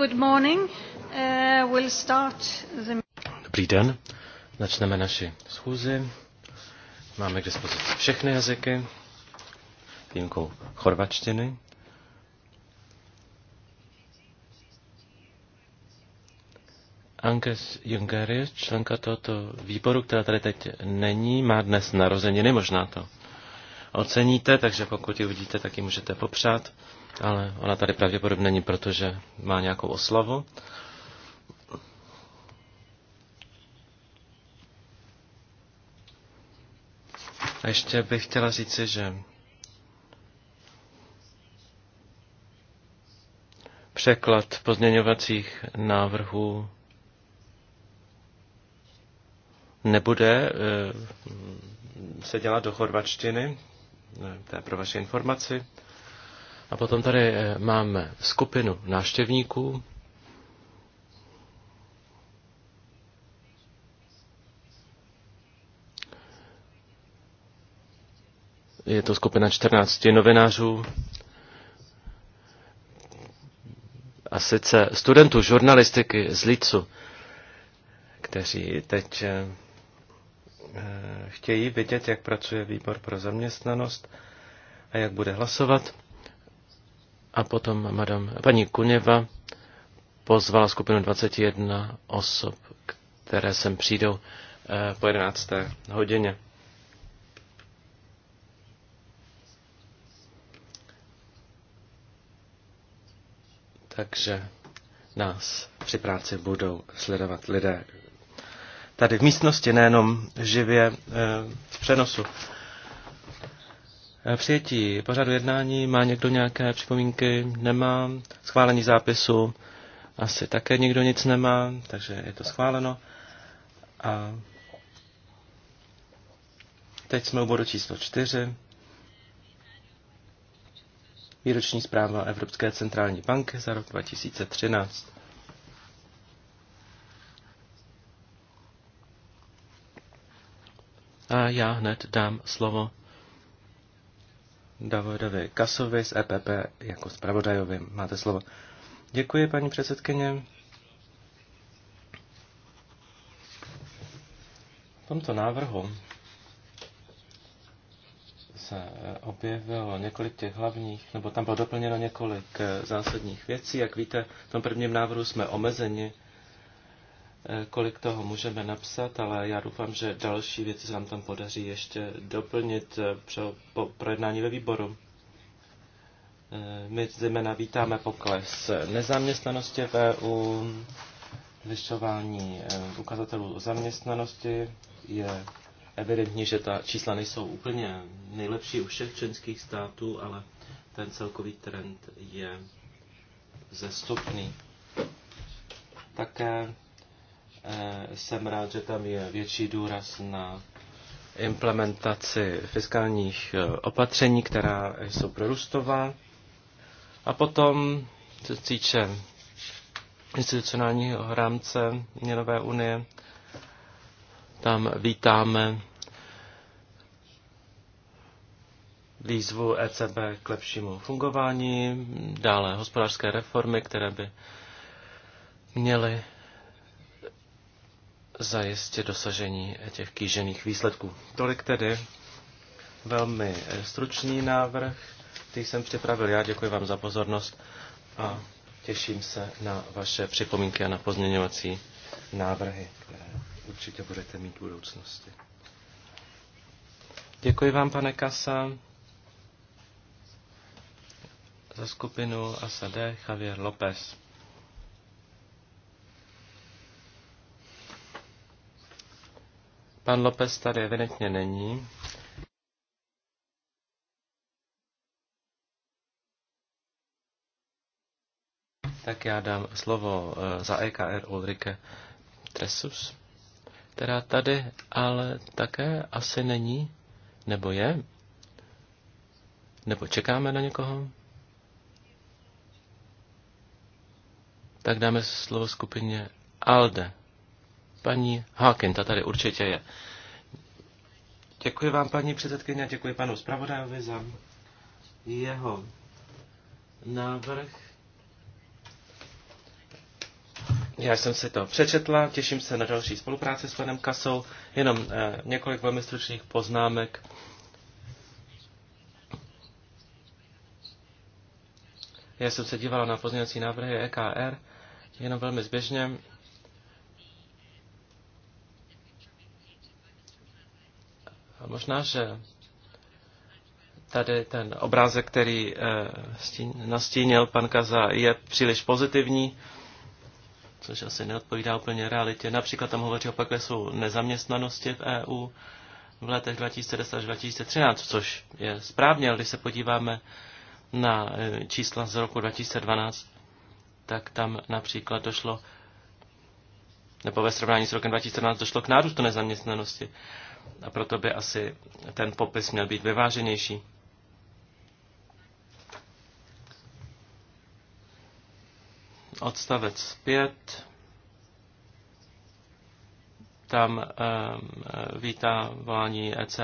Uh, Dobrý den. Začneme naši schůzi. Máme k dispozici všechny jazyky, výjimkou chorvačtiny. Ankes Jungerie, členka tohoto výboru, která tady teď není, má dnes narozeniny, možná to oceníte, takže pokud ji uvidíte, tak ji můžete popřát ale ona tady pravděpodobně není, protože má nějakou oslavu. A ještě bych chtěla říci, že překlad pozměňovacích návrhů nebude eh, se dělat do chorvačtiny, eh, to je pro vaši informaci. A potom tady eh, máme skupinu návštěvníků. Je to skupina 14 novinářů, a sice studentů žurnalistiky z Lícu, kteří teď eh, eh, chtějí vidět, jak pracuje výbor pro zaměstnanost a jak bude hlasovat. A potom madam, paní Kuněva pozvala skupinu 21 osob, které sem přijdou eh, po 11. hodině. Takže nás při práci budou sledovat lidé tady v místnosti, nejenom živě eh, v přenosu. Eh, přijetí pořadu jednání. Má někdo nějaké připomínky? Nemá. Schválení zápisu? Asi také nikdo nic nemá, takže je to schváleno. A teď jsme u bodu číslo čtyři. Výroční zpráva Evropské centrální banky za rok 2013. A já hned dám slovo Davidovi Kasovi z EPP jako zpravodajovi. Máte slovo. Děkuji, paní předsedkyně. V tomto návrhu se objevilo několik těch hlavních, nebo tam bylo doplněno několik eh, zásadních věcí. Jak víte, v tom prvním návrhu jsme omezeni Eh, kolik toho můžeme napsat, ale já doufám, že další věci se nám tam podaří ještě doplnit eh, pro, po projednání ve výboru. Eh, my zejména vítáme pokles nezaměstnanosti v EU, zvyšování ukazatelů zaměstnanosti. Je evidentní, že ta čísla nejsou úplně nejlepší u všech členských států, ale ten celkový trend je zestupný. Také Eh, jsem rád, že tam je větší důraz na implementaci fiskálních eh, opatření, která jsou prorůstová. A potom, co se týče institucionálního rámce měnové unie, tam vítáme výzvu ECB k lepšímu fungování, dále hospodářské reformy, které by měly zajistit dosažení těch kýžených výsledků. Tolik tedy velmi stručný návrh, který jsem připravil já. Děkuji vám za pozornost a těším se na vaše připomínky a na pozměňovací návrhy, které určitě budete mít v budoucnosti. Děkuji vám, pane Kasa, za skupinu Asade Javier López. Pan Lopez tady evidentně není. Tak já dám slovo eh, za EKR Ulrike Tresus, která tady ale také asi není, nebo je, nebo čekáme na někoho. Tak dáme slovo skupině ALDE. Paní Haken, ta tady určitě je. Děkuji vám, paní předsedkyně, a děkuji panu zpravodajovi za jeho návrh. Já jsem si to přečetla, těším se na další spolupráci s panem Kasou. Jenom eh, několik velmi stručných poznámek. Já jsem se dívala na pozměňovací návrhy EKR, jenom velmi zběžně. Možná, že tady ten obrázek, který eh, nastínil pan Kaza, je příliš pozitivní, což asi neodpovídá úplně realitě. Například tam hovoří o jsou nezaměstnanosti v EU v letech 2010 až 2013, což je správně, ale když se podíváme na eh, čísla z roku 2012, tak tam například došlo, nebo ve srovnání s rokem 2014, došlo k nárůstu nezaměstnanosti a proto by asi ten popis měl být vyváženější. Odstavec 5. Tam um, vítá volání ECB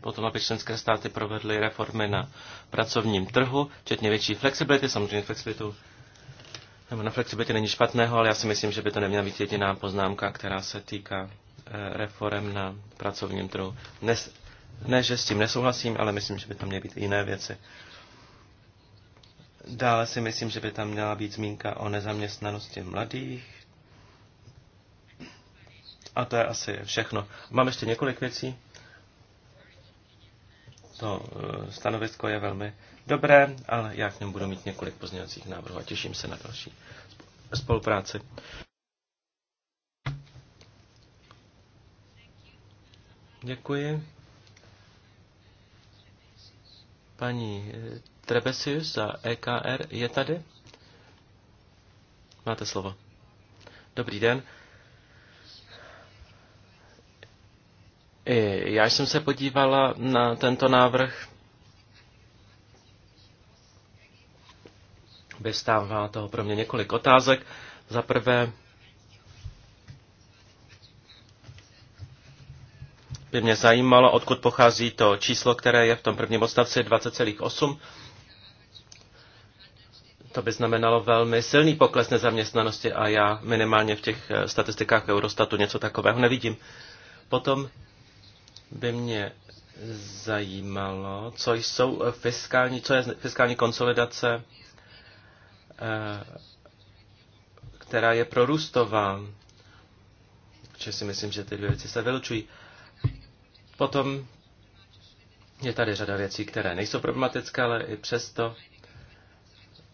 potom, aby členské státy provedly reformy na pracovním trhu, včetně větší flexibility, samozřejmě flexibilitu nebo na flexibilitě není špatného, ale já si myslím, že by to neměla být jediná poznámka, která se týká Eh, reform na pracovním trhu. Ne, ne, že s tím nesouhlasím, ale myslím, že by tam měly být jiné věci. Dále si myslím, že by tam měla být zmínka o nezaměstnanosti mladých. A to je asi všechno. Mám ještě několik věcí. To eh, stanovisko je velmi dobré, ale já k němu budu mít několik pozměňovacích návrhů a těším se na další spolupráci. Děkuji. Paní eh, Trebesius za EKR je tady? Máte slovo. Dobrý den. I já jsem se podívala na tento návrh. Vystává toho pro mě několik otázek. Za prvé, by mě zajímalo, odkud pochází to číslo, které je v tom prvním odstavci 20,8. To by znamenalo velmi silný pokles nezaměstnanosti a já minimálně v těch eh, statistikách Eurostatu něco takového nevidím. Potom by mě zajímalo, co jsou eh, fiskální, co je fiskální konsolidace, eh, která je prorůstová. Protože si myslím, že ty dvě věci se vylučují. Potom je tady řada věcí, které nejsou problematické, ale i přesto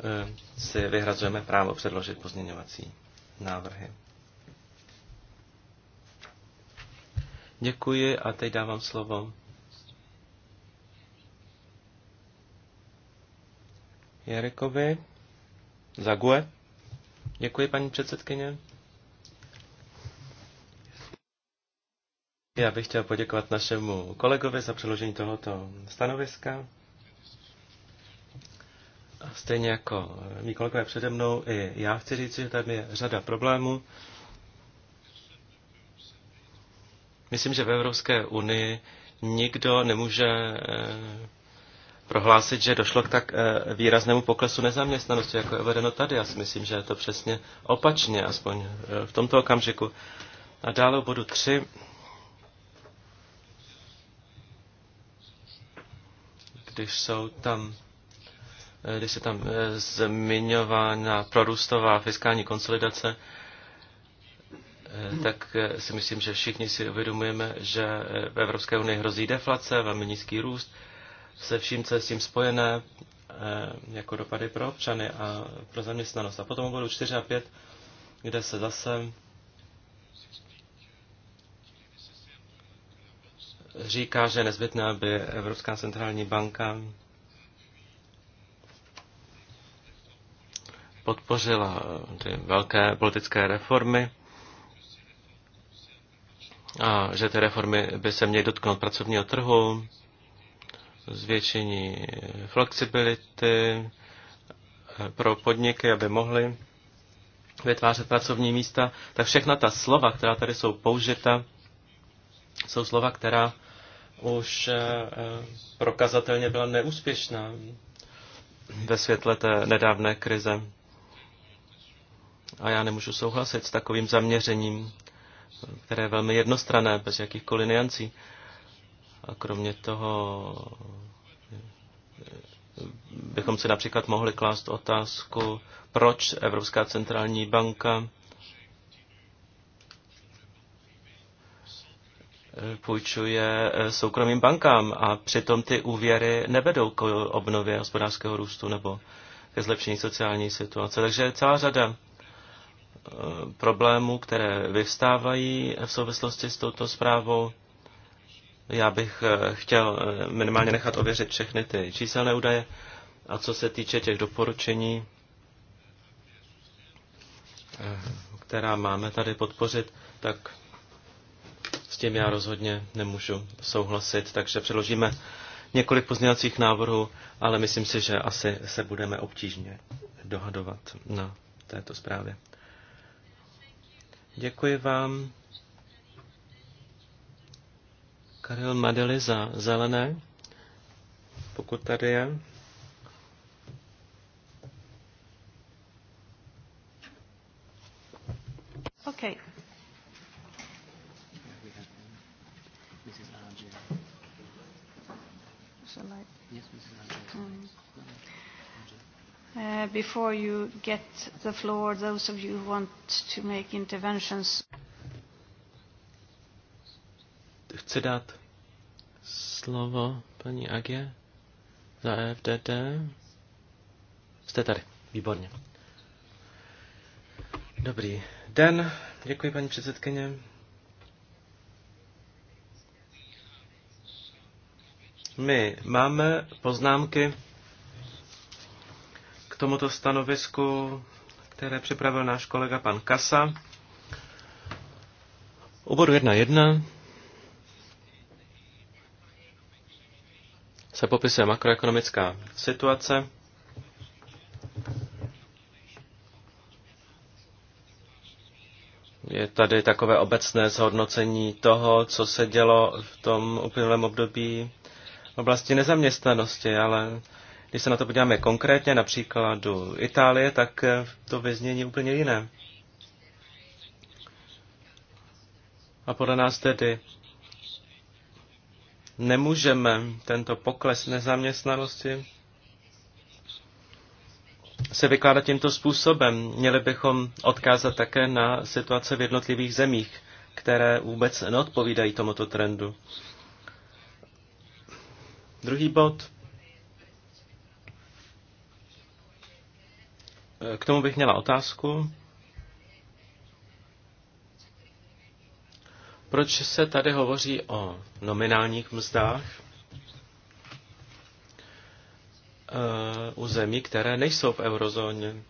eh, si vyhrazujeme právo předložit pozměňovací návrhy. Děkuji a teď dávám slovo Jerikovi Zague. Děkuji, paní předsedkyně. Já bych chtěl poděkovat našemu kolegovi za přeložení tohoto stanoviska. A stejně jako mý kolegové přede mnou, i já chci říct, že tam je řada problémů. Myslím, že v Evropské unii nikdo nemůže eh, prohlásit, že došlo k tak eh, výraznému poklesu nezaměstnanosti, jako je uvedeno tady. Já si myslím, že je to přesně opačně, aspoň eh, v tomto okamžiku. A dále bodu 3 když jsou tam eh, když se tam eh, zmiňována prorůstová fiskální konsolidace, eh, tak si myslím, že všichni si uvědomujeme, že v Evropské unii hrozí deflace, velmi nízký růst, se vším, co je s tím spojené, jako dopady pro občany a pro zaměstnanost. A potom budou 4 a 5, kde se zase říká, že je nezbytné, aby Evropská centrální banka podpořila eh, ty velké politické reformy a že ty reformy by se měly dotknout pracovního trhu, zvětšení flexibility eh, pro podniky, aby mohly vytvářet pracovní místa. Tak všechna ta slova, která tady jsou použita, jsou slova, která už eh, eh, prokazatelně byla neúspěšná ve světle té nedávné krize. A já nemůžu souhlasit s takovým zaměřením, které je velmi jednostrané, bez jakýchkoliv niancí. A kromě toho eh, bychom si například mohli klást otázku, proč Evropská centrální banka půjčuje eh, soukromým bankám a přitom ty úvěry nevedou k obnově hospodářského růstu nebo ke zlepšení sociální situace. Takže je celá řada eh, problémů, které vyvstávají v souvislosti s touto zprávou. Já bych eh, chtěl minimálně nechat ověřit všechny ty číselné údaje. A co se týče těch doporučení, která máme tady podpořit, tak s tím já rozhodně nemůžu souhlasit, takže předložíme několik pozměňovacích návrhů, ale myslím si, že asi se budeme obtížně dohadovat na této zprávě. Děkuji vám. Karel Madeli za zelené, pokud tady je. Okay. Uh, before you get the floor, those of you who want to make interventions. Chci dát slovo paní Agě za FDT. Jste tady, výborně. Dobrý den, děkuji paní předsedkyně. My máme poznámky tomuto stanovisku, které připravil náš kolega pan Kasa. U bodu 1.1 se popisuje makroekonomická situace. Je tady takové obecné zhodnocení toho, co se dělo v tom uplynulém období v oblasti nezaměstnanosti, ale když se na to podíváme konkrétně, například do Itálie, tak eh, to vyznění je úplně jiné. A podle nás tedy nemůžeme tento pokles nezaměstnanosti se vykládat tímto způsobem. Měli bychom odkázat také na situace v jednotlivých zemích, které vůbec neodpovídají tomuto trendu. Druhý bod. K tomu bych měla otázku. Proč se tady hovoří o nominálních mzdách eh, u zemí, které nejsou v eurozóně?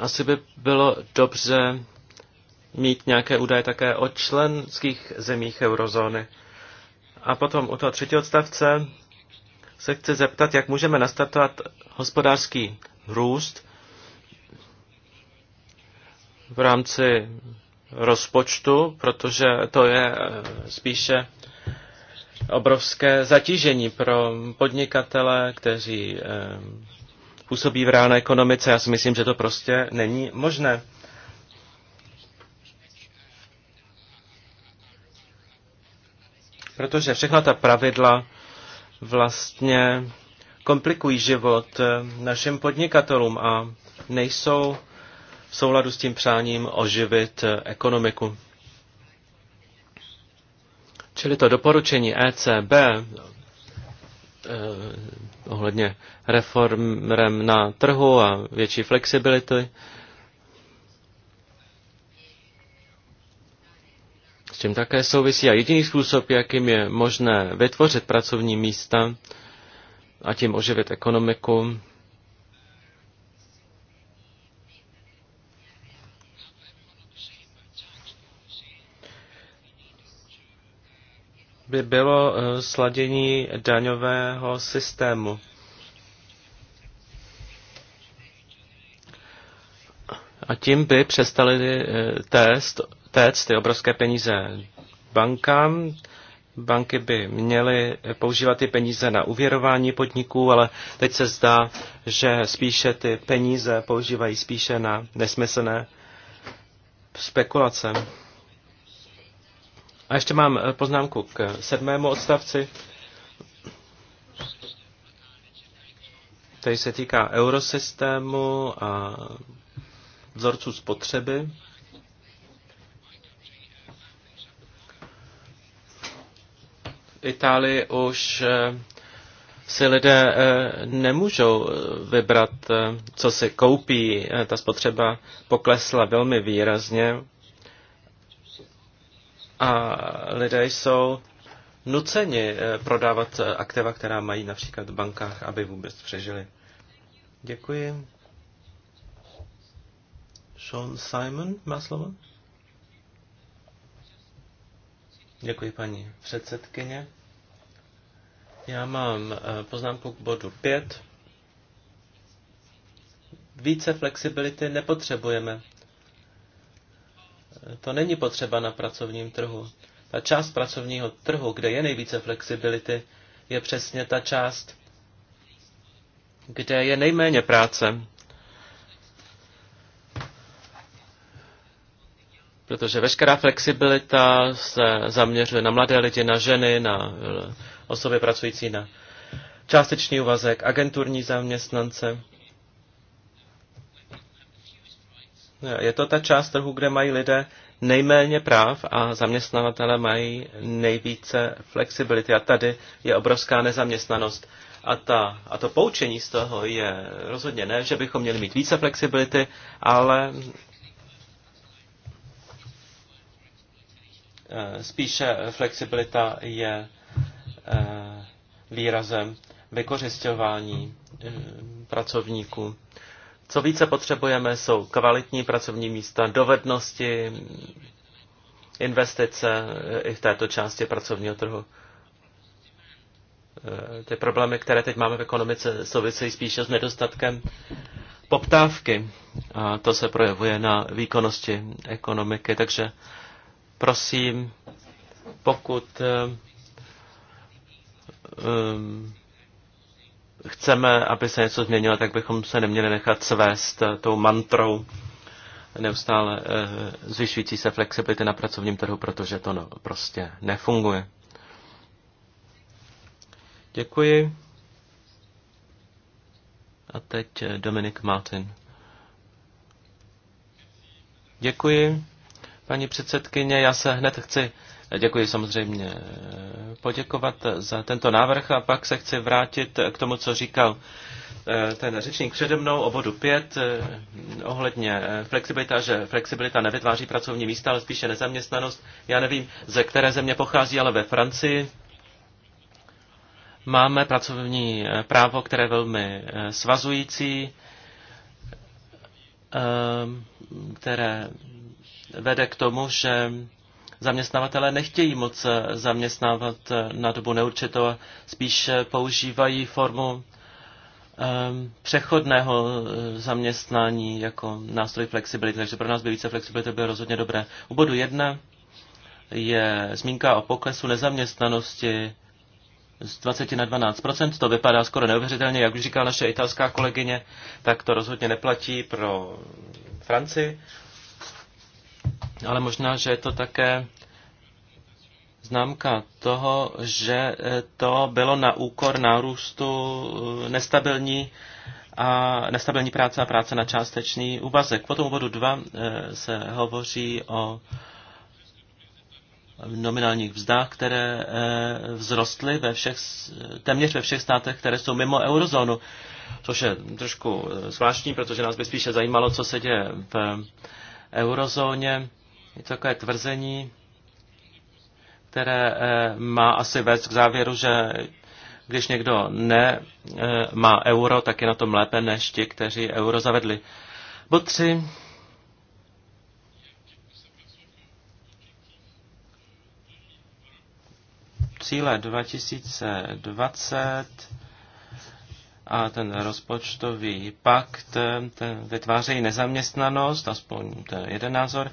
Asi by bylo dobře mít nějaké údaje také o členských zemích eurozóny. A potom u toho třetí odstavce se chci zeptat, jak můžeme nastartovat hospodářský růst v rámci rozpočtu, protože to je eh, spíše obrovské zatížení pro podnikatele, kteří eh, působí v reálné ekonomice. Já si myslím, že to prostě není možné. Protože všechna ta pravidla vlastně komplikují život našim podnikatelům a nejsou v souladu s tím přáním oživit ekonomiku. Čili to doporučení ECB eh, ohledně reform na trhu a větší flexibility čím také souvisí. A jediný způsob, jakým je možné vytvořit pracovní místa a tím oživit ekonomiku, by bylo eh, sladění daňového systému. A tím by přestali eh, test utéct ty obrovské peníze bankám. Banky by měly používat ty peníze na uvěrování podniků, ale teď se zdá, že spíše ty peníze používají spíše na nesmyslné spekulace. A ještě mám poznámku k sedmému odstavci. Tady se týká eurosystému a vzorců spotřeby. Itálii už eh, si lidé eh, nemůžou eh, vybrat, co si koupí. Ta spotřeba poklesla velmi výrazně a lidé jsou nuceni prodávat aktiva, která mají například v bankách, aby vůbec přežili. Děkuji. Sean Simon má slovo. Děkuji, paní předsedkyně. Já mám eh, poznámku k bodu 5. Více flexibility nepotřebujeme. To není potřeba na pracovním trhu. Ta část pracovního trhu, kde je nejvíce flexibility, je přesně ta část, kde je nejméně práce. protože veškerá flexibilita se zaměřuje na mladé lidi, na ženy, na eh, osoby pracující na částečný uvazek, agenturní zaměstnance. Je to ta část trhu, kde mají lidé nejméně práv a zaměstnavatele mají nejvíce flexibility. A tady je obrovská nezaměstnanost. A, ta, a to poučení z toho je rozhodně ne, že bychom měli mít více flexibility, ale Eh, spíše flexibilita je eh, výrazem vykořišťování eh, pracovníků. Co více potřebujeme, jsou kvalitní pracovní místa, dovednosti, investice i v této části pracovního trhu. Ty problémy, které teď máme v ekonomice, souvisejí spíše s nedostatkem poptávky. A to se projevuje na výkonnosti ekonomiky, takže prosím, pokud um, chceme, aby se něco změnilo, tak bychom se neměli nechat svést eh, tou mantrou neustále zvyšující se flexibility na pracovním trhu, protože to no, prostě nefunguje. Děkuji. A teď Dominik Martin. Děkuji. Paní předsedkyně, já se hned chci, děkuji samozřejmě, poděkovat za tento návrh a pak se chci vrátit k tomu, co říkal eh, ten řečník přede mnou o bodu 5 eh, ohledně eh, flexibilita, že flexibilita nevytváří pracovní místa, ale spíše nezaměstnanost. Já nevím, ze které země pochází, ale ve Francii máme pracovní právo, které je velmi svazující, které vede k tomu, že zaměstnavatele nechtějí moc zaměstnávat na dobu neurčitou, spíš používají formu ehm, přechodného eh, zaměstnání jako nástroj flexibility, takže pro nás by více flexibility bylo rozhodně dobré. U bodu jedna je zmínka o poklesu nezaměstnanosti z 20 na 12 To vypadá skoro neuvěřitelně, jak už říkala naše italská kolegyně, tak to rozhodně neplatí pro Francii ale možná, že je to také známka toho, že eh, to bylo na úkor nárůstu eh, nestabilní a nestabilní práce a práce na částečný úvazek. Potom u bodu 2 eh, se hovoří o nominálních vzdách, které vzrostly ve všech, téměř ve všech státech, které jsou mimo eurozónu, což je trošku zvláštní, protože nás by spíše zajímalo, co se děje v eurozóně. Je to takové tvrzení, které eh, má asi vést k závěru, že když někdo ne eh, má euro, tak je na tom lépe než ti, kteří euro zavedli. Bod 3. Cíle 2020 a ten rozpočtový pakt eh, ten vytvářejí nezaměstnanost, aspoň to je jeden názor,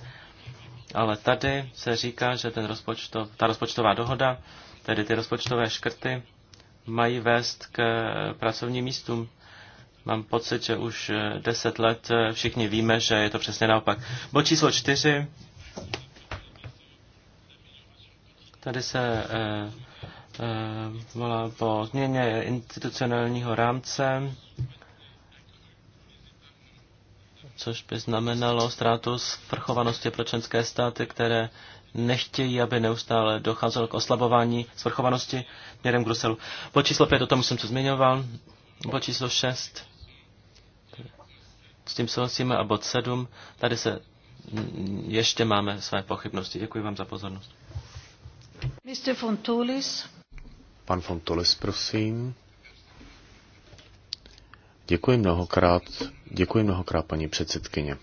ale tady se říká, že ten rozpočtov, ta rozpočtová dohoda, tedy ty rozpočtové škrty, mají vést k eh, pracovním místům. Mám pocit, že už eh, deset let všichni víme, že je to přesně naopak. Bo číslo čtyři. Tady se eh, Eh, volá po změně institucionálního rámce, což by znamenalo ztrátu svrchovanosti pro členské státy, které nechtějí, aby neustále docházelo k oslabování svrchovanosti měrem k Bruselu. Po číslo 5, o tom jsem se zmiňoval, po číslo 6, s tím souhlasíme, a bod 7, tady se ještě máme své pochybnosti. Děkuji vám za pozornost. Mr. Fontoulis. Pan Fontolis, prosím. Děkuji mnohokrát, děkuji mnohokrát, paní předsedkyně.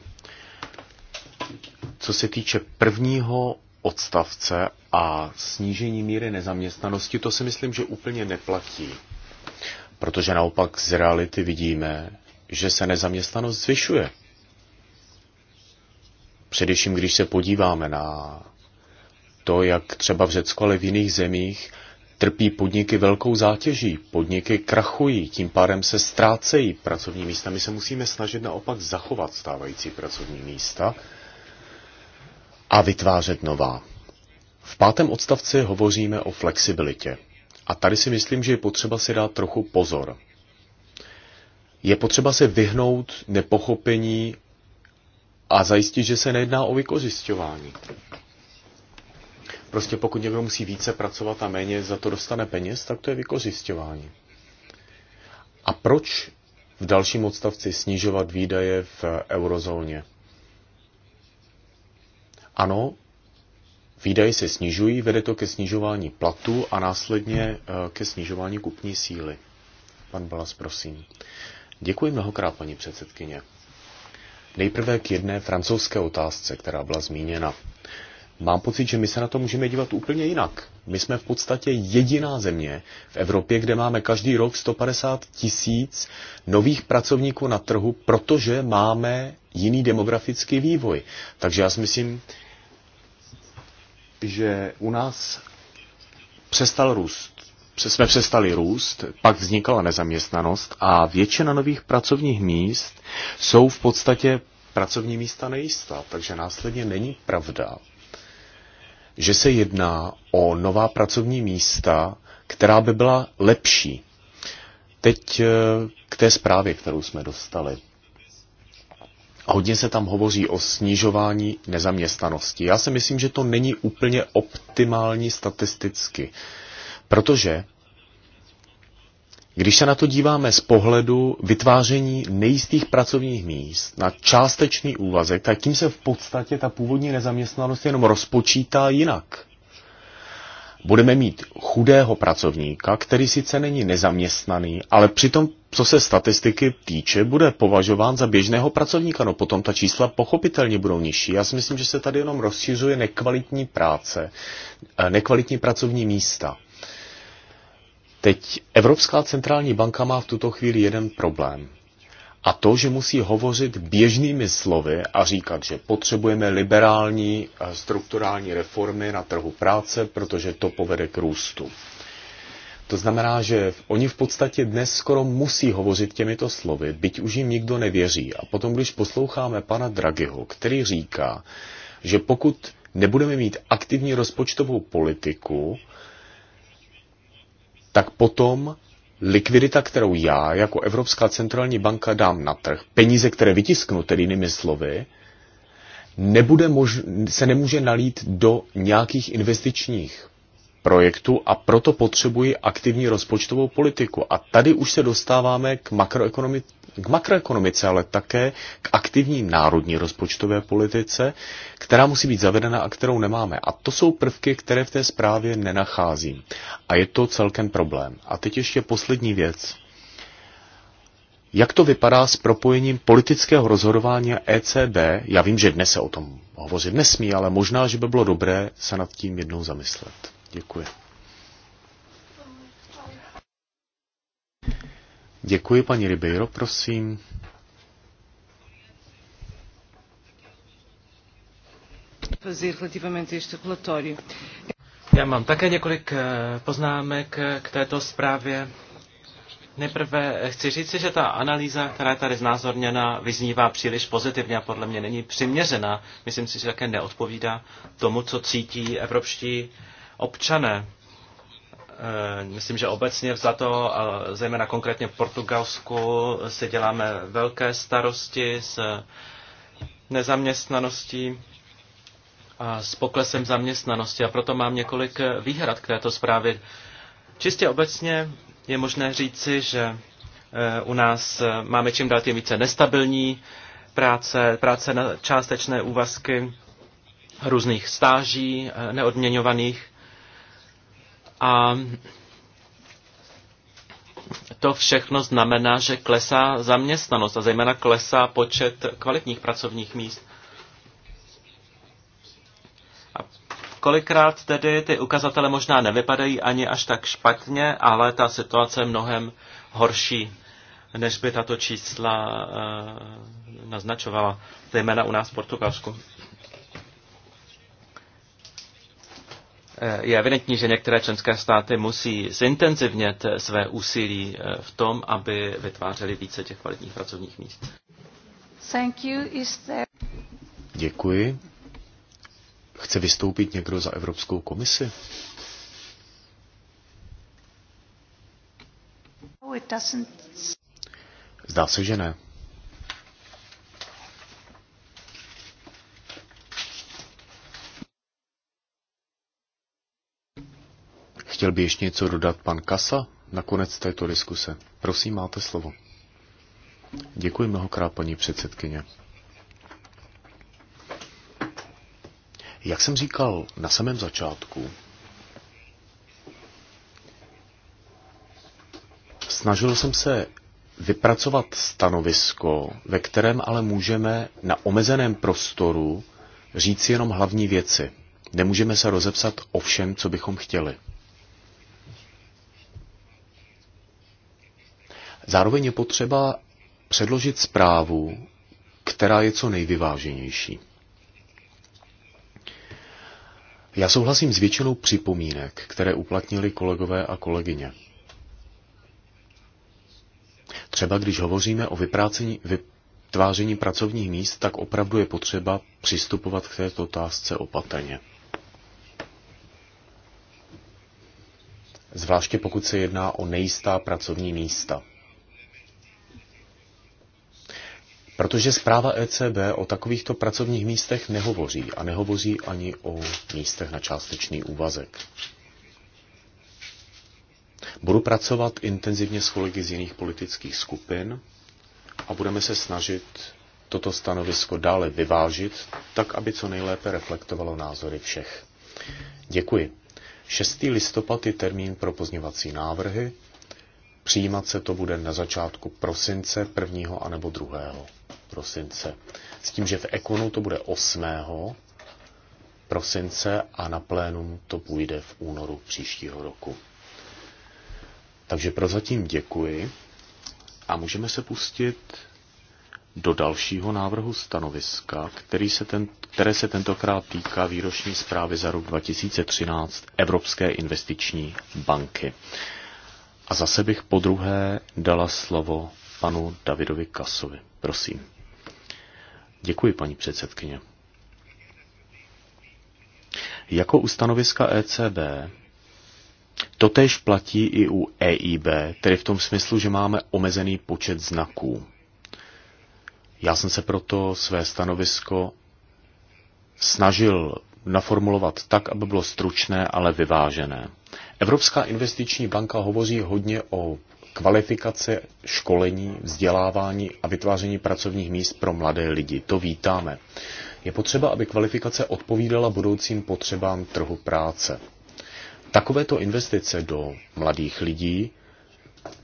Co se týče prvního odstavce a snížení míry nezaměstnanosti, to si myslím, že úplně neplatí. Protože naopak z reality vidíme, že se nezaměstnanost zvyšuje. Především, když se podíváme na to, jak třeba v Řecku, ale v jiných zemích trpí podniky velkou zátěží, podniky krachují, tím pádem se ztrácejí pracovní místa. My se musíme snažit naopak zachovat stávající pracovní místa a vytvářet nová. V pátém odstavci hovoříme o flexibilitě. A tady si myslím, že je potřeba si dát trochu pozor. Je potřeba se vyhnout nepochopení a zajistit, že se nejedná o vykořišťování. Prostě pokud někdo musí více pracovat a méně za to dostane peněz, tak to je vykořišťování. A proč v dalším odstavci snižovat výdaje v eurozóně? Ano, výdaje se snižují, vede to ke snižování platů a následně eh, ke snižování kupní síly. Pan Balas, prosím. Děkuji mnohokrát, paní předsedkyně. Nejprve k jedné francouzské otázce, která byla zmíněna mám pocit, že my se na to můžeme dívat úplně jinak. My jsme v podstatě jediná země v Evropě, kde máme každý rok 150 tisíc nových pracovníků na trhu, protože máme jiný demografický vývoj. Takže já si myslím, že u nás přestal růst. Jsme přestali růst, pak vznikala nezaměstnanost a většina nových pracovních míst jsou v podstatě pracovní místa nejistá. Takže následně není pravda, že se jedná o nová pracovní místa, která by byla lepší. Teď eh, k té zprávě, kterou jsme dostali. Hodně se tam hovoří o snižování nezaměstnanosti. Já si myslím, že to není úplně optimální statisticky, protože když se na to díváme z pohledu vytváření nejistých pracovních míst na částečný úvazek, tak tím se v podstatě ta původní nezaměstnanost jenom rozpočítá jinak. Budeme mít chudého pracovníka, který sice není nezaměstnaný, ale přitom, co se statistiky týče, bude považován za běžného pracovníka. No potom ta čísla pochopitelně budou nižší. Já si myslím, že se tady jenom rozšiřuje nekvalitní práce, eh, nekvalitní pracovní místa. Teď Evropská centrální banka má v tuto chvíli jeden problém. A to, že musí hovořit běžnými slovy a říkat, že potřebujeme liberální eh, strukturální reformy na trhu práce, protože to povede k růstu. To znamená, že oni v podstatě dnes skoro musí hovořit těmito slovy, byť už jim nikdo nevěří. A potom, když posloucháme pana Draghiho, který říká, že pokud nebudeme mít aktivní rozpočtovou politiku, tak potom likvidita, kterou já jako Evropská centrální banka dám na trh, peníze, které vytisknu, tedy jinými slovy, nebude mož- se nemůže nalít do nějakých investičních projektu a proto potřebuji aktivní rozpočtovou politiku. A tady už se dostáváme k makroekonomii k makroekonomice, ale také k aktivní národní rozpočtové politice, která musí být zavedena a kterou nemáme. A to jsou prvky, které v té zprávě nenacházím. A je to celkem problém. A teď ještě poslední věc. Jak to vypadá s propojením politického rozhodování ECB? Já vím, že dnes se o tom hovořit nesmí, ale možná, že by bylo dobré se nad tím jednou zamyslet. Děkuji. Děkuji, paní Ribeiro, prosím. Já mám také několik eh, poznámek eh, k této zprávě. Nejprve eh, chci říci, že ta analýza, která je tady znázorněna, vyznívá příliš pozitivně a podle mě není přiměřená. Myslím si, že také neodpovídá tomu, co cítí evropští občané. Eh, myslím, že obecně za to, zejména konkrétně v Portugalsku, si děláme velké starosti s nezaměstnaností a s poklesem zaměstnanosti. A proto mám několik výhrad k této zprávě. Čistě obecně je možné říci, že eh, u nás máme čím dál tím více nestabilní práce, práce na částečné úvazky, různých stáží eh, neodměňovaných a to všechno znamená, že klesá zaměstnanost a zejména klesá počet kvalitních pracovních míst. A kolikrát tedy ty ukazatele možná nevypadají ani až tak špatně, ale ta situace je mnohem horší, než by tato čísla e, naznačovala, zejména u nás v Portugalsku. je evidentní, že některé členské státy musí zintenzivnět eh, své úsilí eh, v tom, aby vytvářely více těch kvalitních pracovních míst. Thank you. Is there... Děkuji. Chce vystoupit někdo za Evropskou komisi? No, Zdá se, že ne. Chtěl by ještě něco dodat pan Kasa na konec této diskuse. Prosím, máte slovo. Děkuji mnohokrát, paní předsedkyně. Jak jsem říkal na samém začátku, snažil jsem se vypracovat stanovisko, ve kterém ale můžeme na omezeném prostoru říct jenom hlavní věci. Nemůžeme se rozepsat o všem, co bychom chtěli. Zároveň je potřeba předložit zprávu, která je co nejvyváženější. Já souhlasím s většinou připomínek, které uplatnili kolegové a kolegyně. Třeba když hovoříme o vyprácení, vytváření pracovních míst, tak opravdu je potřeba přistupovat k této otázce opatrně. Zvláště pokud se jedná o nejistá pracovní místa. Protože zpráva ECB o takovýchto pracovních místech nehovoří a nehovoří ani o místech na částečný úvazek. Budu pracovat intenzivně s kolegy z jiných politických skupin a budeme se snažit toto stanovisko dále vyvážit, tak aby co nejlépe reflektovalo názory všech. Děkuji. 6. listopad je termín pro pozněvací návrhy. Přijímat se to bude na začátku prosince prvního anebo druhého prosince. S tím, že v Ekonu to bude 8. prosince a na plénum to půjde v únoru příštího roku. Takže prozatím děkuji a můžeme se pustit do dalšího návrhu stanoviska, který se ten, které se tentokrát týká výroční zprávy za rok 2013 Evropské investiční banky. A zase bych po druhé dala slovo panu Davidovi Kasovi. Prosím. Děkuji, paní předsedkyně. Jako u stanoviska ECB, totež platí i u EIB, tedy v tom smyslu, že máme omezený počet znaků. Já jsem se proto své stanovisko snažil naformulovat tak, aby bylo stručné, ale vyvážené. Evropská investiční banka hovoří hodně o kvalifikace, školení, vzdělávání a vytváření pracovních míst pro mladé lidi. To vítáme. Je potřeba, aby kvalifikace odpovídala budoucím potřebám trhu práce. Takovéto investice do mladých lidí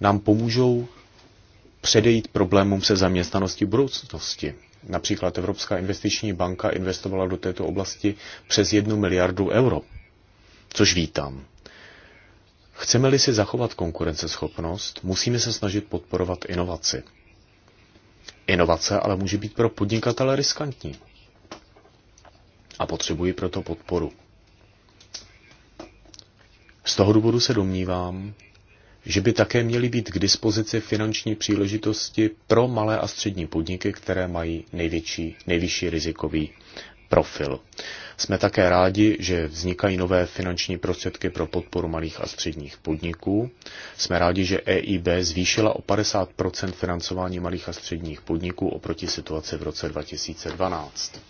nám pomůžou předejít problémům se zaměstnaností v budoucnosti. Například Evropská investiční banka investovala do této oblasti přes jednu miliardu euro, což vítám. Chceme-li si zachovat konkurenceschopnost, musíme se snažit podporovat inovaci. Inovace ale může být pro podnikatele riskantní a potřebují proto podporu. Z toho důvodu se domnívám, že by také měly být k dispozici finanční příležitosti pro malé a střední podniky, které mají největší, nejvyšší rizikový profil. Jsme také rádi, že vznikají nové finanční prostředky pro podporu malých a středních podniků. Jsme rádi, že EIB zvýšila o 50 financování malých a středních podniků oproti situaci v roce 2012.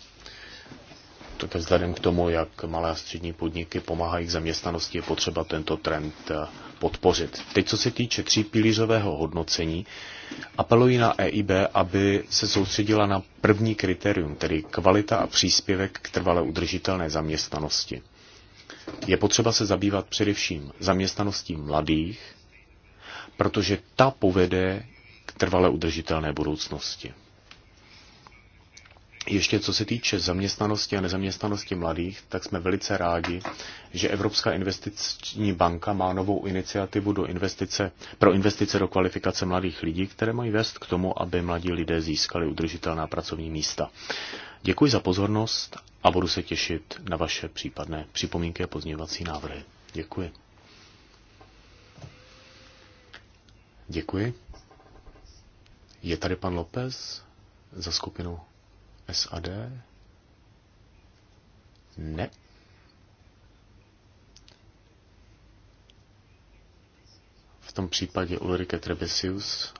Také vzhledem k tomu, jak malé a střední podniky pomáhají k zaměstnanosti, je potřeba tento trend eh, podpořit. Teď, co se týče třípilířového hodnocení, apeluji na EIB, aby se soustředila na první kritérium, tedy kvalita a příspěvek k trvale udržitelné zaměstnanosti. Je potřeba se zabývat především zaměstnaností mladých, protože ta povede k trvale udržitelné budoucnosti. Ještě co se týče zaměstnanosti a nezaměstnanosti mladých, tak jsme velice rádi, že Evropská investiční banka má novou iniciativu do investice, pro investice do kvalifikace mladých lidí, které mají vést k tomu, aby mladí lidé získali udržitelná pracovní místa. Děkuji za pozornost a budu se těšit na vaše případné připomínky a pozměňovací návrhy. Děkuji. Děkuji. Je tady pan López za skupinu SAD? Ne. V tom případě Ulrike Trebesius.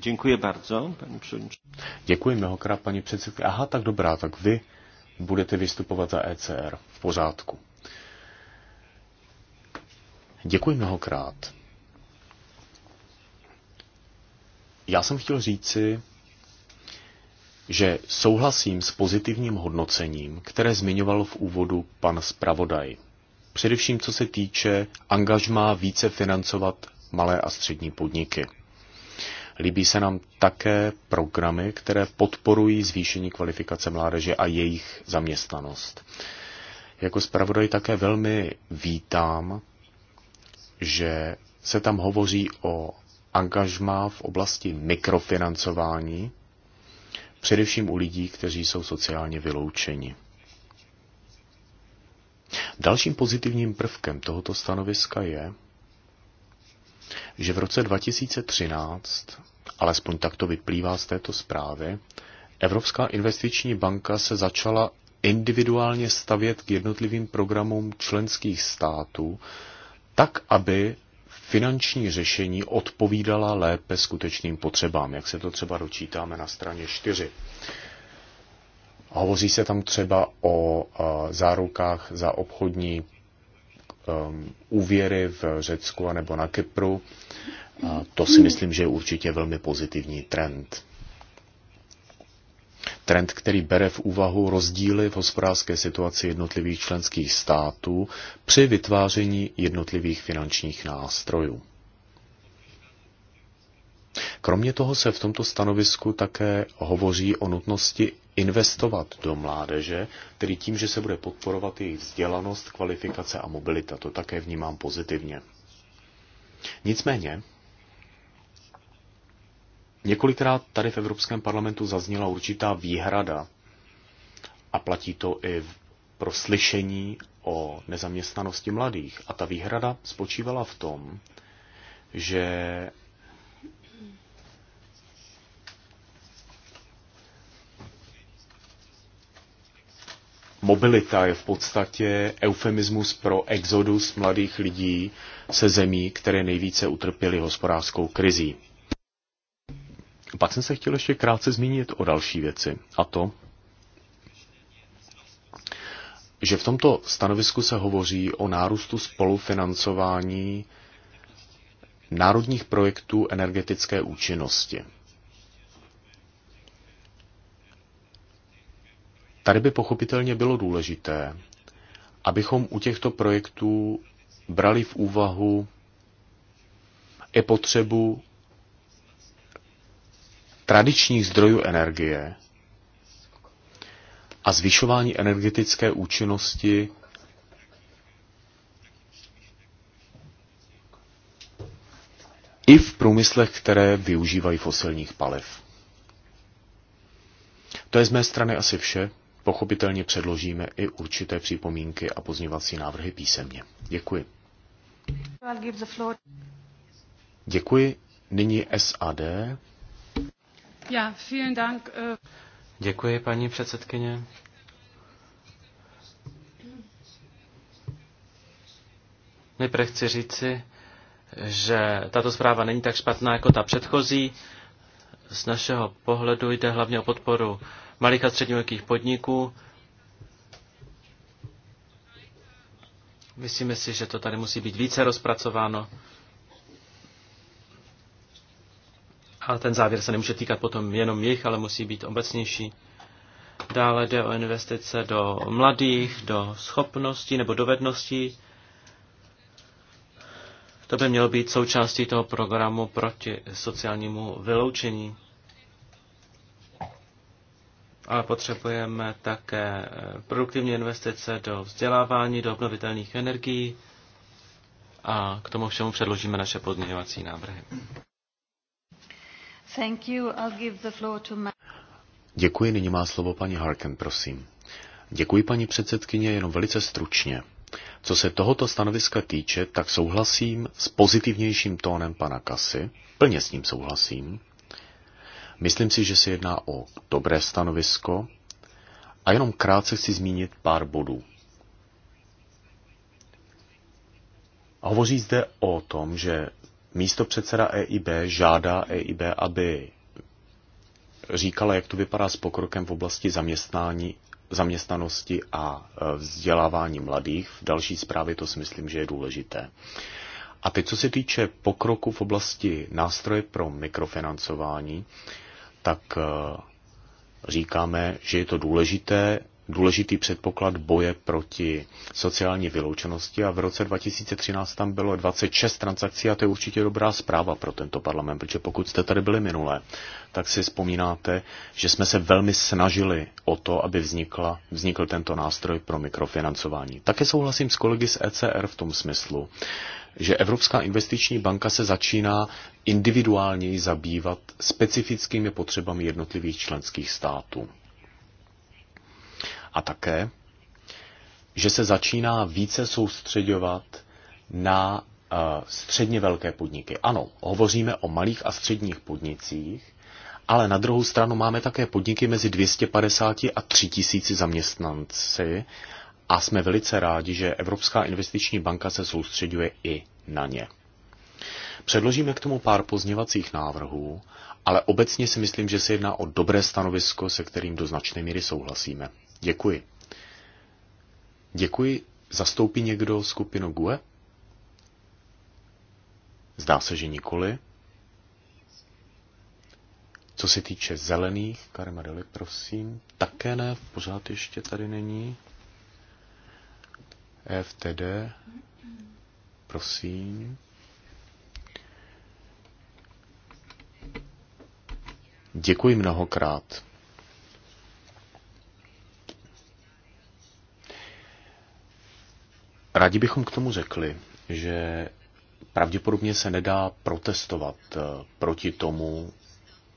Děkuji bardzo, paní předsedkyně. Děkuji mnohokrát, paní předsedkyně. Aha, tak dobrá, tak vy budete vystupovat za ECR. V pořádku. Děkuji mnohokrát. Já jsem chtěl říci, že souhlasím s pozitivním hodnocením, které zmiňoval v úvodu pan zpravodaj. Především co se týče angažmá více financovat malé a střední podniky. Líbí se nám také programy, které podporují zvýšení kvalifikace mládeže a jejich zaměstnanost. Jako zpravodaj také velmi vítám, že se tam hovoří o angažmá v oblasti mikrofinancování, především u lidí, kteří jsou sociálně vyloučeni. Dalším pozitivním prvkem tohoto stanoviska je, že v roce 2013, alespoň tak to vyplývá z této zprávy, Evropská investiční banka se začala individuálně stavět k jednotlivým programům členských států, tak, aby finanční řešení odpovídala lépe skutečným potřebám, jak se to třeba dočítáme na straně 4. Hovoří se tam třeba o eh, zárukách za obchodní ehm, úvěry v Řecku nebo na Kypru. To si myslím, že je určitě velmi pozitivní trend trend, který bere v úvahu rozdíly v hospodářské situaci jednotlivých členských států při vytváření jednotlivých finančních nástrojů. Kromě toho se v tomto stanovisku také hovoří o nutnosti investovat do mládeže, tedy tím, že se bude podporovat jejich vzdělanost, kvalifikace a mobilita. To také vnímám pozitivně. Nicméně, Několikrát tady v Evropském parlamentu zazněla určitá výhrada a platí to i pro slyšení o nezaměstnanosti mladých. A ta výhrada spočívala v tom, že mobilita je v podstatě eufemismus pro exodus mladých lidí se zemí, které nejvíce utrpěly hospodářskou krizí. Pak jsem se chtěl ještě krátce zmínit o další věci, a to, že v tomto stanovisku se hovoří o nárůstu spolufinancování národních projektů energetické účinnosti. Tady by pochopitelně bylo důležité, abychom u těchto projektů brali v úvahu i potřebu tradičních zdrojů energie a zvyšování energetické účinnosti i v průmyslech, které využívají fosilních paliv. To je z mé strany asi vše. Pochopitelně předložíme i určité připomínky a pozněvací návrhy písemně. Děkuji. Děkuji. Nyní SAD. Ja, vielen Dank. Äh, Děkuji, paní předsedkyně. Nejprve chci říci, že tato zpráva není tak špatná jako ta předchozí. Z našeho pohledu jde hlavně o podporu malých a středních podniků. Myslíme si, že to tady musí být více rozpracováno. A ten závěr se nemůže týkat potom jenom jich, ale musí být obecnější. Dále jde o investice do mladých, do schopností nebo dovedností. To by mělo být součástí toho programu proti sociálnímu vyloučení. Ale potřebujeme také produktivní investice do vzdělávání, do obnovitelných energií a k tomu všemu předložíme naše pozměňovací návrhy. Thank you. I'll give the floor to my... Děkuji, nyní má slovo paní Harken, prosím. Děkuji, paní předsedkyně, jenom velice stručně. Co se tohoto stanoviska týče, tak souhlasím s pozitivnějším tónem pana Kasy, plně s ním souhlasím. Myslím si, že se jedná o dobré stanovisko a jenom krátce chci zmínit pár bodů. Hovoří zde o tom, že místo předseda EIB žádá EIB, aby říkala, jak to vypadá s pokrokem v oblasti zaměstnání, zaměstnanosti a e, vzdělávání mladých. V další zprávě to si myslím, že je důležité. A teď, co se týče pokroku v oblasti nástroje pro mikrofinancování, tak e, říkáme, že je to důležité, důležitý předpoklad boje proti sociální vyloučenosti a v roce 2013 tam bylo 26 transakcí a to je určitě dobrá zpráva pro tento parlament, protože pokud jste tady byli minulé, tak si vzpomínáte, že jsme se velmi snažili o to, aby vznikla, vznikl tento nástroj pro mikrofinancování. Také souhlasím s kolegy z ECR v tom smyslu, že Evropská investiční banka se začíná individuálněji zabývat specifickými potřebami jednotlivých členských států. A také, že se začíná více soustředovat na eh, středně velké podniky. Ano, hovoříme o malých a středních podnicích, ale na druhou stranu máme také podniky mezi 250 a 3000 zaměstnanci a jsme velice rádi, že Evropská investiční banka se soustředuje i na ně. Předložíme k tomu pár pozněvacích návrhů, ale obecně si myslím, že se jedná o dobré stanovisko, se kterým do značné míry souhlasíme. Děkuji. Děkuji. Zastoupí někdo skupinu GUE? Zdá se, že nikoli. Co se týče zelených, Karimadeli, prosím, také ne, pořád ještě tady není. FTD, prosím. Děkuji mnohokrát. Rádi bychom k tomu řekli, že pravděpodobně se nedá protestovat eh, proti tomu,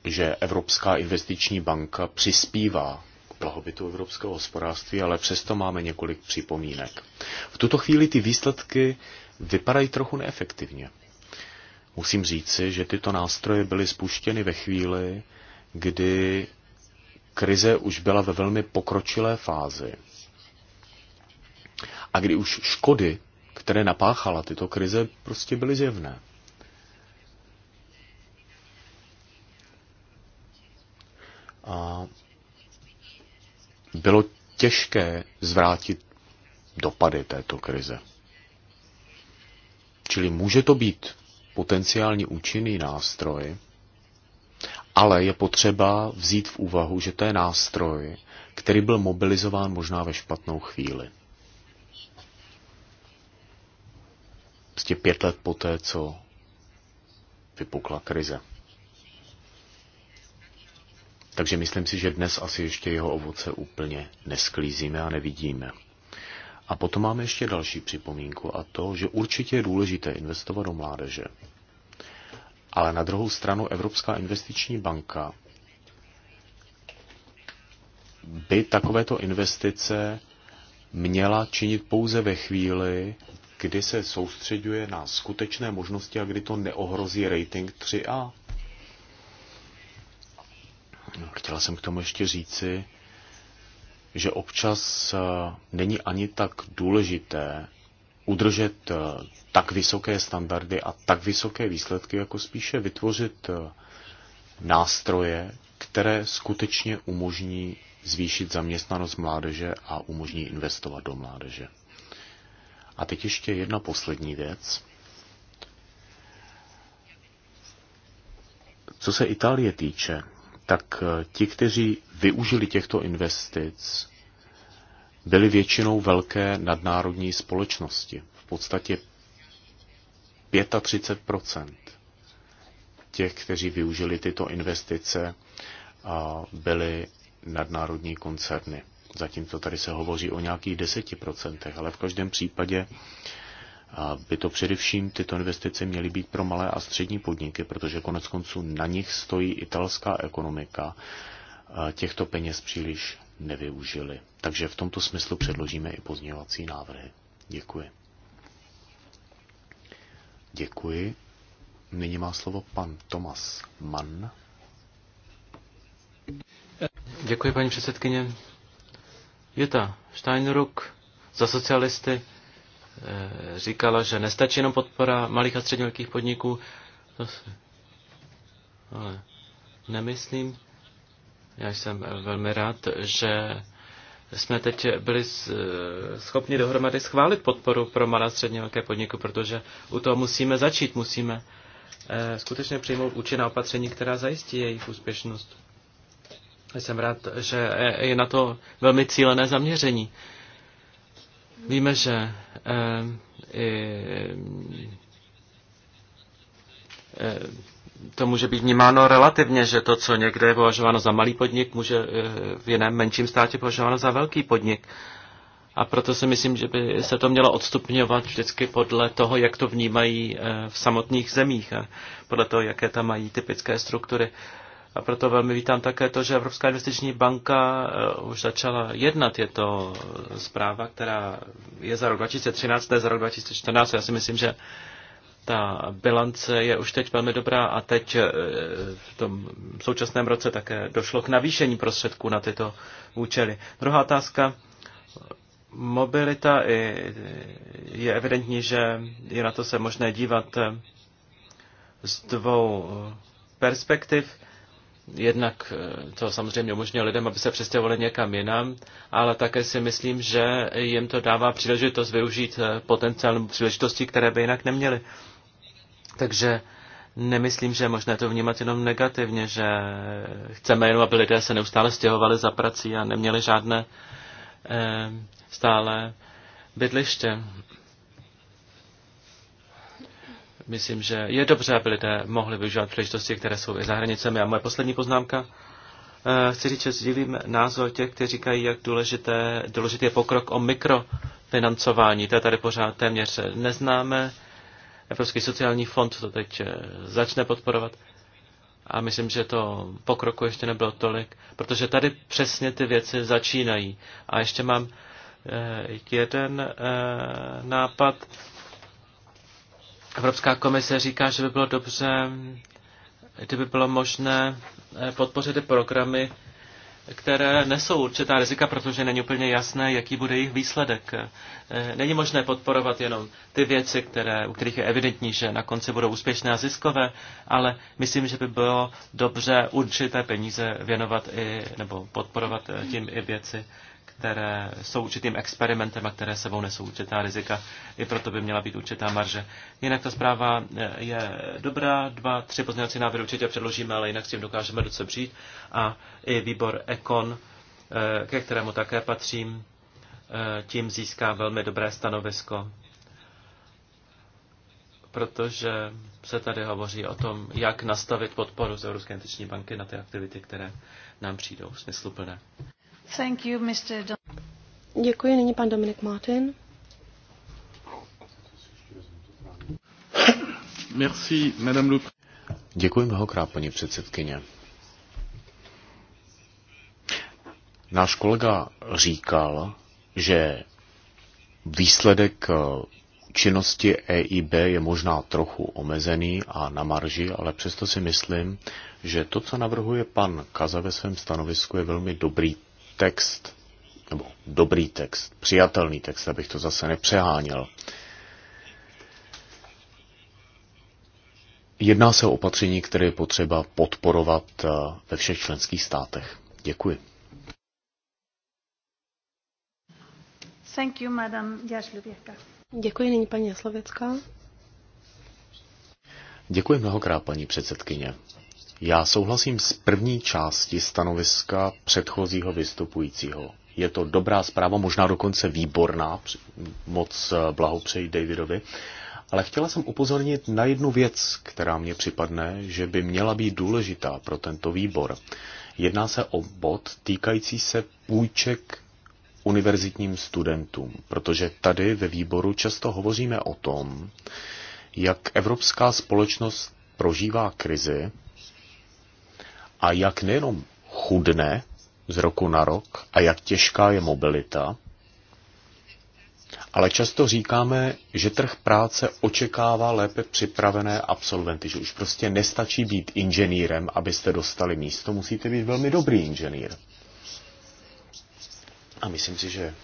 že Evropská investiční banka přispívá k blahobytu evropského hospodářství, ale přesto máme několik připomínek. V tuto chvíli ty výsledky vypadají trochu neefektivně. Musím říci, že tyto nástroje byly spuštěny ve chvíli, kdy krize už byla ve velmi pokročilé fázi a kdy už škody, které napáchala tyto krize, prostě byly zjevné. A bylo těžké zvrátit dopady této krize. Čili může to být potenciálně účinný nástroj, ale je potřeba vzít v úvahu, že to je nástroj, který byl mobilizován možná ve špatnou chvíli. Prostě pět let poté, co vypukla krize. Takže myslím si, že dnes asi ještě jeho ovoce úplně nesklízíme a nevidíme. A potom máme ještě další připomínku a to, že určitě je důležité investovat do mládeže. Ale na druhou stranu Evropská investiční banka by takovéto investice měla činit pouze ve chvíli, kdy se soustředuje na skutečné možnosti a kdy to neohrozí rating 3A. No, chtěla jsem k tomu ještě říci, že občas eh, není ani tak důležité udržet eh, tak vysoké standardy a tak vysoké výsledky, jako spíše vytvořit eh, nástroje, které skutečně umožní zvýšit zaměstnanost mládeže a umožní investovat do mládeže. A teď ještě jedna poslední věc. Co se Itálie týče, tak eh, ti, kteří využili těchto investic, byli většinou velké nadnárodní společnosti. V podstatě 35 těch, kteří využili tyto investice, eh, byly nadnárodní koncerny. Zatímco tady se hovoří o nějakých deseti procentech, ale v každém případě by to především tyto investice měly být pro malé a střední podniky, protože konec konců na nich stojí italská ekonomika. Těchto peněz příliš nevyužili. Takže v tomto smyslu předložíme i pozměňovací návrhy. Děkuji. Děkuji. Nyní má slovo pan Tomas Mann. Děkuji, paní předsedkyně. Jutta Steinruck za socialisty eh, říkala, že nestačí jenom podpora malých a středně velkých podniků. To si... Ale nemyslím. Já jsem velmi rád, že jsme teď byli eh, schopni dohromady schválit podporu pro malé a středně velké podniky, protože u toho musíme začít, musíme eh, skutečně přijmout účinná opatření, která zajistí jejich úspěšnost. Jsem rád, že je na to velmi cílené zaměření. Víme, že eh, eh, to může být vnímáno relativně, že to, co někde je považováno za malý podnik, může eh, v jiném menším státě považováno za velký podnik. A proto si myslím, že by se to mělo odstupňovat vždycky podle toho, jak to vnímají v samotných zemích a podle toho, jaké tam mají typické struktury. A proto velmi vítám také to, že Evropská investiční banka eh, už začala jednat. Je to zpráva, která je za rok 2013, to je za rok 2014. Já si myslím, že ta bilance je už teď velmi dobrá a teď eh, v tom současném roce také došlo k navýšení prostředků na tyto účely. Druhá otázka. Mobilita je evidentní, že je na to se možné dívat eh, z dvou perspektiv jednak eh, to samozřejmě umožňuje lidem, aby se přestěhovali někam jinam, ale také si myslím, že jim to dává příležitost využít eh, potenciál příležitosti, které by jinak neměli. Takže nemyslím, že je možné to vnímat jenom negativně, že chceme jenom, aby lidé se neustále stěhovali za prací a neměli žádné eh, stále bydliště myslím, že je dobře, aby lidé mohli využívat příležitosti, které jsou i za hranicemi. A moje poslední poznámka. Eh, chci říct, že sdílím názor těch, kteří říkají, jak důležité, důležitý je pokrok o mikrofinancování. To je tady pořád téměř neznáme. Evropský sociální fond to teď eh, začne podporovat. A myslím, že to pokroku ještě nebylo tolik, protože tady přesně ty věci začínají. A ještě mám eh, jeden nápad Evropská komise říká, že by bylo dobře, kdyby bylo možné eh, podpořit ty programy, které nesou určitá rizika, protože není úplně jasné, jaký bude jejich výsledek. Eh, není možné podporovat jenom ty věci, které, u kterých je evidentní, že na konci budou úspěšné a ziskové, ale myslím, že by bylo dobře určité peníze věnovat i, nebo podporovat eh, tím i věci, které jsou určitým experimentem a které sebou nesou určitá rizika. I proto by měla být určitá marže. Jinak ta zpráva eh, je dobrá, dva, tři pozměňovací návrhy určitě předložíme, ale jinak s tím dokážeme docela přijít. A i výbor Econ, eh, ke kterému také patřím, eh, tím získá velmi dobré stanovisko protože se tady hovoří o tom, jak nastavit podporu z Evropské investiční banky na ty aktivity, které nám přijdou smysluplné. Děkuji, nyní pan Dominik Martin. Merci, madame le... Děkuji mnohokrát, paní předsedkyně. Náš kolega říkal, že výsledek eh, činnosti EIB je možná trochu omezený a na marži, ale přesto si myslím, že to, co navrhuje pan Kaza ve svém stanovisku, je velmi dobrý text, nebo dobrý text, přijatelný text, abych to zase nepřeháněl. Jedná se o opatření, které je potřeba podporovat eh, ve všech členských státech. Děkuji. Thank you, madam Děkuji, nyní paní Jaslověcká. Děkuji mnohokrát, paní předsedkyně. Já souhlasím s první části stanoviska předchozího vystupujícího. Je to dobrá zpráva, možná dokonce výborná, moc eh, blahopřeji Davidovi, ale chtěla jsem upozornit na jednu věc, která mě připadne, že by měla být důležitá pro tento výbor. Jedná se o bod týkající se půjček univerzitním studentům, protože tady ve výboru často hovoříme o tom, jak evropská společnost prožívá krizi a jak nejenom chudne z roku na rok a jak těžká je mobilita, ale často říkáme, že trh práce očekává lépe připravené absolventy, že už prostě nestačí být inženýrem, abyste dostali místo, musíte být velmi dobrý inženýr. A myslím si, že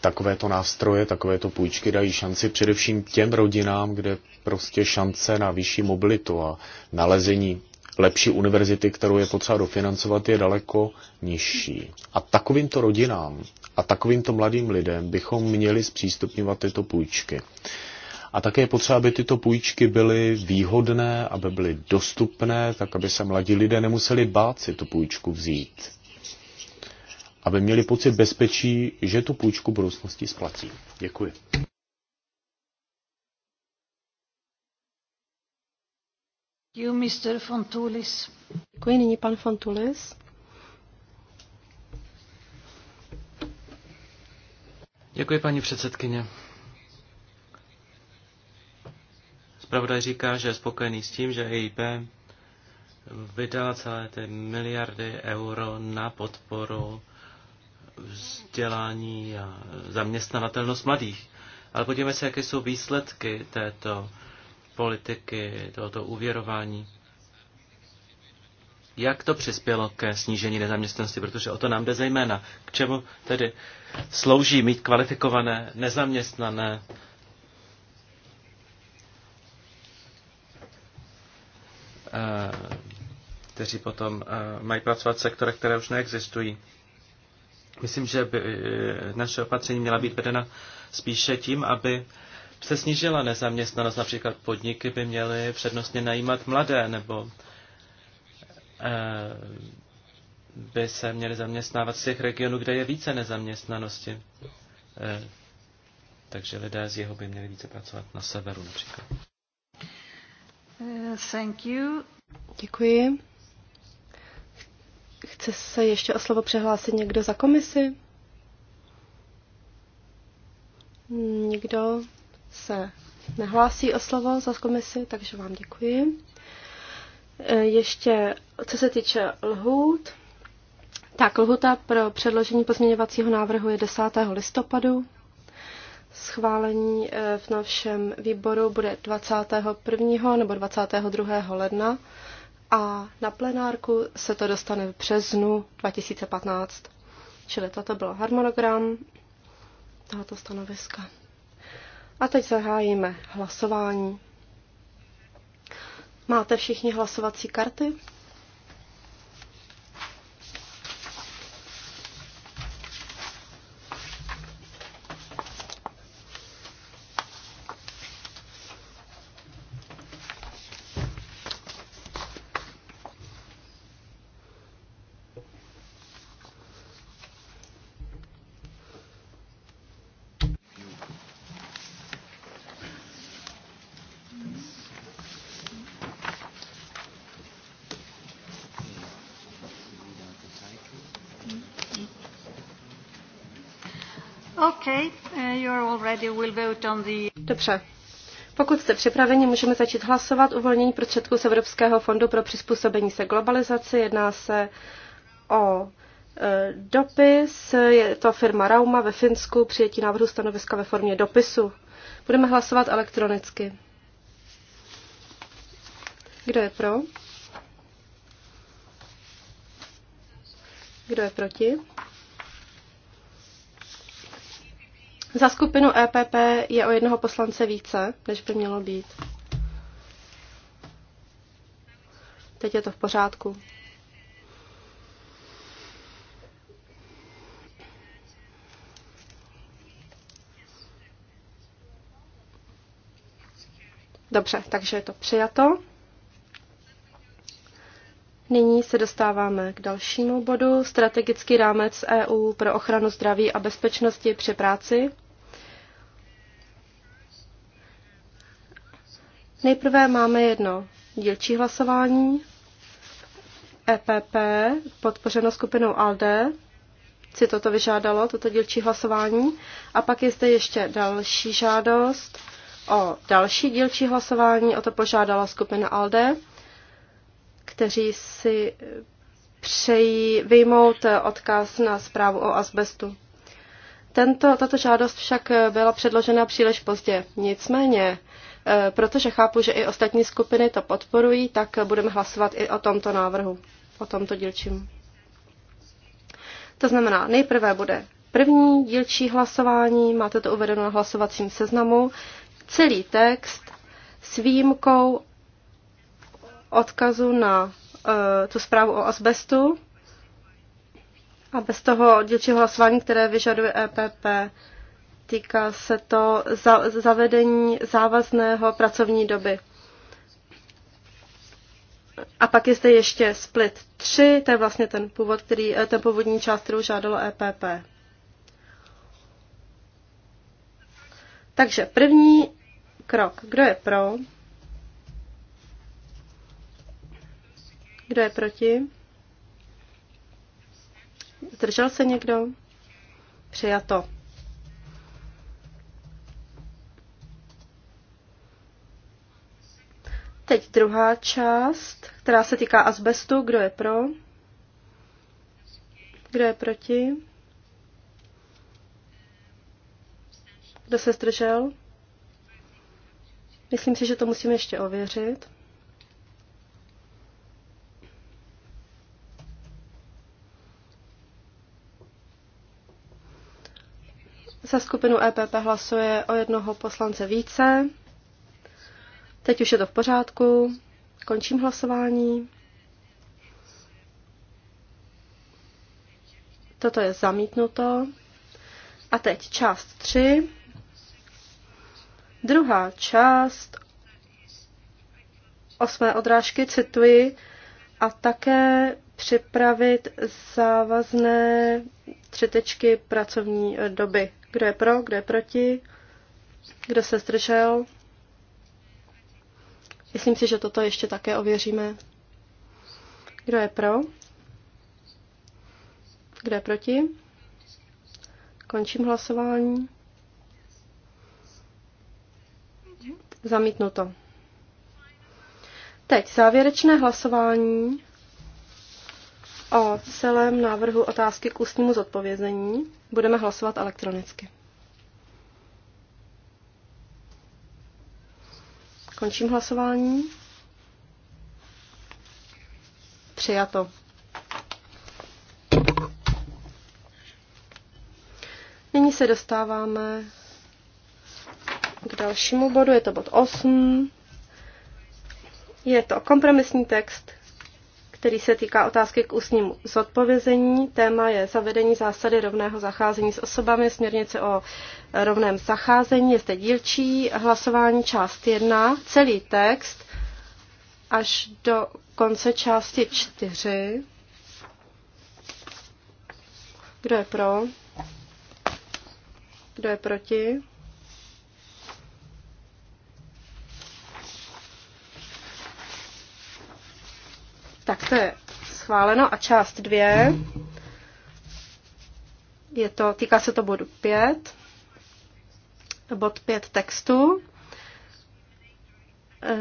takovéto nástroje, takovéto půjčky dají šanci především těm rodinám, kde prostě šance na vyšší mobilitu a nalezení lepší univerzity, kterou je potřeba dofinancovat, je daleko nižší. A takovýmto rodinám a takovýmto mladým lidem bychom měli zpřístupňovat tyto půjčky. A také je potřeba, aby tyto půjčky byly výhodné, aby byly dostupné, tak aby se mladí lidé nemuseli bát si tu půjčku vzít. Aby měli pocit bezpečí, že tu půjčku budoucnosti splatí. Děkuji. Děkuji, nyní pan Fontulis. Děkuji, paní předsedkyně. Zpravodaj říká, že je spokojený s tím, že EIP vydala celé ty miliardy euro na podporu vzdělání a zaměstnavatelnost mladých. Ale podívejme se, jaké jsou výsledky této politiky tohoto uvěrování. jak to přispělo ke snížení nezaměstnanosti, protože o to nám jde zejména. K čemu tedy slouží mít kvalifikované, nezaměstnané eh, kteří potom eh, mají pracovat v sektorech, které už neexistují. Myslím, že by eh, naše opatření měla být vedena spíše tím, aby se snížila nezaměstnanost. Například podniky by měly přednostně najímat mladé nebo eh, by se měly zaměstnávat z těch regionů, kde je více nezaměstnanosti. Eh, takže lidé z jeho by měli více pracovat na severu například. Eh, thank you. Děkuji. Chce se ještě o slovo přihlásit někdo za komisi? Nikdo? se nehlásí o slovo za komisi, takže vám děkuji. E, ještě, co se týče lhůt, tak lhuta pro předložení pozměňovacího návrhu je 10. listopadu. Schválení e, v našem výboru bude 21. nebo 22. ledna a na plenárku se to dostane v březnu 2015. Čili toto byl harmonogram tohoto stanoviska. A teď zahájíme hlasování. Máte všichni hlasovací karty? Dobře. Pokud jste připraveni, můžeme začít hlasovat uvolnění prostředků z Evropského fondu pro přizpůsobení se globalizaci. Jedná se o e, dopis, je to firma Rauma ve Finsku, přijetí návrhu stanoviska ve formě dopisu. Budeme hlasovat elektronicky. Kdo je pro? Kdo je proti? Za skupinu EPP je o jednoho poslance více, než by mělo být. Teď je to v pořádku. Dobře, takže je to přijato. Nyní se dostáváme k dalšímu bodu. Strategický rámec EU pro ochranu zdraví a bezpečnosti při práci. Nejprve máme jedno dílčí hlasování. EPP, podpořeno skupinou ALDE, si toto vyžádalo, toto dílčí hlasování. A pak je zde ještě další žádost o další dílčí hlasování, o to požádala skupina ALDE kteří si přejí vyjmout odkaz na zprávu o asbestu. Tento, tato žádost však byla předložena příliš pozdě. Nicméně, e, protože chápu, že i ostatní skupiny to podporují, tak budeme hlasovat i o tomto návrhu, o tomto dílčím. To znamená, nejprve bude první dílčí hlasování, máte to uvedeno na hlasovacím seznamu, celý text s výjimkou odkazu na uh, tu zprávu o asbestu a bez toho dělčího hlasování, které vyžaduje EPP. Týká se to za, zavedení závazného pracovní doby. A pak je zde ještě split 3, to je vlastně ten původ, který, eh, ten původní část, kterou žádalo EPP. Takže první krok. Kdo je pro? Kdo je proti? Zdržel se někdo? Přijato. Teď druhá část, která se týká asbestu. Kdo je pro? Kdo je proti? Kdo se zdržel? Myslím si, že to musíme ještě ověřit. Za skupinu EPP hlasuje o jednoho poslance více. Teď už je to v pořádku. Končím hlasování. Toto je zamítnuto. A teď část 3. Druhá část osmé odrážky cituji a také připravit závazné třetečky pracovní doby. Kdo je pro, kdo je proti, kdo se zdržel. Myslím si, že toto ještě také ověříme. Kdo je pro? Kdo je proti? Končím hlasování. Zamítnuto. Teď závěrečné hlasování O celém návrhu otázky k ústnímu zodpovězení budeme hlasovat elektronicky. Končím hlasování. Přijato. Nyní se dostáváme k dalšímu bodu, je to bod 8. Je to kompromisní text který se týká otázky k ústnímu zodpovězení. Téma je zavedení zásady rovného zacházení s osobami, směrnice o rovném zacházení. Je zde dílčí hlasování část 1, celý text až do konce části 4. Kdo je pro? Kdo je proti? Tak to je schváleno. A část dvě. Je to, týká se to bodu 5. Bod 5 textu. Eh,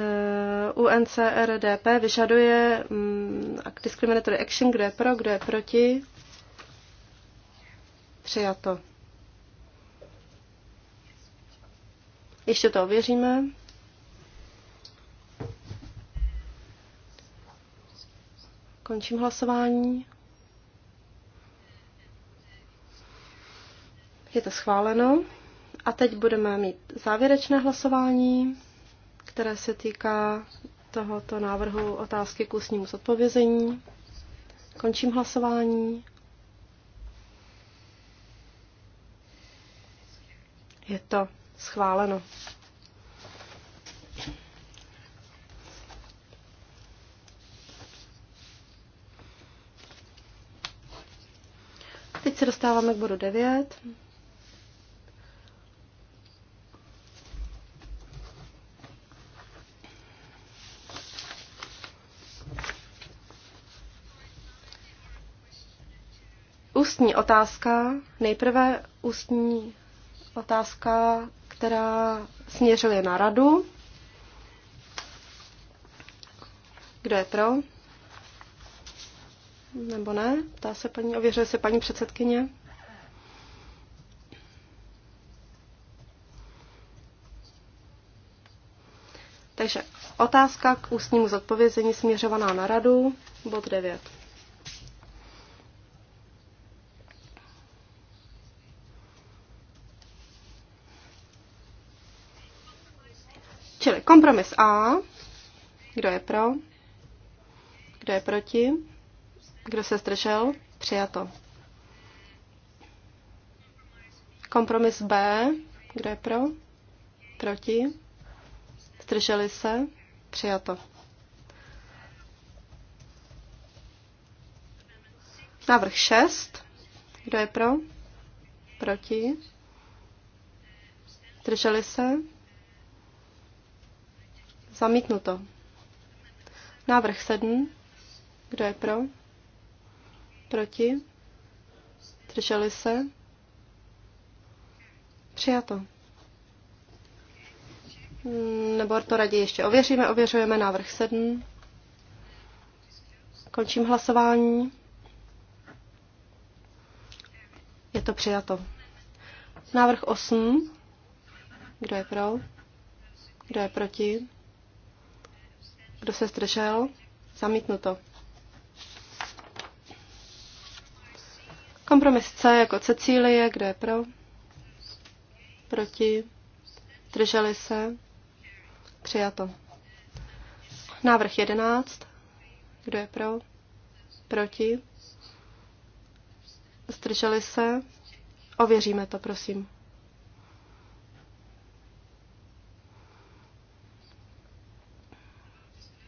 UNCRDP vyžaduje um, discriminatory action, kdo je pro, kdo je proti. Přijato. Ještě to ověříme. Končím hlasování. Je to schváleno. A teď budeme mít závěrečné hlasování, které se týká tohoto návrhu otázky k ústnímu zodpovězení. Končím hlasování. Je to schváleno. se dostáváme k bodu 9. Ústní otázka, nejprve ústní otázka, která směřuje na radu. Kdo je pro? Nebo ne? Ptá se paní, ověřuje se paní předsedkyně. Takže otázka k ústnímu zodpovězení směřovaná na radu, bod 9. Čili kompromis A. Kdo je pro? Kdo je proti? Kdo se zdržel? Přijato. Kompromis B. Kdo je pro? Proti? Zdrželi se? Přijato. Návrh 6. Kdo je pro? Proti? Zdrželi se? Zamítnuto. Návrh 7. Kdo je pro? Proti? Drželi se? Přijato. Hmm, nebo to raději ještě ověříme. Ověřujeme návrh 7. Končím hlasování. Je to přijato. Návrh 8. Kdo je pro? Kdo je proti? Kdo se zdržel? Zamítnuto. Kompromis C jako Cecílie, kde je pro? Proti? Drželi se? Přijato. Návrh 11. Kdo je pro? Proti? Zdrželi se? Ověříme to, prosím.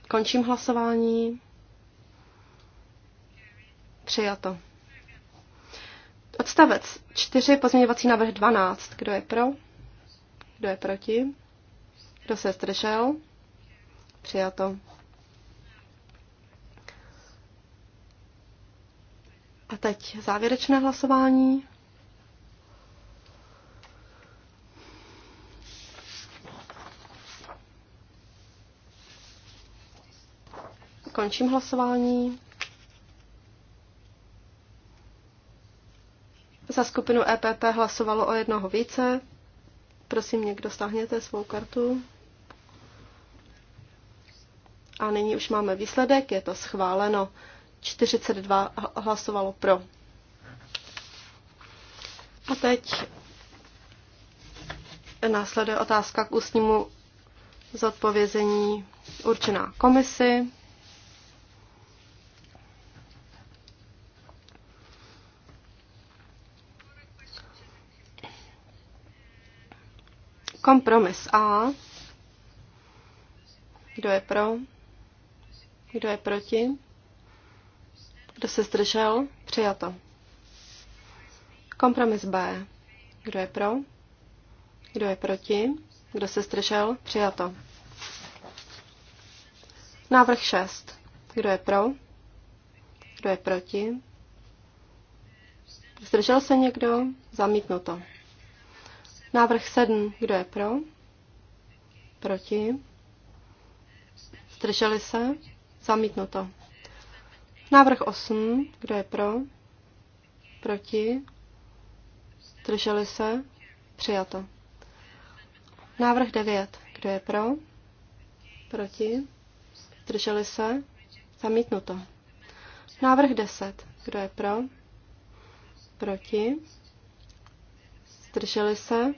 Končím hlasování. Přijato. Odstavec 4, pozměňovací návrh 12. Kdo je pro? Kdo je proti? Kdo se zdržel? Přijato. A teď závěrečné hlasování. Končím hlasování. Za skupinu EPP hlasovalo o jednoho více. Prosím, někdo stáhněte svou kartu. A nyní už máme výsledek, je to schváleno. 42 hlasovalo pro. A teď následuje otázka k ústnímu zodpovězení určená komisi. Kompromis A. Kdo je pro? Kdo je proti? Kdo se zdržel? Přijato. Kompromis B. Kdo je pro? Kdo je proti? Kdo se zdržel? Přijato. Návrh 6. Kdo je pro? Kdo je proti? Zdržel se někdo? Zamítnuto. Návrh 7. Kdo je pro? Proti? Zdrželi se? Zamítnuto. Návrh 8. Kdo je pro? Proti? Zdrželi se? Přijato. Návrh 9. Kdo je pro? Proti? Zdrželi se? Zamítnuto. Návrh 10. Kdo je pro? Proti? zdrželi se,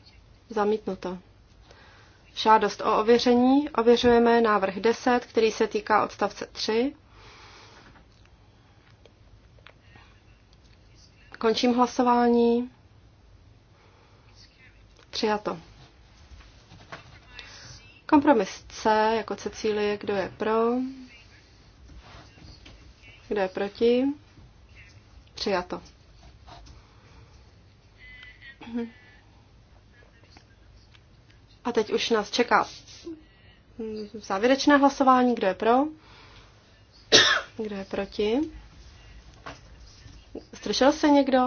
zamítnuto. Žádost o ověření. Ověřujeme návrh 10, který se týká odstavce 3. Končím hlasování. Přijato. Kompromis C, jako Cecílie, kdo je pro, kdo je proti, přijato. Mm-hmm. A teď už nás čeká závěrečné hlasování. Kdo je pro? Kdo je proti? Zdržel se někdo?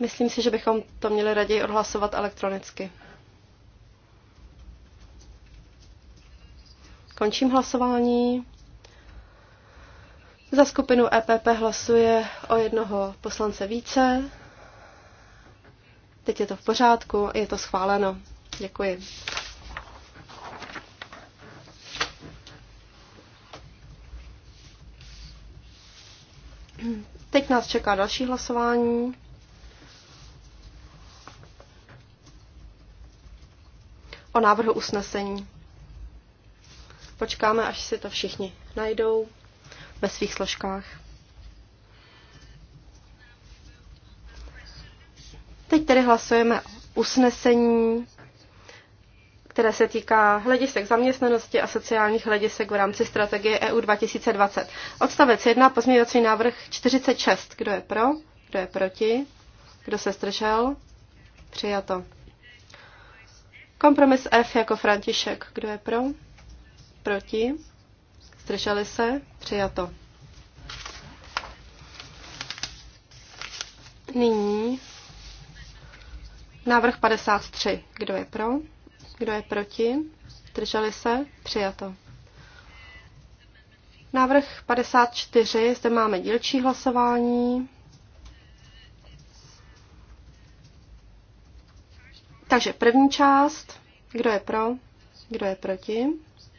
Myslím si, že bychom to měli raději odhlasovat elektronicky. Končím hlasování. Za skupinu EPP hlasuje o jednoho poslance více. Teď je to v pořádku, je to schváleno. Děkuji. Teď nás čeká další hlasování. O návrhu usnesení. Počkáme, až si to všichni najdou ve svých složkách. Teď tedy hlasujeme o usnesení které se týká hledisek zaměstnanosti a sociálních hledisek v rámci strategie EU 2020. Odstavec 1, pozměňovací návrh 46. Kdo je pro? Kdo je proti? Kdo se zdržel? Přijato. Kompromis F jako František. Kdo je pro? Proti? Zdrželi se? Přijato. Nyní návrh 53. Kdo je pro? Kdo je proti? Zdrželi se? Přijato. Návrh 54, zde máme dílčí hlasování. Takže první část, kdo je pro, kdo je proti,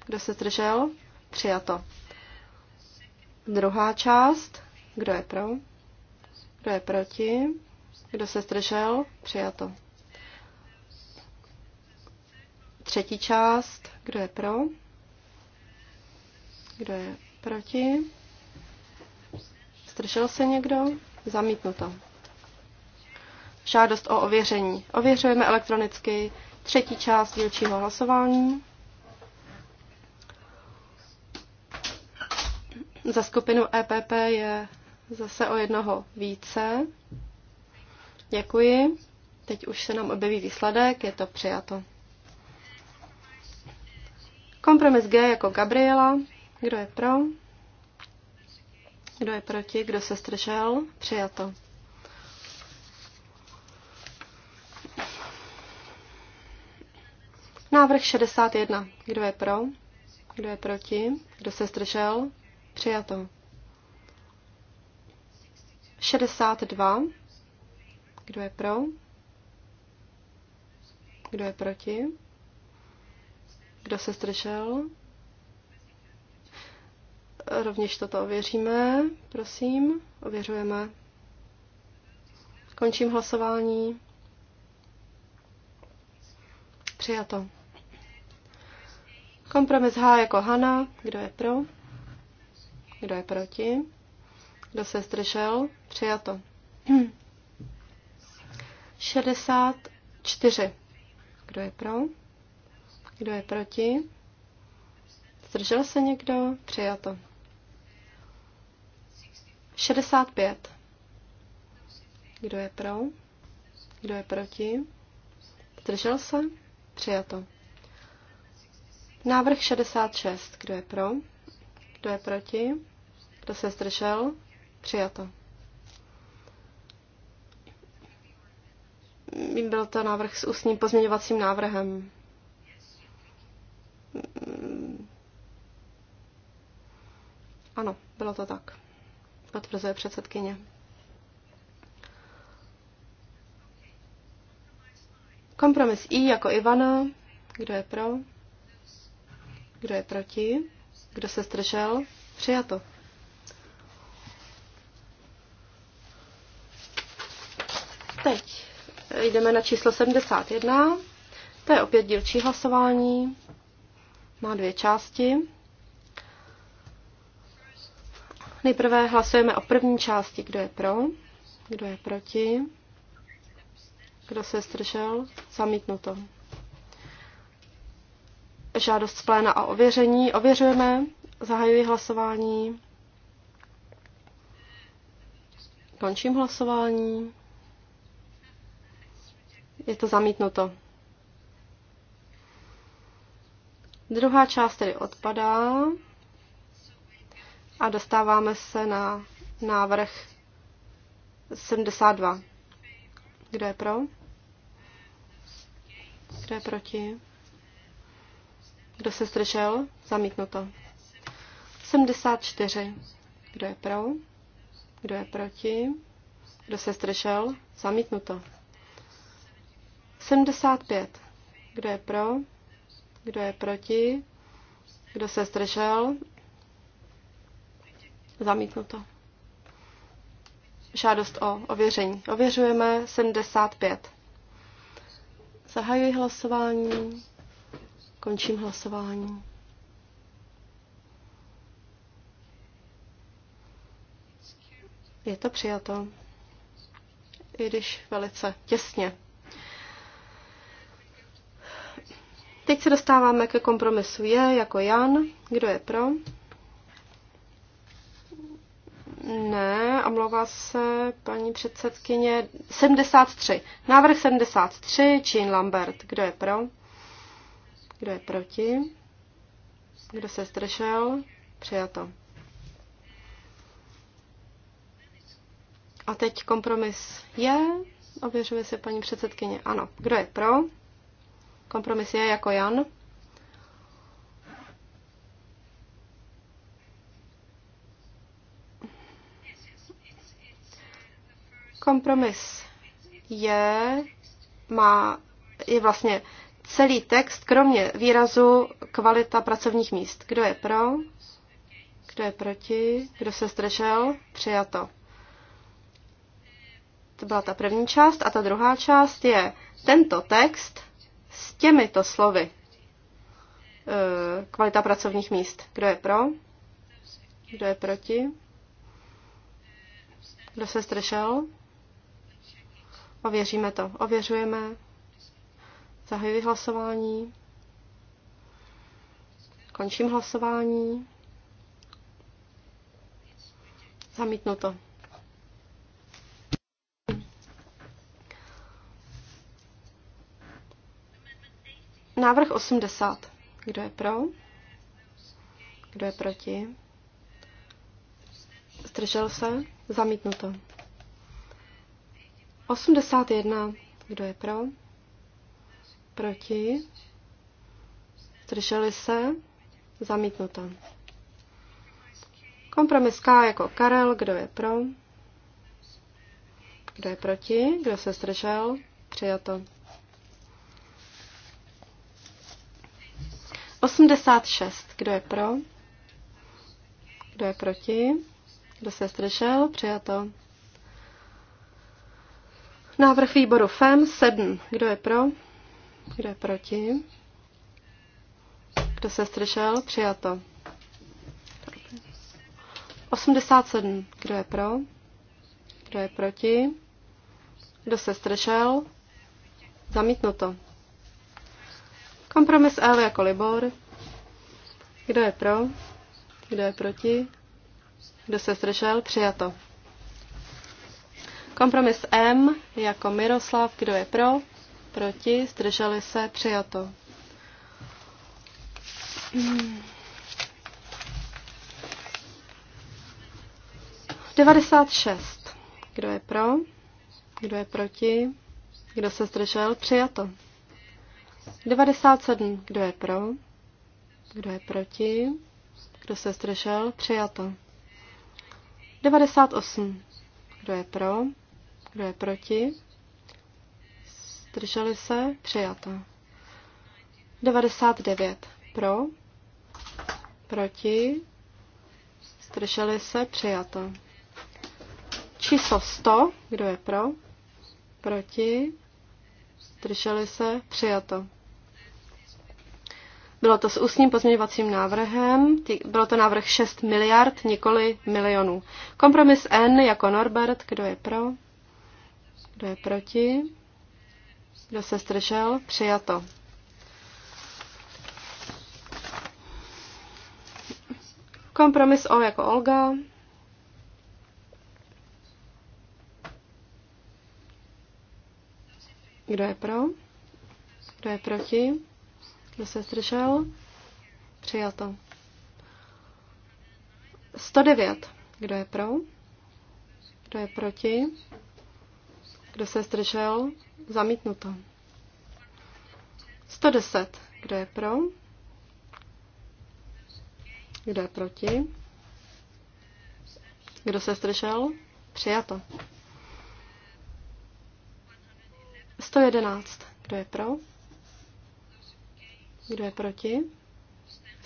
kdo se zdržel, přijato. Druhá část, kdo je pro, kdo je proti, kdo se zdržel, přijato. Třetí část, kdo je pro? Kdo je proti? Zdržel se někdo? Zamítnuto. Žádost o ověření. Ověřujeme elektronicky třetí část dílčího hlasování. Za skupinu EPP je zase o jednoho více. Děkuji. Teď už se nám objeví výsledek, je to přijato. Kompromis G jako Gabriela. Kdo je pro? Kdo je proti? Kdo se zdržel? Přijato. Návrh 61. Kdo je pro? Kdo je proti? Kdo se zdržel? Přijato. 62. Kdo je pro? Kdo je proti? Kdo se zdržel? Rovněž toto ověříme, prosím, ověřujeme. Končím hlasování. Přijato. Kompromis H jako Hana. Kdo je pro? Kdo je proti? Kdo se zdržel? Přijato. 64. Kdo je pro? Kdo je proti? Zdržel se někdo? Přijato. 65. Kdo je pro? Kdo je proti? Zdržel se? Přijato. Návrh 66. Kdo je pro? Kdo je proti? Kdo se zdržel? Přijato. Byl to návrh s ústním pozměňovacím návrhem. Ano, bylo to tak, potvrzuje předsedkyně. Kompromis I jako Ivana. Kdo je pro? Kdo je proti? Kdo se zdržel? Přijato. Teď jdeme na číslo 71. To je opět dílčí hlasování má dvě části. Nejprve hlasujeme o první části, kdo je pro, kdo je proti, kdo se zdržel, zamítnuto. Žádost z pléna a ověření. Ověřujeme, zahajuji hlasování. Končím hlasování. Je to zamítnuto. Druhá část tedy odpadá a dostáváme se na návrh 72. Kdo je pro? Kdo je proti? Kdo se zdržel? Zamítnuto. 74. Kdo je pro? Kdo je proti? Kdo se zdržel? Zamítnuto. 75. Kdo je pro? Kdo je proti? Kdo se zdržel? Zamítnuto. Žádost o ověření. Ověřujeme 75. Zahajuji hlasování. Končím hlasování. Je to přijato. I když velice těsně. Teď se dostáváme ke kompromisu je jako Jan. Kdo je pro? Ne, omlouvá se paní předsedkyně. 73. Návrh 73, Jean Lambert. Kdo je pro? Kdo je proti? Kdo se zdržel? Přijato. A teď kompromis je. Ověřuje se paní předsedkyně. Ano. Kdo je pro? Kompromis je jako Jan. Kompromis je, má, je vlastně celý text, kromě výrazu kvalita pracovních míst. Kdo je pro? Kdo je proti? Kdo se zdržel? Přijato. To byla ta první část. A ta druhá část je tento text s těmito slovy. E, kvalita pracovních míst. Kdo je pro? Kdo je proti? Kdo se zdržel? Ověříme to. Ověřujeme. Zahajuji hlasování. Končím hlasování. Zamítnu to. Návrh 80. Kdo je pro? Kdo je proti? Zdržel se? Zamítnuto. 81. Kdo je pro? Proti? Zdrželi se? Zamítnuto. Kompromis K jako Karel. Kdo je pro? Kdo je proti? Kdo se zdržel? Přijato. 86. Kdo je pro? Kdo je proti? Kdo se zdržel? Přijato. Návrh výboru FEM 7. Kdo je pro? Kdo je proti? Kdo se zdržel? Přijato. 87. Kdo je pro? Kdo je proti? Kdo se zdržel? Zamítnuto. Kompromis L jako Libor. Kdo je pro? Kdo je proti? Kdo se zdržel? Přijato. Kompromis M jako Miroslav. Kdo je pro? Proti? Zdrželi se? Přijato. Hmm. 96. Kdo je pro? Kdo je proti? Kdo se zdržel? Přijato. 97. Kdo je pro? Kdo je proti? Kdo se zdržel? Přijato. 98. Kdo je pro? Kdo je proti? Zdrželi se? Přijato. 99. Pro? Proti? Zdrželi se? Přijato. Číslo 100. Kdo je pro? Proti? Zdrželi se? Přijato. Bylo to s ústním pozměňovacím návrhem, bylo to návrh 6 miliard, nikoli milionů. Kompromis N jako Norbert, kdo je pro, kdo je proti, kdo se zdržel, přijato. Kompromis O jako Olga. Kdo je pro? Kdo je proti? Kdo se zdržel? Přijato. 109. Kdo je pro? Kdo je proti? Kdo se zdržel? Zamítnuto. 110. Kdo je pro? Kdo je proti? Kdo se zdržel? Přijato. 111. Kdo je pro? Kdo je proti?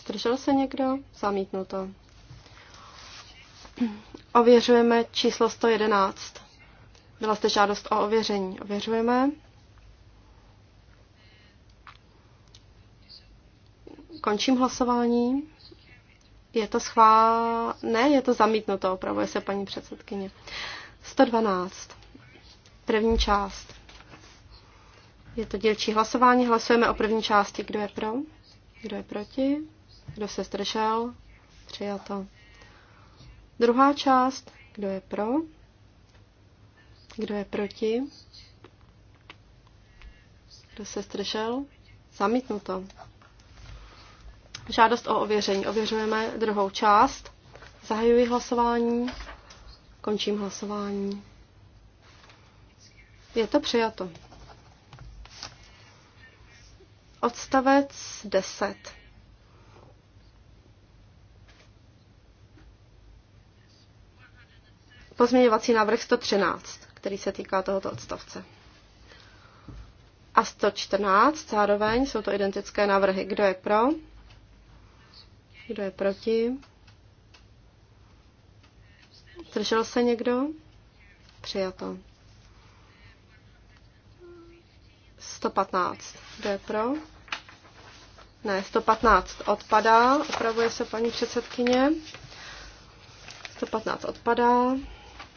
Zdržel se někdo? Zamítnuto. Ověřujeme číslo 111. Byla zde žádost o ověření. Ověřujeme. Končím hlasování. Je to schvá- Ne, je to zamítnuto, opravuje se paní předsedkyně. 112. První část. Je to dělčí hlasování. Hlasujeme o první části. Kdo je pro? Kdo je proti? Kdo se zdržel? Přijato. Druhá část. Kdo je pro? Kdo je proti? Kdo se zdržel? Zamítnuto. Žádost o ověření. Ověřujeme druhou část. Zahajuji hlasování. Končím hlasování. Je to přijato. Odstavec 10. Pozměňovací návrh 113, který se týká tohoto odstavce. A 114 zároveň jsou to identické návrhy. Kdo je pro? Kdo je proti? Zdržel se někdo? Přijato. 115. Kdo je pro? Ne, 115 odpadá, opravuje se paní předsedkyně. 115 odpadá,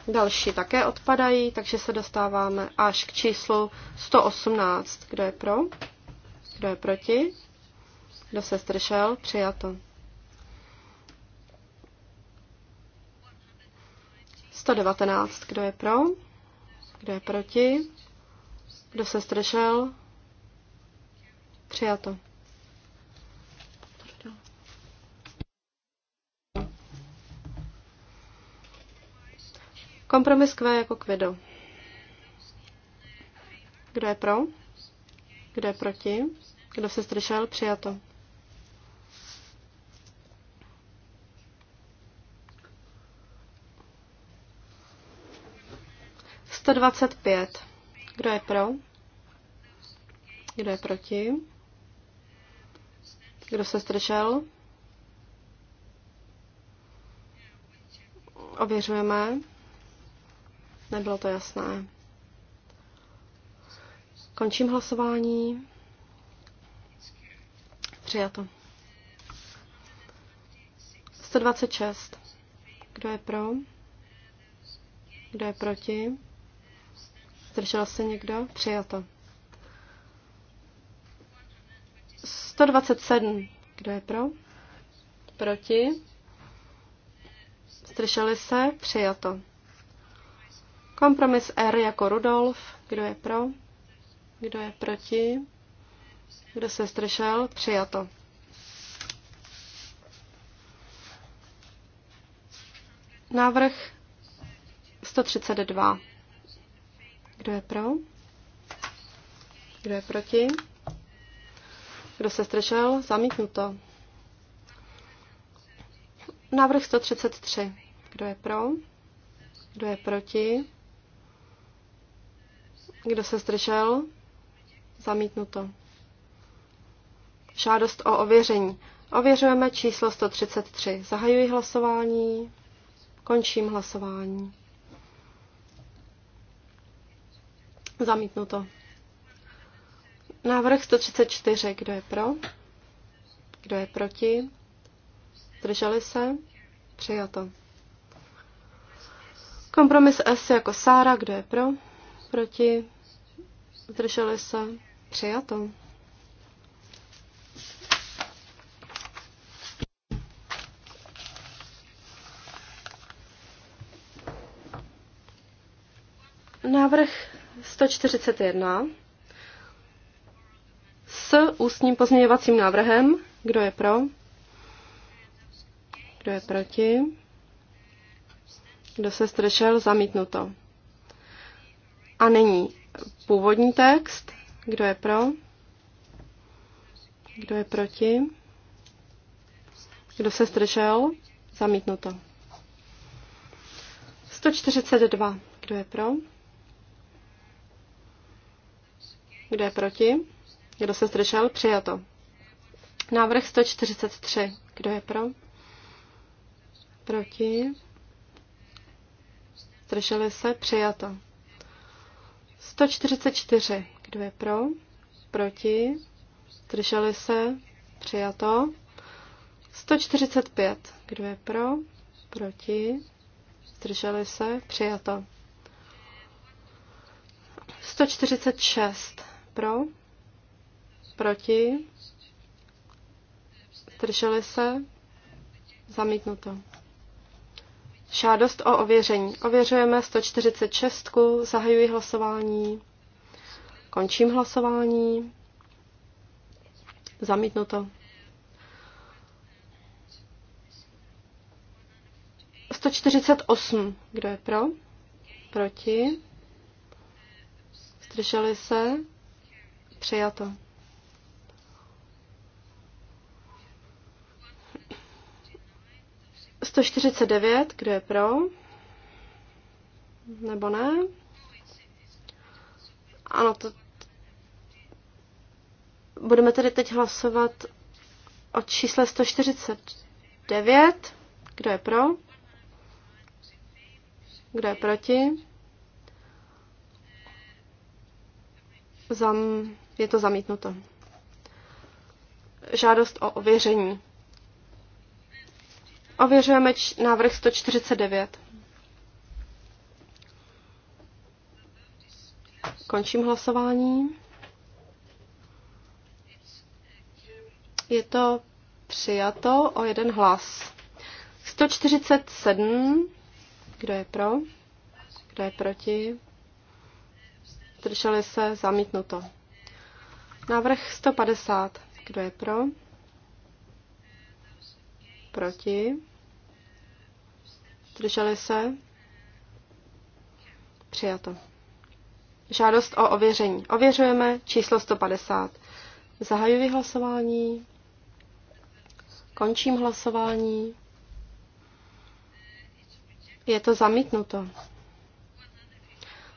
další také odpadají, takže se dostáváme až k číslu 118. Kdo je pro? Kdo je proti? Kdo se zdržel? Přijato. 119. Kdo je pro? Kdo je proti? Kdo se zdržel? Přijato. Kompromis Q jako kvido. Kdo je pro? Kdo je proti? Kdo se zdržel? Přijato. Sto dvacet pět. Kdo je pro? Kdo je proti? Kdo se zdržel? Ověřujeme. Nebylo to jasné. Končím hlasování. Přijato. 126. Kdo je pro? Kdo je proti? Zdržel se někdo? Přijato. 127. Kdo je pro? Proti? Zdrželi se? Přijato. Kompromis R jako Rudolf. Kdo je pro? Kdo je proti? Kdo se zdržel? Přijato. Návrh 132. Kdo je pro? Kdo je proti? Kdo se zdržel? Zamítnuto. Návrh 133. Kdo je pro? Kdo je proti? Kdo se zdržel? Zamítnuto. Žádost o ověření. Ověřujeme číslo 133. Zahajuji hlasování. Končím hlasování. Zamítnuto. Návrh 134. Kdo je pro? Kdo je proti? Zdrželi se? Přijato. Kompromis S jako Sára. Kdo je pro? Proti? Zdrželi se? Přijato. Návrh 141 s ústním pozměňovacím návrhem. Kdo je pro? Kdo je proti? Kdo se strešel? Zamítnuto. A nyní původní text. Kdo je pro? Kdo je proti? Kdo se zdržel? Zamítnuto. 142. Kdo je pro? Kdo je proti? Kdo se zdržel? Přijato. Návrh 143. Kdo je pro? Proti? Zdrželi se? Přijato. 144. Kdo je pro? Proti? Zdrželi se? Přijato. 145. Kdo je pro? Proti? Zdrželi se? Přijato. 146 pro, proti, zdrželi se, zamítnuto. Žádost o ověření. Ověřujeme 146, zahajuji hlasování, končím hlasování, zamítnuto. 148, kdo je pro, proti, zdrželi se, Přijato. Sto čtyřicet devět, kdo je pro? Nebo ne? Ano, to... Budeme tedy teď hlasovat o čísle 149. Kdo je pro? Kdo je proti? Zam je to zamítnuto. Žádost o ověření. Ověřujeme návrh 149. Končím hlasování. Je to přijato o jeden hlas. 147. Kdo je pro? Kdo je proti? Drželi se zamítnuto. Návrh 150. Kdo je pro? Proti? Drželi se? Přijato. Žádost o ověření. Ověřujeme číslo 150. Zahajuji hlasování. Končím hlasování. Je to zamítnuto.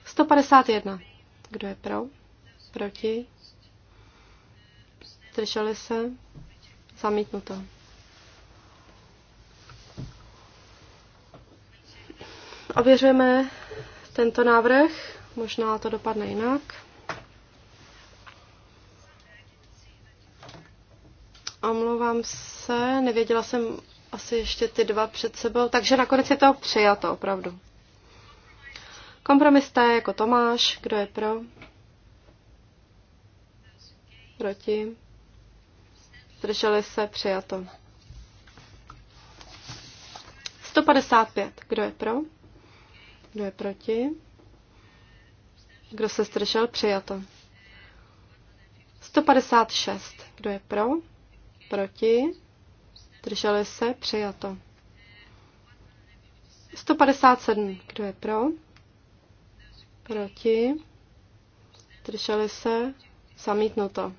151. Kdo je pro? Proti? zdrželi se, zamítnuto. Ověřujeme tento návrh, možná to dopadne jinak. Omlouvám se, nevěděla jsem asi ještě ty dva před sebou, takže nakonec je to přijato opravdu. Kompromis T jako Tomáš, kdo je pro? Proti? Zdrželi se přijato. 155. Kdo je pro? Kdo je proti? Kdo se zdržel? Přijato. 156. Kdo je pro? Proti? Drželi se? Přijato. 157. Kdo je pro? Proti? Drželi se? Zamítnuto.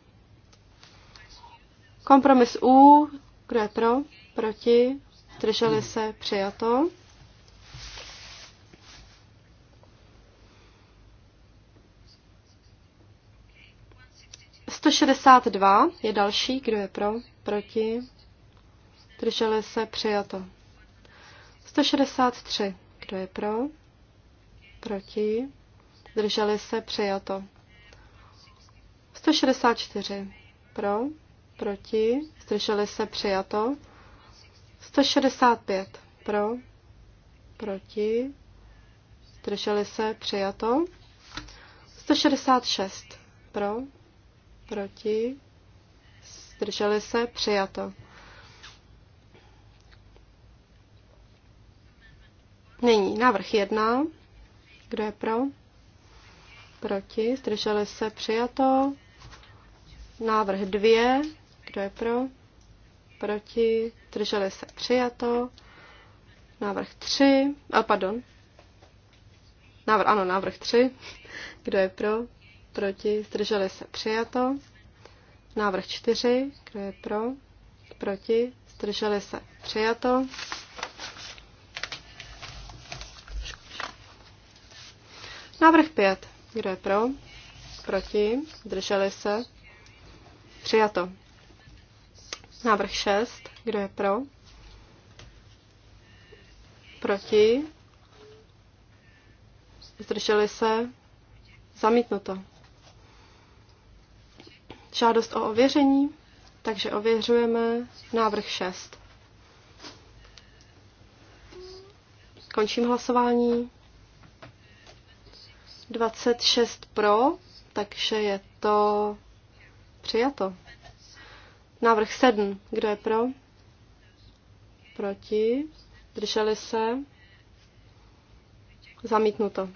Kompromis U, kdo je pro, proti, drželi se, přijato. Sto šedesát dva je další, kdo je pro, proti, drželi se, přijato. 163. Kdo je pro? Proti? drželi se? Přijato. 164. Pro? proti, zdrželi se přijato. 165 pro, proti, zdrželi se přijato. 166 pro, proti, zdrželi se přijato. Nyní návrh 1. Kdo je pro? Proti. Zdrželi se přijato. Návrh 2. Kdo je pro? Proti? Drželi se? Přijato. Návrh 3. A pardon. Návrh, ano, návrh 3. Kdo je pro? Proti? Zdrželi se? Přijato. Návrh 4. Kdo je pro? Proti? Zdrželi se? Přijato. Návrh 5. Kdo je pro? Proti? Zdrželi se? Přijato. Návrh 6. Kdo je pro? Proti? Zdrželi se? Zamítnuto. Žádost o ověření, takže ověřujeme návrh 6. Končím hlasování. 26 pro, takže je to přijato. Návrh 7. Kdo je pro? Proti? Drželi se? Zamítnuto.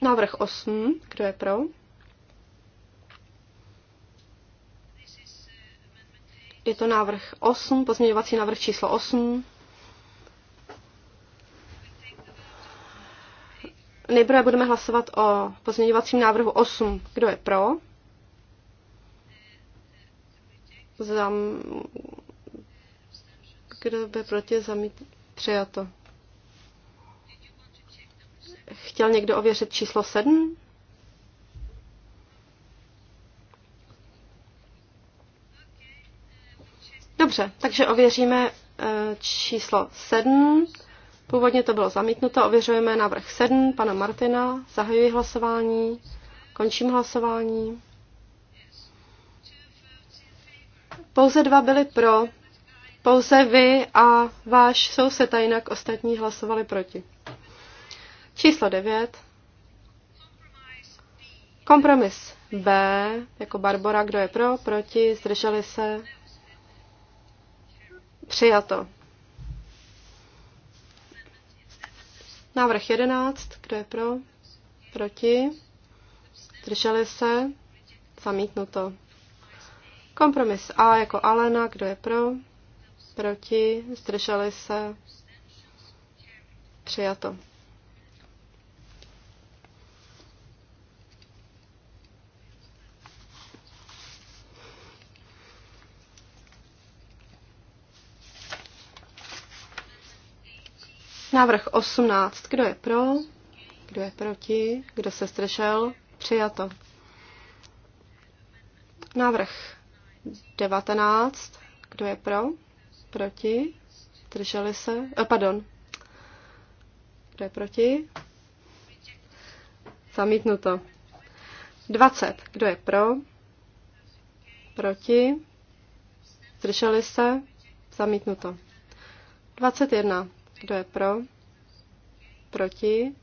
Návrh 8. Kdo je pro? Je to návrh 8, pozměňovací návrh číslo 8. Nejprve budeme hlasovat o pozměňovacím návrhu 8. Kdo je pro? Zam, kdo by proti zamít přijato. Chtěl někdo ověřit číslo sedm? Dobře, takže ověříme eh, číslo sedm. Původně to bylo zamítnuto, ověřujeme návrh sedm, pana Martina. Zahajuji hlasování, končím hlasování. Pouze dva byli pro, pouze vy a váš soused a jinak ostatní hlasovali proti. Číslo 9. Kompromis B, jako Barbora, kdo je pro, proti, zdrželi se. Přijato. Návrh 11, kdo je pro, proti, zdrželi se, zamítnuto. Kompromis A jako Alena, kdo je pro? Proti? Zdrželi se? Přijato. Návrh 18. Kdo je pro? Kdo je proti? Kdo se zdržel? Přijato. Návrh 19. Kdo je pro? Proti? Drželi se? Oh, pardon. Kdo je proti? Zamítnuto. 20. Kdo je pro? Proti? Zdrželi se? Zamítnuto. 21. Kdo je pro? Proti?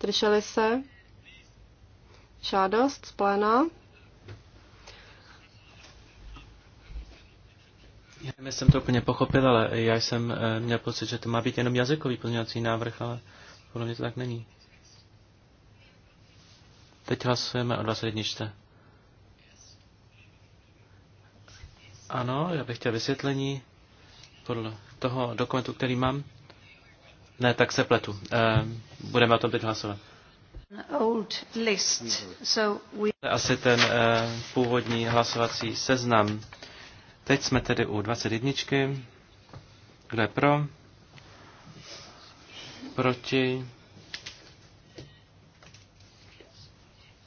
Drželi se? Žádost z pléna. Já jsem to úplně pochopil, ale já jsem eh, měl pocit, že to má být jenom jazykový pozměňovací návrh, ale podle mě to tak není. Teď hlasujeme o 21. Ano, já bych chtěl vysvětlení podle toho dokumentu, který mám. Ne, tak se pletu. Eh, budeme o tom teď hlasovat. Old list. So we... Asi ten eh, původní hlasovací seznam. Teď jsme tedy u 21. Kdo je pro? Proti?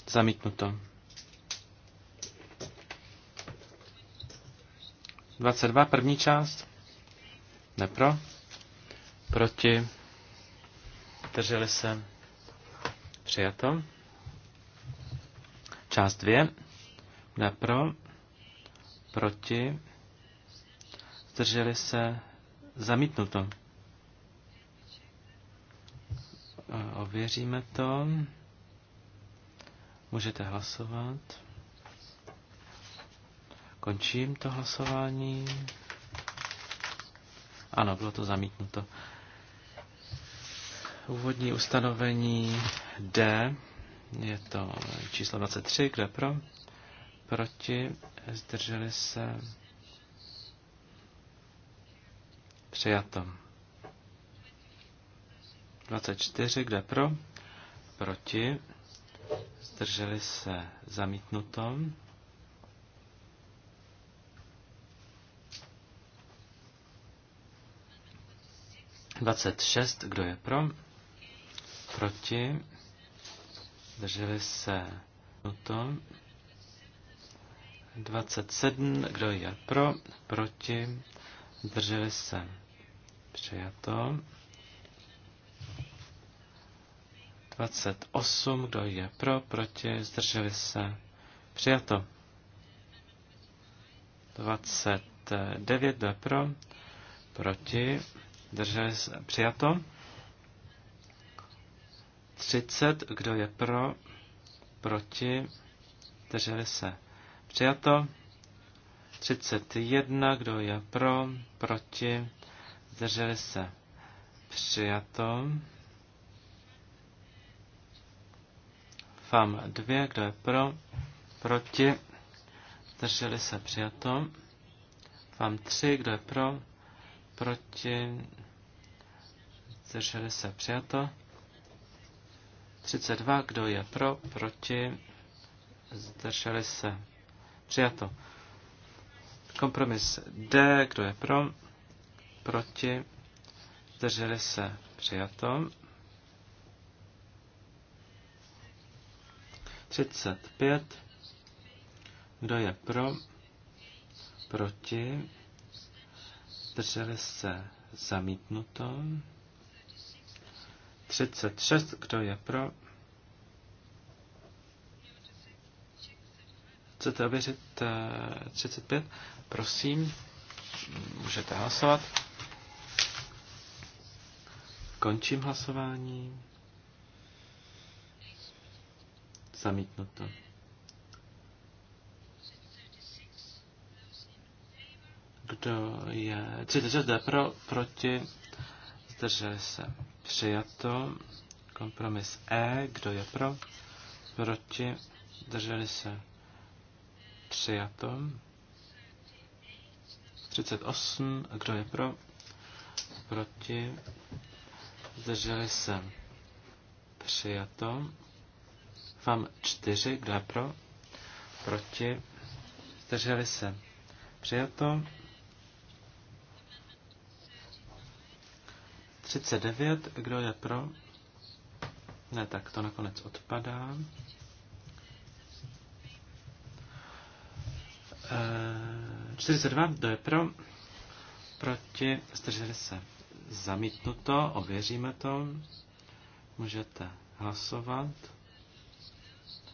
Zamítnuto. 22, první část. Nepro. Proti. Drželi se. Přijato. Část 2. Nepro. Proti zdrželi se, zamítnuto. E, ověříme to. Můžete hlasovat. Končím to hlasování. Ano, bylo to zamítnuto. Úvodní ustanovení D. Je to číslo 23, kde pro? Proti. Zdrželi se Přijato. 24, kde pro? Proti. Zdrželi se zamítnuto. Dvacet šest, kdo je pro? Proti. Zdrželi se Dvacet 27, kdo je pro, proti, zdrželi se. Přijato. 28, kdo je pro, proti, zdrželi se. Přijato. 29, kdo je pro, proti, zdrželi se. Přijato. 30, kdo je pro, proti, zdrželi se. Přijato. 31, kdo je pro, proti, zdrželi se přijato. FAM dvě kdo je pro, proti, zdrželi se přijato. FAM tři kdo je pro, proti, zdrželi se přijato. 32, kdo je pro, proti, zdrželi se přijato. Kompromis D, kdo je pro, proti, zdrželi se přijato. 35. Kdo je pro? Proti? Zdrželi se zamítnuto. 36. Kdo je pro? Chcete ověřit 35? Eh, Prosím, můžete hlasovat. Končím hlasování. Zamítnuto. Kdo je 36 pro, proti, Zdržel se. Přijato. Kompromis E. Kdo je pro? Proti. Zdrželi se. Přijato. 38. Kdo je pro? Proti. Zdrželi se. Přijato. Vám čtyři, kdo je pro? Proti. Zdrželi se. Přijato. 39, kdo je pro? Ne, tak to nakonec odpadá. E, eh, 42, kdo je pro? Proti, zdrželi se Zamítnuto, ověříme to. Můžete hlasovat.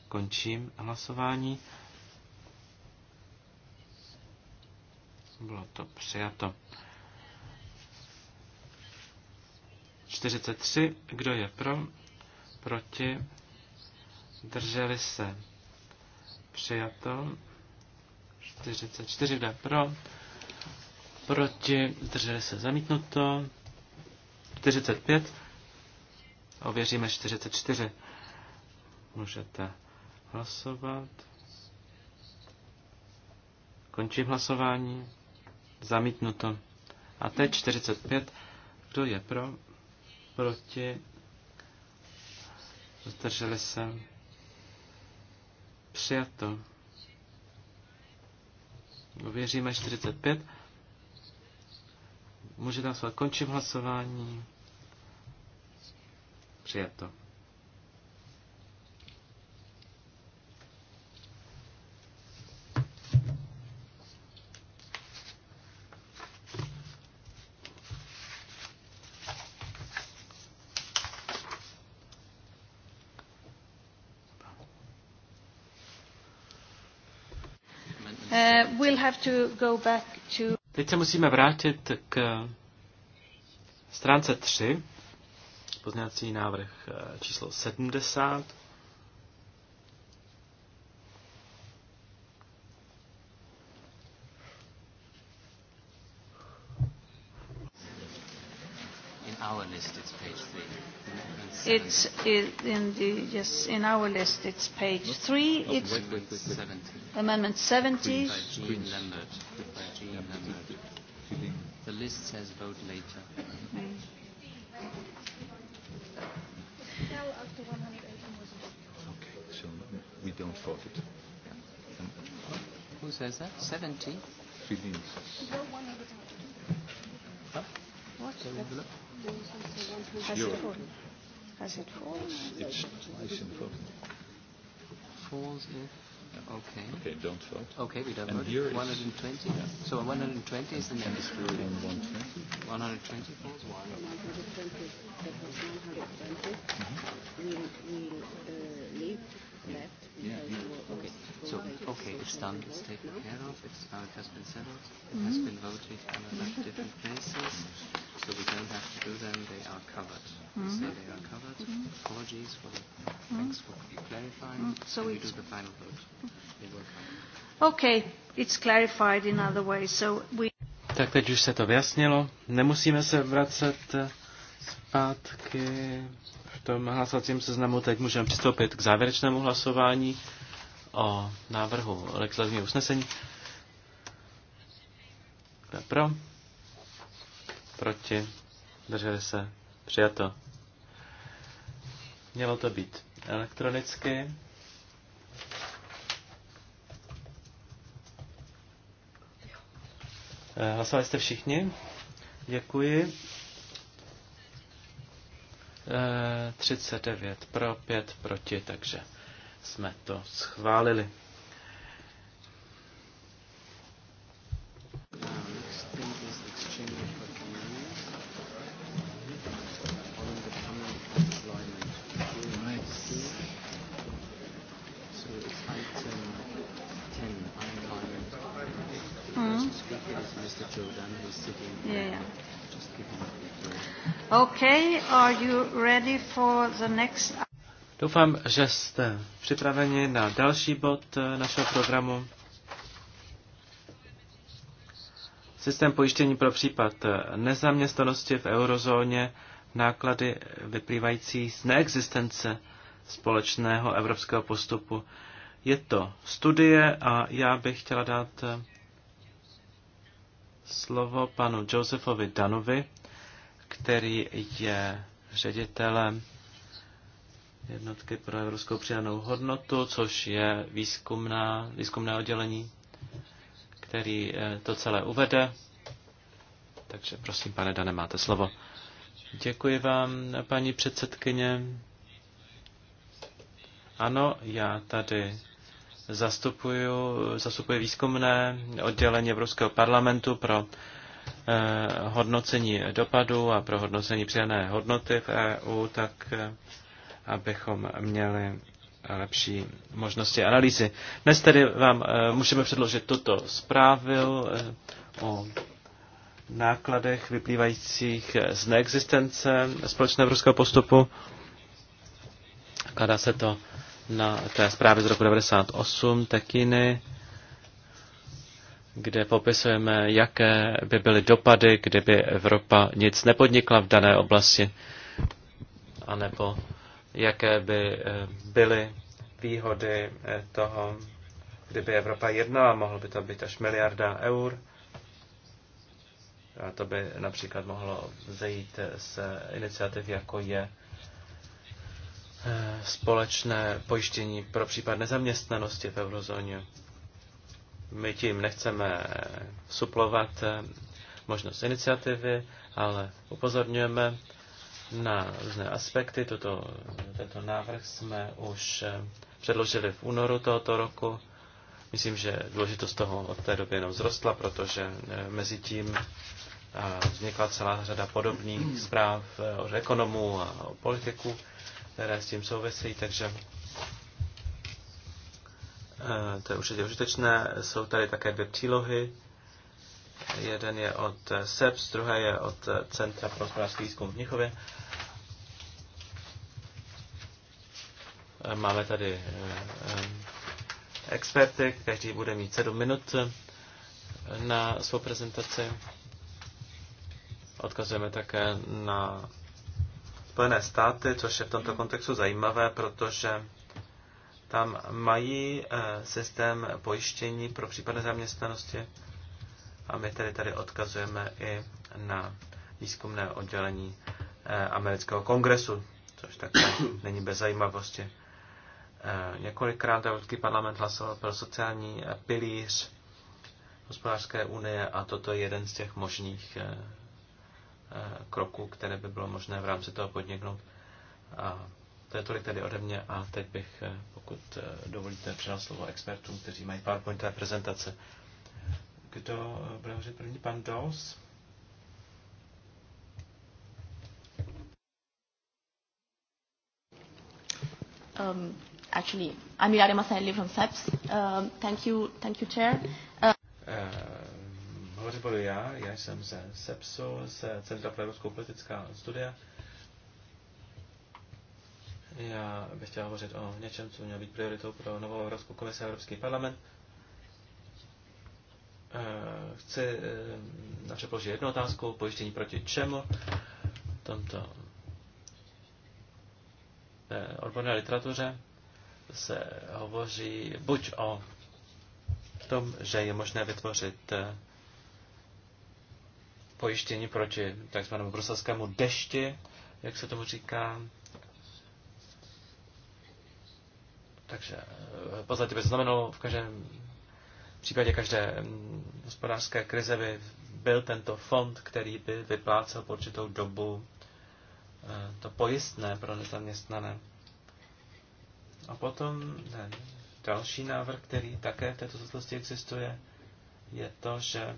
Končím hlasování. Bylo to přijato. 43. Kdo je pro? Proti? Drželi se. Přijato. 44 je pro. Proti? Drželi se. Zamítnuto. 45. Ověříme 44. Můžete hlasovat. Končím hlasování. Zamítnuto. A teď 45. Kdo je pro? Proti? Zdrželi se? Přijato. Ověříme 45. Můžete hlasovat. Končím hlasování. Přijato. Uh, we'll have to go back to... Teď se musíme vrátit k stránce 3 pozměňovací návrh eh, číslo 70. It's in the yes in our list. It's page three. It's amendment 70. The list says vote later. Mm. Okay, so we don't vote it. Who says that? 70? Feelings. Huh? What? Has it fallen? Has it fallen? It's twice in vote. Falls in Okay. Okay, don't vote. Okay, we don't and vote. Here 120. Is, yeah. So 120 is the next 120. 120 falls one. 120. That was 120. Mm-hmm. uh, leave left. Yeah, yeah. Okay. So, okay, it's done. It's taken care of. It's, uh, it has been settled. It mm-hmm. has been voted on different places. So we don't have to do them. They are covered. Mm-hmm. We say they are covered. Mm-hmm. Apologies for the, thanks for clarifying. Mm-hmm. So we do the final vote. They Okay, it's clarified in other ways. So we... Tak teď už se to vyjasnilo. Nemusíme se vracet zpátky tom hlasovacím seznamu teď můžeme přistoupit k závěrečnému hlasování o návrhu legislativního usnesení. Kdo je pro? Proti? Drželi se? Přijato. Mělo to být elektronicky. Eh, hlasovali jste všichni? Děkuji. 39 pro, 5 proti, takže jsme to schválili. Mr. Jordan, who's sitting. Yeah, yeah. Just him Okay, are you ready for the next... Doufám, že jste připraveni na další bod eh, našeho programu. Systém pojištění pro případ eh, nezaměstnanosti v eurozóně, náklady vyplývající z neexistence společného evropského postupu. Je to studie a já bych chtěla dát eh, slovo panu Josefovi Danovi, který je ředitelem jednotky pro evropskou přidanou hodnotu, což je výzkumná, výzkumné oddělení, který eh, to celé uvede. Takže prosím, pane Dane, máte slovo. Děkuji vám, paní předsedkyně. Ano, já tady zastupuji zastupuji výzkumné oddělení Evropského parlamentu pro Eh, hodnocení dopadu a pro hodnocení přidané hodnoty v EU, tak eh, abychom měli lepší možnosti analýzy. Dnes tedy vám eh, můžeme předložit tuto zprávu o nákladech vyplývajících z neexistence společného evropského postupu. Kladá se to na té zprávě z roku 98 Tekiny kde popisujeme, jaké by byly dopady, kdyby Evropa nic nepodnikla v dané oblasti, anebo jaké by eh, byly výhody eh, toho, kdyby Evropa jednala, mohlo by to být až miliarda eur. A to by například mohlo zejít z iniciativ, jako je eh, společné pojištění pro případ nezaměstnanosti v eurozóně. My tím nechceme suplovat eh, možnost iniciativy, ale upozorňujeme na různé aspekty. Toto, tento návrh jsme už eh, předložili v únoru tohoto roku. Myslím, že důležitost toho od té doby jenom vzrostla, protože eh, mezi tím vznikla celá řada podobných zpráv od ekonomů a politiků, které s tím souvisí, takže Eh, to je určitě užitečné. Jsou tady také dvě přílohy. Jeden je od eh, SEPS, druhý je od eh, Centra pro hospodářský výzkum v Mnichově. Máme tady experty, každý bude mít 7 minut na svou prezentaci. Odkazujeme také na Spojené státy, což je v tomto kontextu zajímavé, protože tam mají eh, systém pojištění pro případné zaměstnanosti a my tedy tady odkazujeme i na výzkumné oddělení eh, amerického kongresu, což tak není bez zajímavosti. Eh, několikrát Evropský parlament hlasoval pro sociální pilíř hospodářské unie a toto je jeden z těch možných kroků, které by bylo možné v rámci toho podniknout. A to je tolik tedy ode mě a teď bych, eh, pokud eh, dovolíte, předal slovo expertům, kteří mají PowerPointové prezentace. Kdo eh, bude hovořit první? Pan Dawes? Um, actually, I'm Ilaria Masanelli from SEPS. Um, thank you, thank you, Chair. Uh, uh, hovořit budu já, já jsem ze SEPSu, z Centra pro politická studia. Já bych chtěl hovořit o něčem, co měl být prioritou pro novou Evropskou komisi a Evropský parlament. Eh, chci eh, napřed položit jednu otázku, pojištění proti čemu. V tomto eh, odborné literatuře se hovoří buď o tom, že je možné vytvořit pojištění proti takzvanému bruselskému dešti, jak se tomu říká, Takže eh, v podstatě by to znamenalo v každém v případě každé mm, hospodářské krize by byl tento fond, který by vyplácel po určitou dobu eh, to pojistné pro nezaměstnané. A potom ten další návrh, který také v této souvislosti existuje, je to, že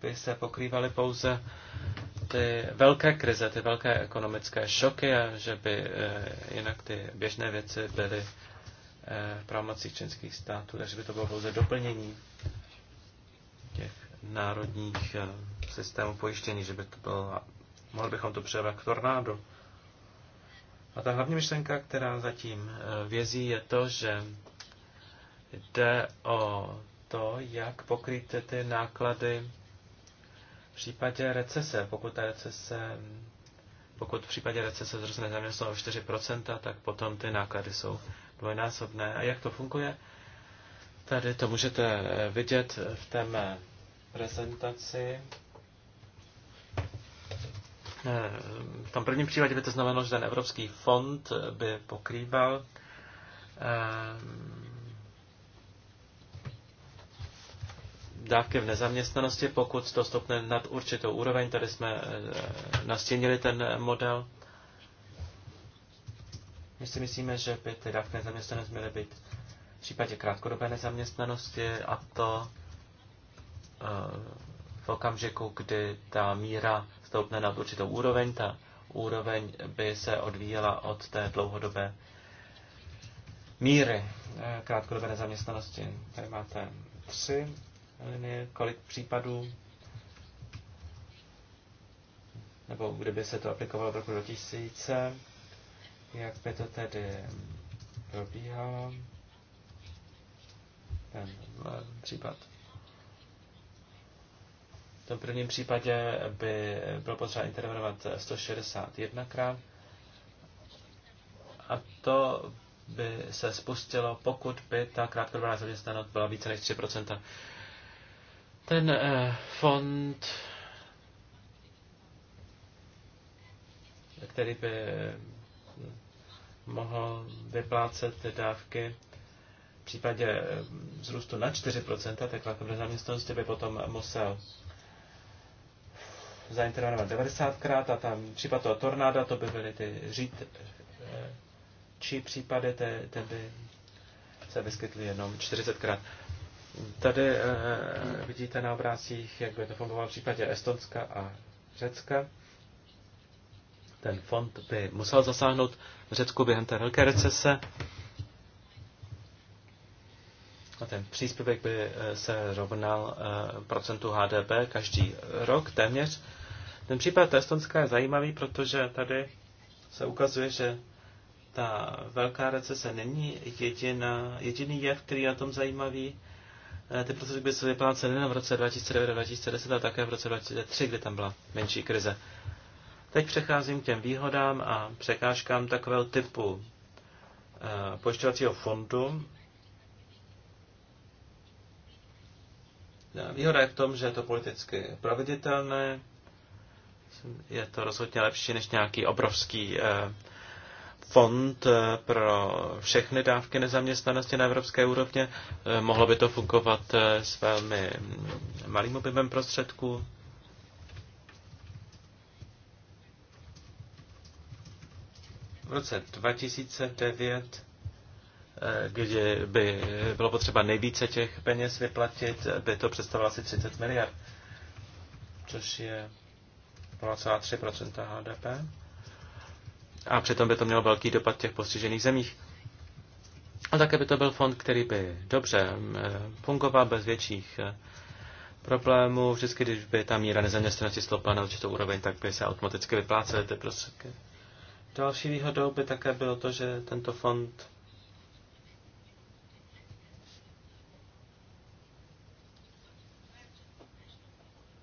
by se pokrývaly pouze ty velké krize, ty velké ekonomické šoky a že by eh, jinak ty běžné věci byly eh, v pravomocí čínských států, takže by to bylo pouze doplnění těch národních eh, systémů pojištění, že by to bylo, mohli bychom to převést k tornádu. A ta hlavní myšlenka, která zatím vězí, je to, že jde o to, jak pokrýt ty náklady v případě recese, pokud ta recese pokud v případě recese zrůstne zaměstnanost o 4%, tak potom ty náklady jsou dvojnásobné. A jak to funguje? Tady to můžete vidět v té mé prezentaci. V tom prvním případě by to znamenalo, že ten Evropský fond by pokrýval ehm, dávky v nezaměstnanosti, pokud to stopne nad určitou úroveň. Tady jsme eh, nastínili ten eh, model. My si myslíme, že by ty dávky nezaměstnanosti měly být v případě krátkodobé nezaměstnanosti a to eh, v okamžiku, kdy ta míra stoupne nad určitou úroveň, ta úroveň by se odvíjela od té dlouhodobé míry krátkodobé nezaměstnanosti. Tady máte tři linie, kolik případů, nebo kdyby se to aplikovalo v roku 2000, jak by to tedy probíhalo, ten eh, případ. V tom prvním případě by bylo potřeba intervenovat 161 krát a to by se spustilo, pokud by ta krátkodobá zaměstnanost byla více než 3%. Ten eh, fond, který by hm, mohl vyplácet ty dávky v případě vzrůstu hm, na 4%, tak vlastně v zaměstnanosti by potom musel zainterovat 90krát a tam případ toho tornáda, to by byly ty řít, eh, či případy, ty, ty by se vyskytly jenom 40krát. Tady eh, vidíte na obrázcích, jak by to fungovalo v případě Estonska a Řecka. Ten fond by musel zasáhnout v Řecku během té velké recese. A ten příspěvek by eh, se rovnal eh, procentu HDP každý rok téměř. Ten případ Estonska je zajímavý, protože tady se ukazuje, že ta velká recese není jediná, jediný jev, který je na tom zajímavý. Eh, ty procesy se vypláceny jenom v roce 2009 2010, ale také v roce 2003, kdy tam byla menší krize. Teď přecházím k těm výhodám a překážkám takového typu eh, pojišťovacího fondu. Eh, výhoda je v tom, že je to politicky proveditelné, je to rozhodně lepší než nějaký obrovský fond eh, pro všechny dávky nezaměstnanosti na evropské úrovně. Eh, mohlo by to fungovat eh, s velmi mm, malým objemem prostředků. V roce 2009, kdy by bylo potřeba nejvíce těch peněz vyplatit, by to představovalo asi 30 miliard, což je 0,3 HDP a přitom by to mělo velký dopad v těch postižených zemích. A také by to byl fond, který by dobře eh, fungoval bez větších eh, problémů. Vždycky, když by ta míra nezaměstnanosti stoupla na určitou úroveň, tak by se automaticky vyplácely ty prostředky. Další výhodou by také bylo to, že tento fond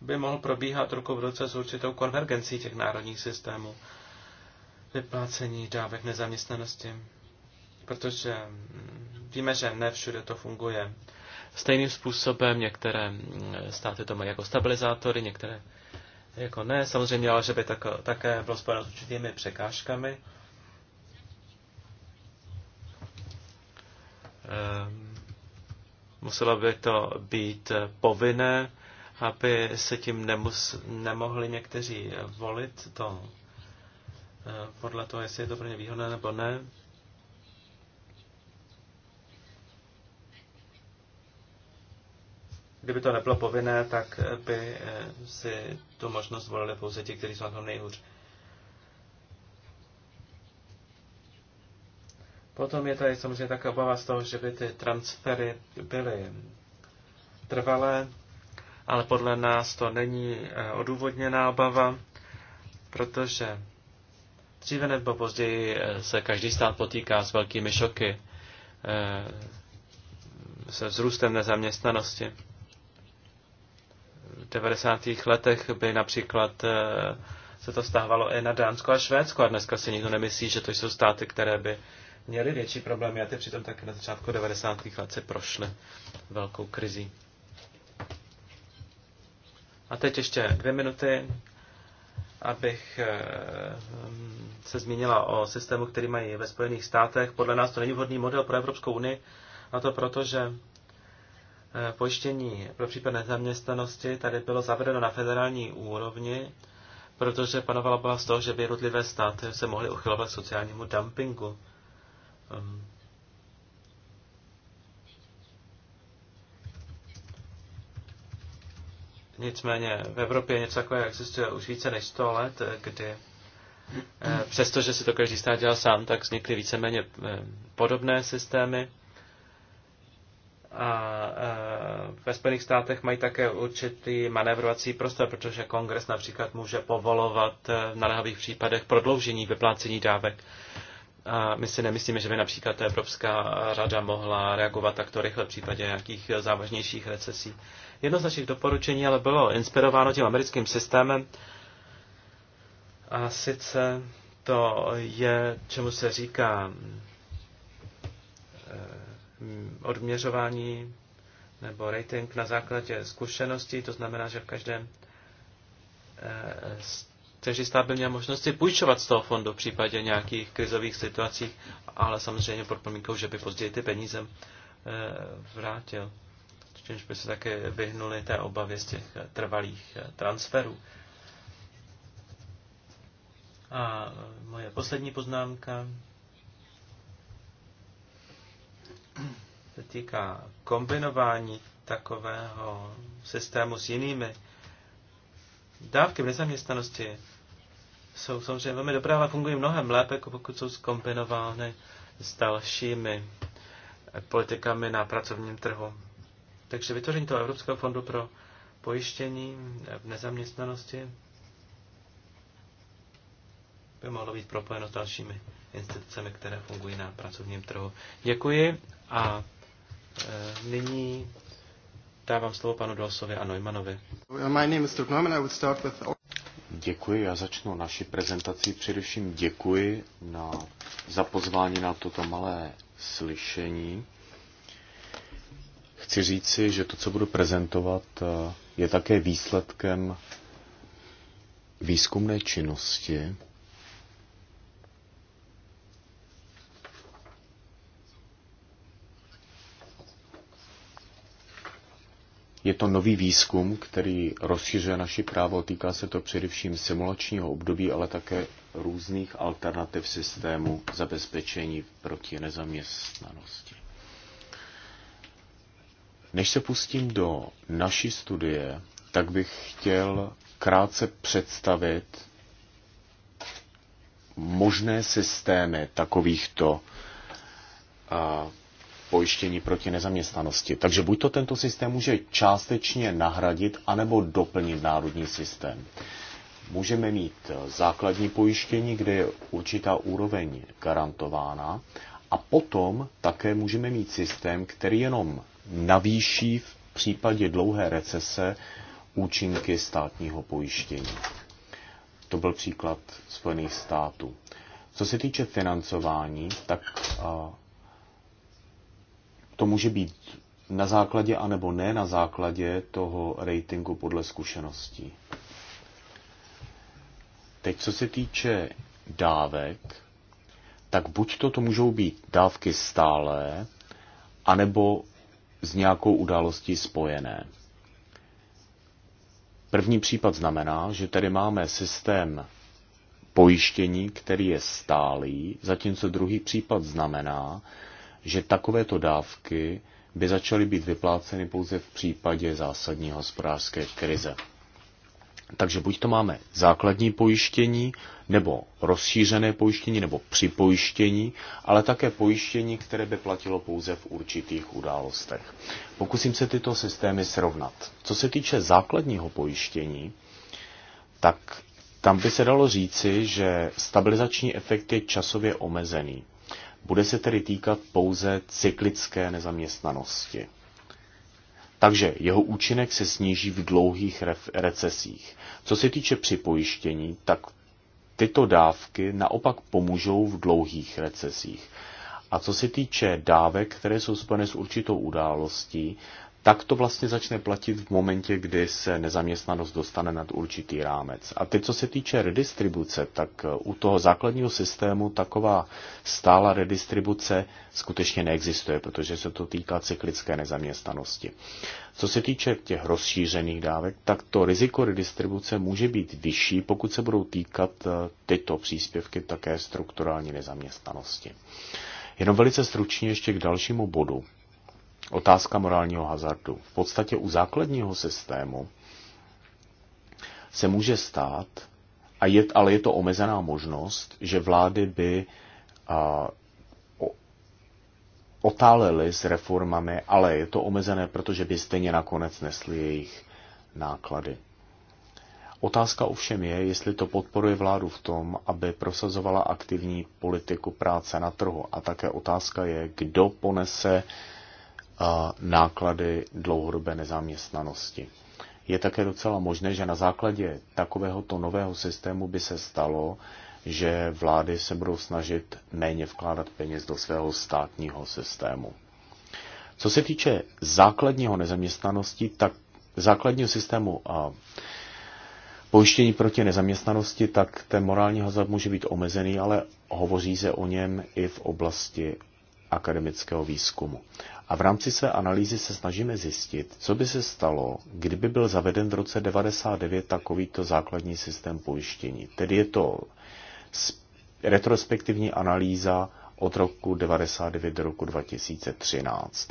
by mohl probíhat ruku v ruce s určitou konvergencí těch národních systémů vyplácení dávek nezaměstnanosti, protože mm, víme, že ne všude to funguje. Stejným způsobem některé mm, státy to mají jako stabilizátory, některé jako ne. Samozřejmě, ale že by tak, také bylo spojeno s určitými překážkami. Ehm, muselo by to být povinné, aby se tím nemus, nemohli někteří volit. To Eh, podle toho, jestli je to pro ně výhodné nebo ne. Kdyby to nebylo povinné, tak eh, by eh, si tu možnost volili pouze ti, kteří jsou na tom nejhůř. Potom je tady samozřejmě také obava z toho, že by ty transfery byly trvalé, ale podle nás to není odůvodněná obava, protože Dříve nebo později eh, se každý stát potýká s velkými šoky, eh, se vzrůstem nezaměstnanosti. V 90. letech by například eh, se to stávalo i na Dánsko a Švédsko a dneska si nikdo nemyslí, že to jsou státy, které by měly větší problémy a ty přitom také na začátku 90. let se prošly velkou krizí. A teď ještě dvě minuty abych eh, mm, se zmínila o systému, který mají ve Spojených státech. Podle nás to není vhodný model pro Evropskou unii, a to proto, že eh, pojištění pro případ nezaměstnanosti tady bylo zavedeno na federální úrovni, protože panovala byla z toho, že by jednotlivé státy se mohly uchylovat sociálnímu dumpingu. Ehm, Nicméně v Evropě něco takového existuje už více než 100 let, kdy eh, přestože si to každý stát dělal sám, tak vznikly víceméně eh, podobné systémy. A eh, ve Spojených státech mají také určitý manévrovací prostor, protože kongres například může povolovat v naléhavých případech prodloužení vyplácení dávek. A my si nemyslíme, že by například Evropská rada mohla reagovat takto rychle v případě nějakých závažnějších recesí. Jedno z našich doporučení ale bylo inspirováno tím americkým systémem a sice to je, čemu se říká eh, odměřování nebo rating na základě zkušeností, to znamená, že v každém takže eh, stát by měl možnost si půjčovat z toho fondu v případě nějakých krizových situací, ale samozřejmě pod podmínkou, že by později ty peníze eh, vrátil čímž by se také vyhnuli té obavě z těch trvalých transferů. A moje poslední poznámka se týká kombinování takového systému s jinými. Dávky v nezaměstnanosti jsou samozřejmě velmi dobré, ale fungují mnohem lépe, jako pokud jsou zkombinovány s dalšími politikami na pracovním trhu. Takže vytvoření toho Evropského fondu pro pojištění v nezaměstnanosti by mohlo být propojeno s dalšími institucemi, které fungují na pracovním trhu. Děkuji a e, nyní dávám slovo panu Dolsovi a Neumannovi. Děkuji, já začnu naši prezentaci. Především děkuji na, za pozvání na toto malé slyšení chci říci, že to, co budu prezentovat, eh, je také výsledkem výzkumné činnosti, Je to nový výzkum, který rozšiřuje naši právo. Týká se to především simulačního období, ale také různých alternativ systému zabezpečení proti nezaměstnanosti. Než se pustím do naší studie, tak bych chtěl krátce představit možné systémy takovýchto a, pojištění proti nezaměstnanosti. Takže buď to tento systém může částečně nahradit, anebo doplnit národní systém. Můžeme mít základní pojištění, kde je určitá úroveň garantována, a potom také můžeme mít systém, který jenom navýší v případě dlouhé recese účinky státního pojištění. To byl příklad Spojených států. Co se týče financování, tak to může být na základě anebo ne na základě toho ratingu podle zkušeností. Teď co se týče dávek, tak buď to, to můžou být dávky stálé, anebo s nějakou událostí spojené. První případ znamená, že tady máme systém pojištění, který je stálý, zatímco druhý případ znamená, že takovéto dávky by začaly být vypláceny pouze v případě zásadní hospodářské krize. Takže buď to máme základní pojištění, nebo rozšířené pojištění, nebo připojištění, ale také pojištění, které by platilo pouze v určitých událostech. Pokusím se tyto systémy srovnat. Co se týče základního pojištění, tak tam by se dalo říci, že stabilizační efekt je časově omezený. Bude se tedy týkat pouze cyklické nezaměstnanosti takže jeho účinek se sníží v dlouhých recesích. Co se týče připojištění, tak tyto dávky naopak pomůžou v dlouhých recesích. A co se týče dávek, které jsou spojené s určitou událostí, tak to vlastně začne platit v momentě, kdy se nezaměstnanost dostane nad určitý rámec. A teď, co se týče redistribuce, tak eh, u toho základního systému taková stála redistribuce skutečně neexistuje, protože se to týká cyklické nezaměstnanosti. Co se týče těch rozšířených dávek, tak to riziko redistribuce může být vyšší, pokud se budou týkat eh, tyto příspěvky také strukturální nezaměstnanosti. Jenom velice stručně ještě k dalšímu bodu, otázka morálního hazardu. V podstatě u základního systému se může stát, a je, ale je to omezená možnost, že vlády by a, o, otálely s reformami, ale je to omezené, protože by stejně nakonec nesly jejich náklady. Otázka ovšem je, jestli to podporuje vládu v tom, aby prosazovala aktivní politiku práce na trhu. A také otázka je, kdo ponese uh, náklady dlouhodobé nezaměstnanosti. Je také docela možné, že na základě takovéhoto nového systému by se stalo, že vlády se budou snažit méně vkládat peněz do svého státního systému. Co se týče základního nezaměstnanosti, tak základního systému a pojištění proti nezaměstnanosti, tak ten morální hazard může být omezený, ale hovoří se o něm i v oblasti akademického výzkumu. A v rámci své analýzy se snažíme zjistit, co by se stalo, kdyby byl zaveden v roce 99 takovýto základní systém pojištění. Tedy je to retrospektivní analýza od roku 99 do roku 2013.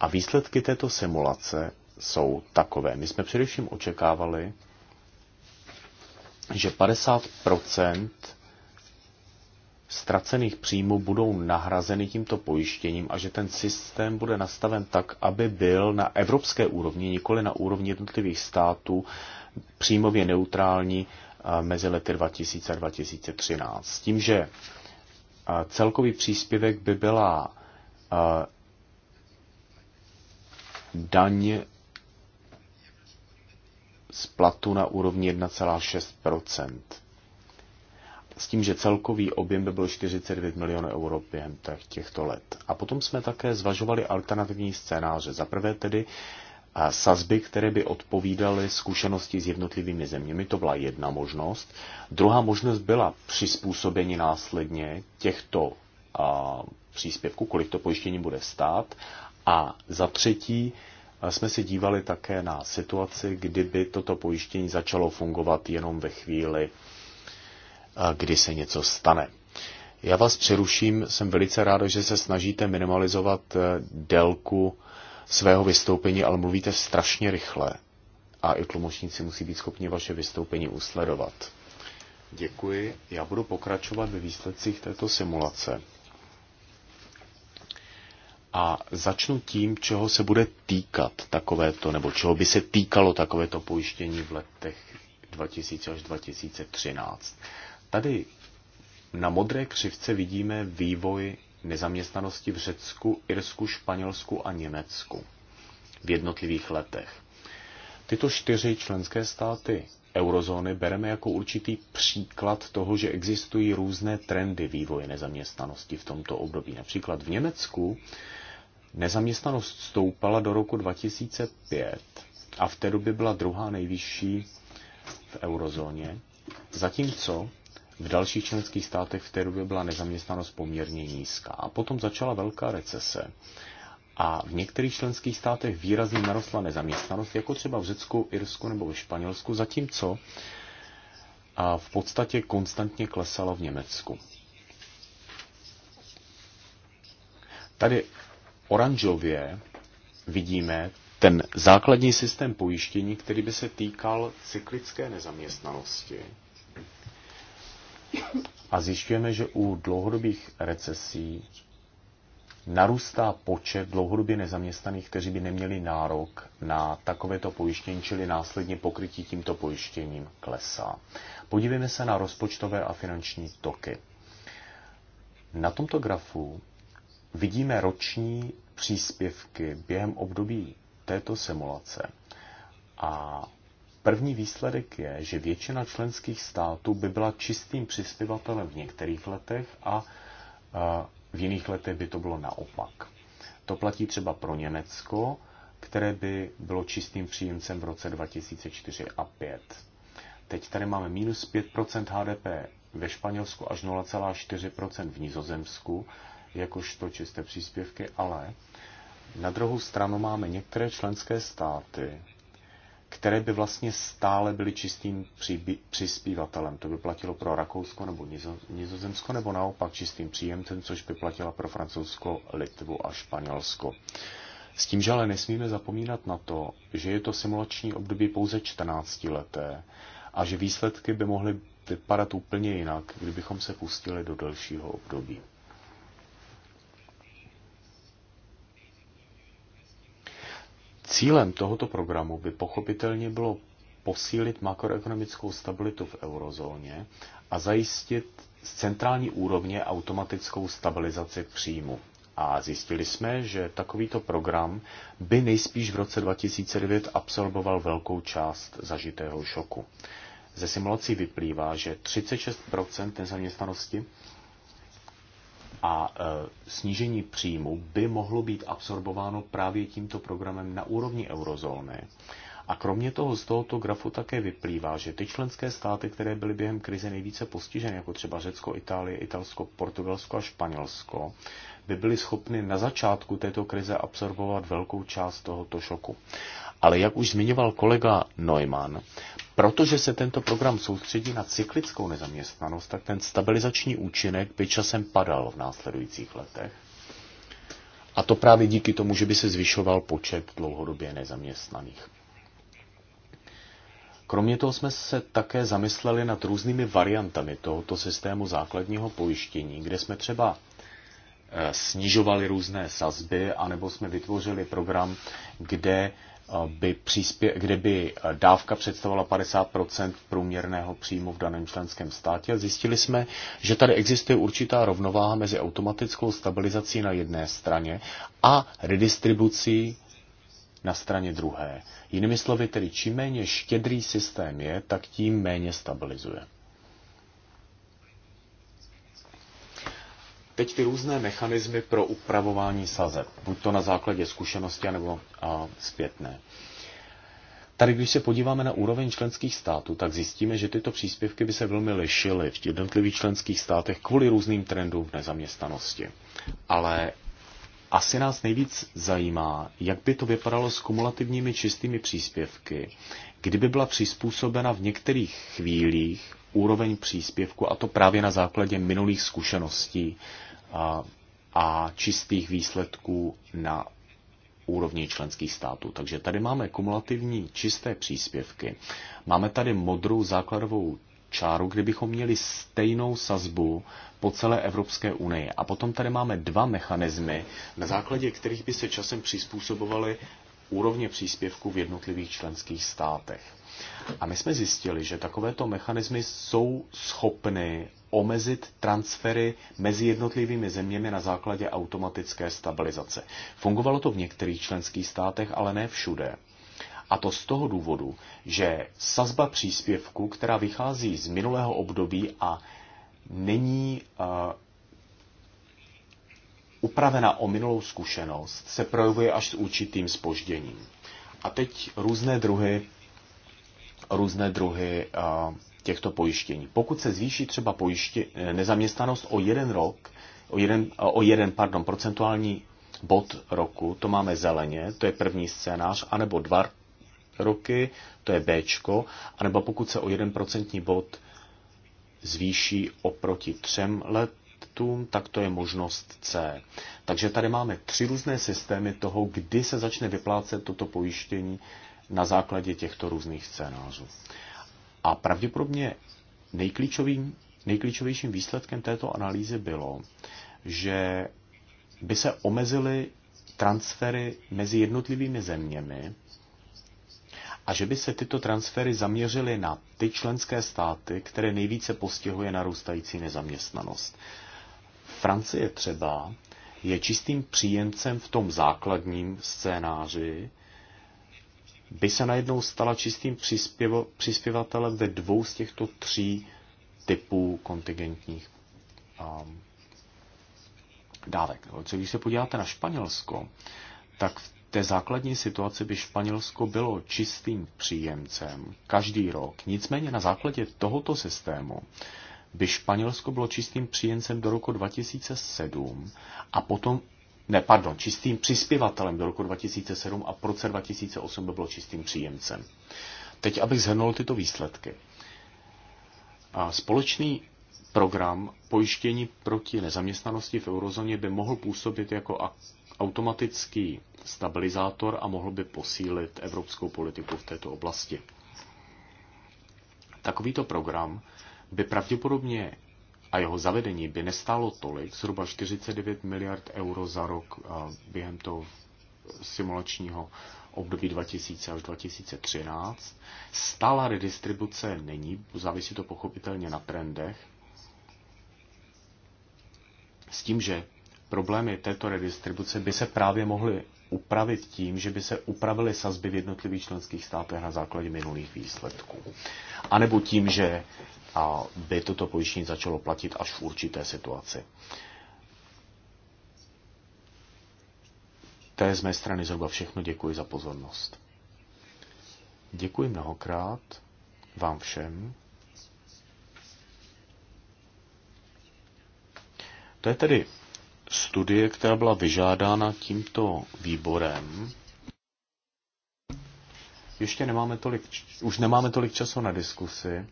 A výsledky této simulace jsou takové. My jsme především očekávali, že 50 ztracených příjmů budou nahrazeny tímto pojištěním a že ten systém bude nastaven tak, aby byl na evropské úrovni, nikoli na úrovni jednotlivých států, příjmově neutrální eh, mezi lety 2000 a 2013. S tím, že eh, celkový příspěvek by byla eh, daň z platu na úrovni 1,6 s tím, že celkový objem by byl 49 milionů euro během těchto let. A potom jsme také zvažovali alternativní scénáře. Za prvé tedy sazby, které by odpovídaly zkušenosti s jednotlivými zeměmi. To byla jedna možnost. Druhá možnost byla přizpůsobení následně těchto a, příspěvků, kolik to pojištění bude stát. A za třetí jsme se dívali také na situaci, kdyby toto pojištění začalo fungovat jenom ve chvíli kdy se něco stane. Já vás přeruším, jsem velice rád, že se snažíte minimalizovat eh, délku svého vystoupení, ale mluvíte strašně rychle a i tlumočníci musí být schopni vaše vystoupení usledovat. Děkuji. Já budu pokračovat ve výsledcích této simulace. A začnu tím, čeho se bude týkat takovéto, nebo čeho by se týkalo takovéto pojištění v letech 2000 až 2013. Tady na modré křivce vidíme vývoj nezaměstnanosti v Řecku, Irsku, Španělsku a Německu v jednotlivých letech. Tyto čtyři členské státy eurozóny bereme jako určitý příklad toho, že existují různé trendy vývoje nezaměstnanosti v tomto období. Například v Německu nezaměstnanost stoupala do roku 2005 a v té době byla druhá nejvyšší v eurozóně, zatímco v dalších členských státech v té době byla nezaměstnanost poměrně nízká. A potom začala velká recese. A v některých členských státech výrazně narostla nezaměstnanost, jako třeba v Řecku, Irsku nebo ve Španělsku, zatímco a v podstatě konstantně klesala v Německu. Tady oranžově vidíme ten základní systém pojištění, který by se týkal cyklické nezaměstnanosti a zjišťujeme, že u dlouhodobých recesí narůstá počet dlouhodobě nezaměstnaných, kteří by neměli nárok na takovéto pojištění, čili následně pokrytí tímto pojištěním klesá. Podívejme se na rozpočtové a finanční toky. Na tomto grafu vidíme roční příspěvky během období této simulace a První výsledek je, že většina členských států by byla čistým přispěvatelem v některých letech a v jiných letech by to bylo naopak. To platí třeba pro Německo, které by bylo čistým příjemcem v roce 2004 a 5. Teď tady máme minus 5% HDP ve Španělsku až 0,4% v Nizozemsku, jakožto čisté příspěvky, ale na druhou stranu máme některé členské státy, které by vlastně stále byly čistým přispívatelem. To by platilo pro Rakousko nebo Nizo, Nizozemsko, nebo naopak čistým příjemcem, což by platila pro Francouzsko, Litvu a Španělsko. S tím, že ale nesmíme zapomínat na to, že je to simulační období pouze 14 leté a že výsledky by mohly vypadat úplně jinak, kdybychom se pustili do delšího období. Cílem tohoto programu by pochopitelně bylo posílit makroekonomickou stabilitu v eurozóně a zajistit z centrální úrovně automatickou stabilizaci příjmu. A zjistili jsme, že takovýto program by nejspíš v roce 2009 absorboval velkou část zažitého šoku. Ze simulací vyplývá, že 36 nezaměstnanosti a e, snížení příjmu by mohlo být absorbováno právě tímto programem na úrovni eurozóny. A kromě toho z tohoto grafu také vyplývá, že ty členské státy, které byly během krize nejvíce postiženy, jako třeba Řecko, Itálie, Italsko, Portugalsko a Španělsko, by byly schopny na začátku této krize absorbovat velkou část tohoto šoku. Ale jak už zmiňoval kolega Neumann, protože se tento program soustředí na cyklickou nezaměstnanost, tak ten stabilizační účinek by časem padal v následujících letech. A to právě díky tomu, že by se zvyšoval počet dlouhodobě nezaměstnaných. Kromě toho jsme se také zamysleli nad různými variantami tohoto systému základního pojištění, kde jsme třeba eh, snižovali různé sazby, anebo jsme vytvořili program, kde by příspě, kdyby dávka představovala 50 průměrného příjmu v daném členském státě. Zjistili jsme, že tady existuje určitá rovnováha mezi automatickou stabilizací na jedné straně a redistribucí na straně druhé. Jinými slovy, tedy čím méně štědrý systém je, tak tím méně stabilizuje. teď ty různé mechanismy pro upravování sazeb, buď to na základě zkušenosti, nebo zpětné. Tady, když se podíváme na úroveň členských států, tak zjistíme, že tyto příspěvky by se velmi lišily v jednotlivých členských státech kvůli různým trendům v nezaměstnanosti. Ale asi nás nejvíc zajímá, jak by to vypadalo s kumulativními čistými příspěvky, kdyby byla přizpůsobena v některých chvílích úroveň příspěvku, a to právě na základě minulých zkušeností a čistých výsledků na úrovni členských států. Takže tady máme kumulativní čisté příspěvky. Máme tady modrou základovou čáru, kdybychom měli stejnou sazbu po celé Evropské unii. A potom tady máme dva mechanismy, na základě kterých by se časem přizpůsobovaly úrovně příspěvku v jednotlivých členských státech. A my jsme zjistili, že takovéto mechanismy jsou schopny omezit transfery mezi jednotlivými zeměmi na základě automatické stabilizace. Fungovalo to v některých členských státech, ale ne všude. A to z toho důvodu, že sazba příspěvku, která vychází z minulého období a není uh, upravena o minulou zkušenost, se projevuje až s určitým spožděním. A teď různé druhy různé druhy těchto pojištění. Pokud se zvýší třeba pojiště, e, nezaměstnanost o jeden rok, o jeden, o jeden pardon, procentuální bod roku, to máme zeleně, to je první scénář, anebo dva roky, to je B, anebo pokud se o jeden procentní bod zvýší oproti třem letům, tak to je možnost C. Takže tady máme tři různé systémy toho, kdy se začne vyplácet toto pojištění na základě těchto různých scénářů. A pravděpodobně nejklíčovým, nejklíčovějším výsledkem této analýzy bylo, že by se omezily transfery mezi jednotlivými zeměmi a že by se tyto transfery zaměřily na ty členské státy, které nejvíce postihuje narůstající nezaměstnanost. Francie třeba je čistým příjemcem v tom základním scénáři by se najednou stala čistým přispěvatelem ve dvou z těchto tří typů kontingentních um, dávek. Co když se podíváte na Španělsko, tak v té základní situaci by Španělsko bylo čistým příjemcem každý rok. Nicméně na základě tohoto systému by Španělsko bylo čistým příjemcem do roku 2007 a potom ne, pardon, čistým přispěvatelem do roku 2007 a pro roce 2008 by bylo čistým příjemcem. Teď, abych zhrnul tyto výsledky. A společný program pojištění proti nezaměstnanosti v eurozóně by mohl působit jako automatický stabilizátor a mohl by posílit evropskou politiku v této oblasti. Takovýto program by pravděpodobně a jeho zavedení by nestálo tolik, zhruba 49 miliard euro za rok během toho simulačního období 2000 až 2013. Stála redistribuce není, závisí to pochopitelně na trendech, s tím, že problémy této redistribuce by se právě mohly upravit tím, že by se upravily sazby v jednotlivých členských státech na základě minulých výsledků. A nebo tím, že a by toto pojištění začalo platit až v určité situaci. To je z mé strany zhruba všechno. Děkuji za pozornost. Děkuji mnohokrát vám všem. To je tedy studie, která byla vyžádána tímto výborem. Ještě nemáme tolik, už nemáme tolik času na diskusi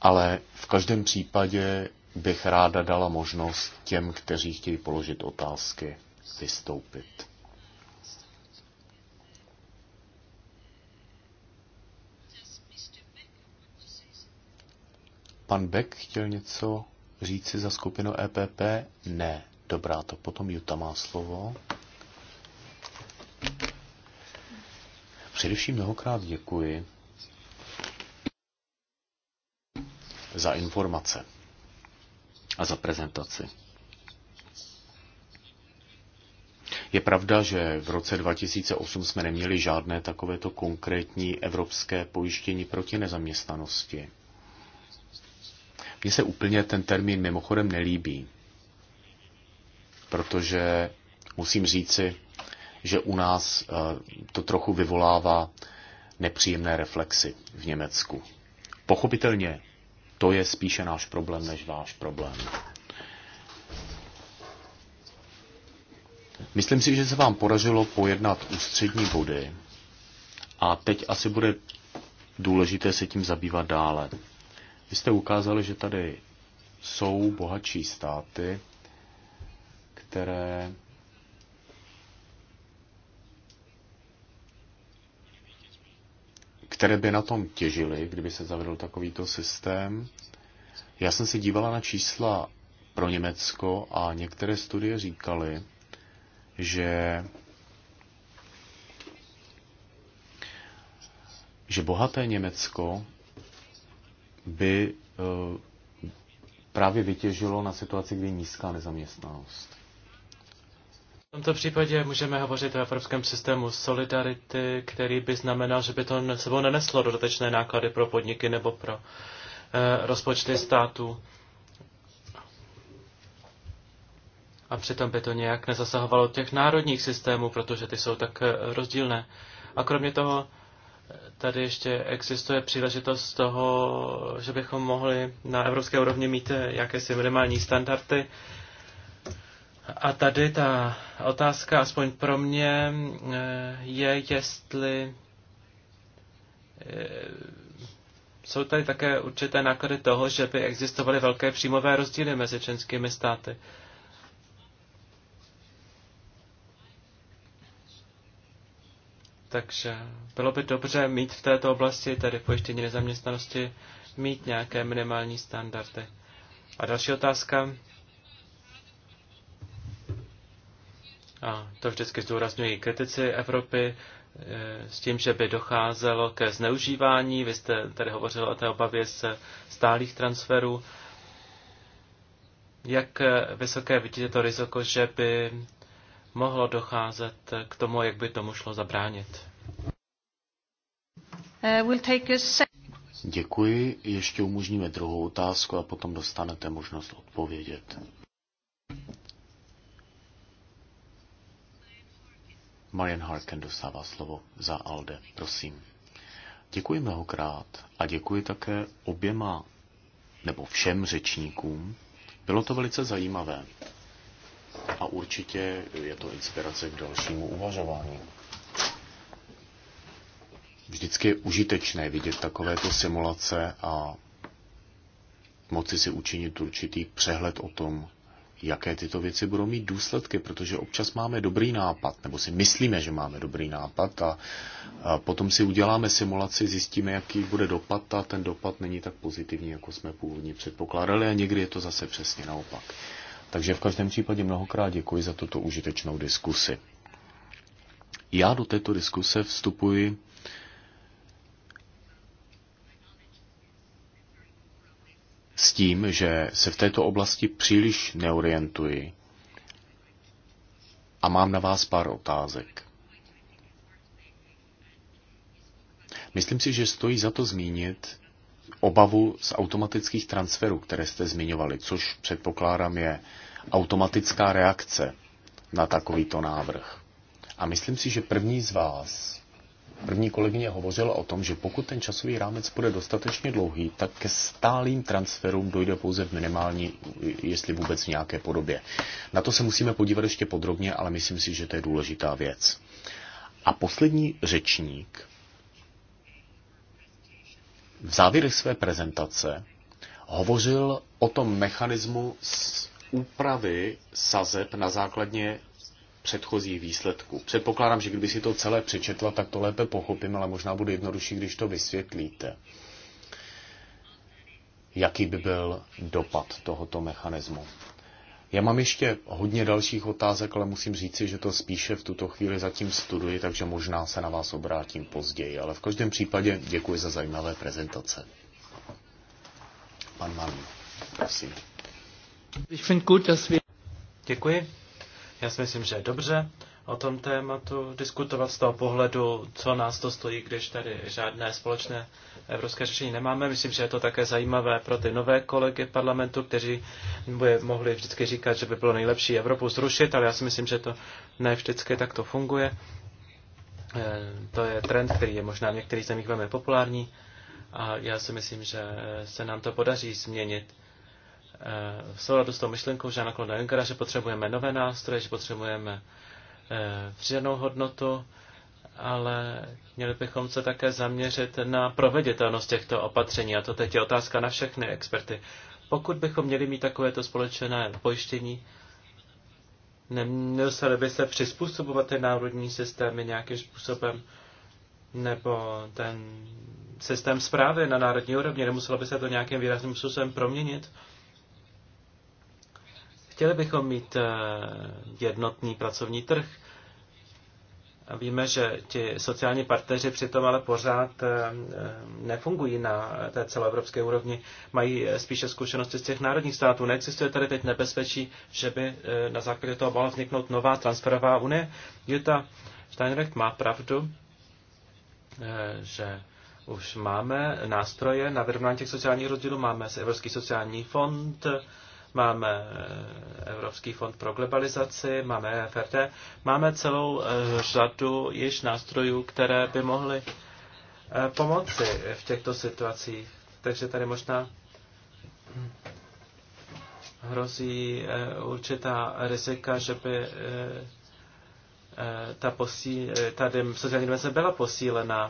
ale v každém případě bych ráda dala možnost těm, kteří chtějí položit otázky, vystoupit. Pan Beck chtěl něco říci za skupinu EPP? Ne. Dobrá, to potom Juta má slovo. Především mnohokrát děkuji za informace a za prezentaci. Je pravda, že v roce 2008 jsme neměli žádné takovéto konkrétní evropské pojištění proti nezaměstnanosti. Mně se úplně ten termín mimochodem nelíbí, protože musím říci, že u nás eh, to trochu vyvolává nepříjemné reflexy v Německu. Pochopitelně to je spíše náš problém než váš problém. Myslím si, že se vám podařilo pojednat ústřední body a teď asi bude důležité se tím zabývat dále. Vy jste ukázali, že tady jsou bohatší státy, které které by na tom těžily, kdyby se zavedl takovýto systém. Já jsem se dívala na čísla pro Německo a některé studie říkaly, že že bohaté Německo by eh, právě vytěžilo na situaci, kdy je nízká nezaměstnanost. V tomto případě můžeme hovořit o evropském systému solidarity, který by znamenal, že by to sebou neneslo dodatečné náklady pro podniky nebo pro eh, rozpočty států. A přitom by to nějak nezasahovalo těch národních systémů, protože ty jsou tak eh, rozdílné. A kromě toho eh, tady ještě existuje příležitost toho, že bychom mohli na evropské úrovni mít eh, jakési minimální standardy, eh, a tady ta otázka, aspoň pro mě, eh, je, jestli eh, jsou tady také určité náklady toho, že by existovaly velké příjmové rozdíly mezi členskými státy. Takže bylo by dobře mít v této oblasti, tedy v pojištění nezaměstnanosti, mít nějaké minimální standardy. A další otázka a to vždycky zdůrazňují kritici Evropy, e, s tím, že by docházelo ke zneužívání. Vy jste tady hovořil o té obavě se stálých transferů. Jak vysoké vidíte to riziko, že by mohlo docházet k tomu, jak by tomu šlo zabránit? Uh, Děkuji. Ještě umožníme druhou otázku a potom dostanete možnost odpovědět. Marian Harken dostává slovo za ALDE. Prosím. Děkuji mnohokrát a děkuji také oběma nebo všem řečníkům. Bylo to velice zajímavé a určitě je to inspirace k dalšímu uvažování. Vždycky je užitečné vidět takovéto simulace a moci si učinit určitý přehled o tom, jaké tyto věci budou mít důsledky, protože občas máme dobrý nápad, nebo si myslíme, že máme dobrý nápad a, a potom si uděláme simulaci, zjistíme, jaký bude dopad a ten dopad není tak pozitivní, jako jsme původně předpokládali a někdy je to zase přesně naopak. Takže v každém případě mnohokrát děkuji za tuto užitečnou diskusi. Já do této diskuse vstupuji s tím, že se v této oblasti příliš neorientuji a mám na vás pár otázek. Myslím si, že stojí za to zmínit obavu z automatických transferů, které jste zmiňovali, což předpokládám je automatická reakce na takovýto návrh. A myslím si, že první z vás První kolegyně hovořila o tom, že pokud ten časový rámec bude dostatečně dlouhý, tak ke stálým transferům dojde pouze v minimální, jestli vůbec v nějaké podobě. Na to se musíme podívat ještě podrobně, ale myslím si, že to je důležitá věc. A poslední řečník v závěrech své prezentace hovořil o tom mechanismu úpravy sazeb na základě předchozích výsledků. Předpokládám, že kdyby si to celé přečetla, tak to lépe pochopím, ale možná bude jednodušší, když to vysvětlíte. Jaký by byl dopad tohoto mechanismu? Já mám ještě hodně dalších otázek, ale musím říci, že to spíše v tuto chvíli zatím studuji, takže možná se na vás obrátím později. Ale v každém případě děkuji za zajímavé prezentace. Pan Mann, prosím. Děkuji. Já si myslím, že je dobře o tom tématu diskutovat z toho pohledu, co nás to stojí, když tady žádné společné evropské řešení nemáme. Myslím, že je to také zajímavé pro ty nové kolegy parlamentu, kteří by mohli vždycky říkat, že by bylo nejlepší Evropu zrušit, ale já si myslím, že to ne vždycky tak to funguje. Eh, to je trend, který je možná v některých zemích velmi populární a já si myslím, že se nám to podaří změnit Eh, v souladu s tou myšlenkou Žána Kloda Junkera, že potřebujeme nové nástroje, že potřebujeme eh, přidanou hodnotu, ale měli bychom se také zaměřit na proveditelnost těchto opatření. A to teď je otázka na všechny experty. Pokud bychom měli mít takovéto společné pojištění, nemuseli by se přizpůsobovat ty národní systémy nějakým způsobem, nebo ten systém zprávy na národní úrovni, nemuselo by se to nějakým výrazným způsobem proměnit. Chtěli bychom mít eh, jednotný pracovní trh. A víme, že ti sociální partneři přitom ale pořád eh, eh, nefungují na té celoevropské úrovni. Mají spíše zkušenosti z těch národních států. Neexistuje tady teď nebezpečí, že by na základě toho mohla vzniknout nová transferová unie. Jutta Steinrecht má pravdu, že už máme nástroje na vyrovnání těch sociálních rozdílů. Máme Evropský sociální fond, máme eh, Evropský fond pro globalizaci, máme e FRD, máme celou eh, řadu již nástrojů, které by mohly eh, pomoci v těchto situacích. Takže tady možná hrozí určitá rizika, že by ta, posí, ta sociální dimenze byla posílena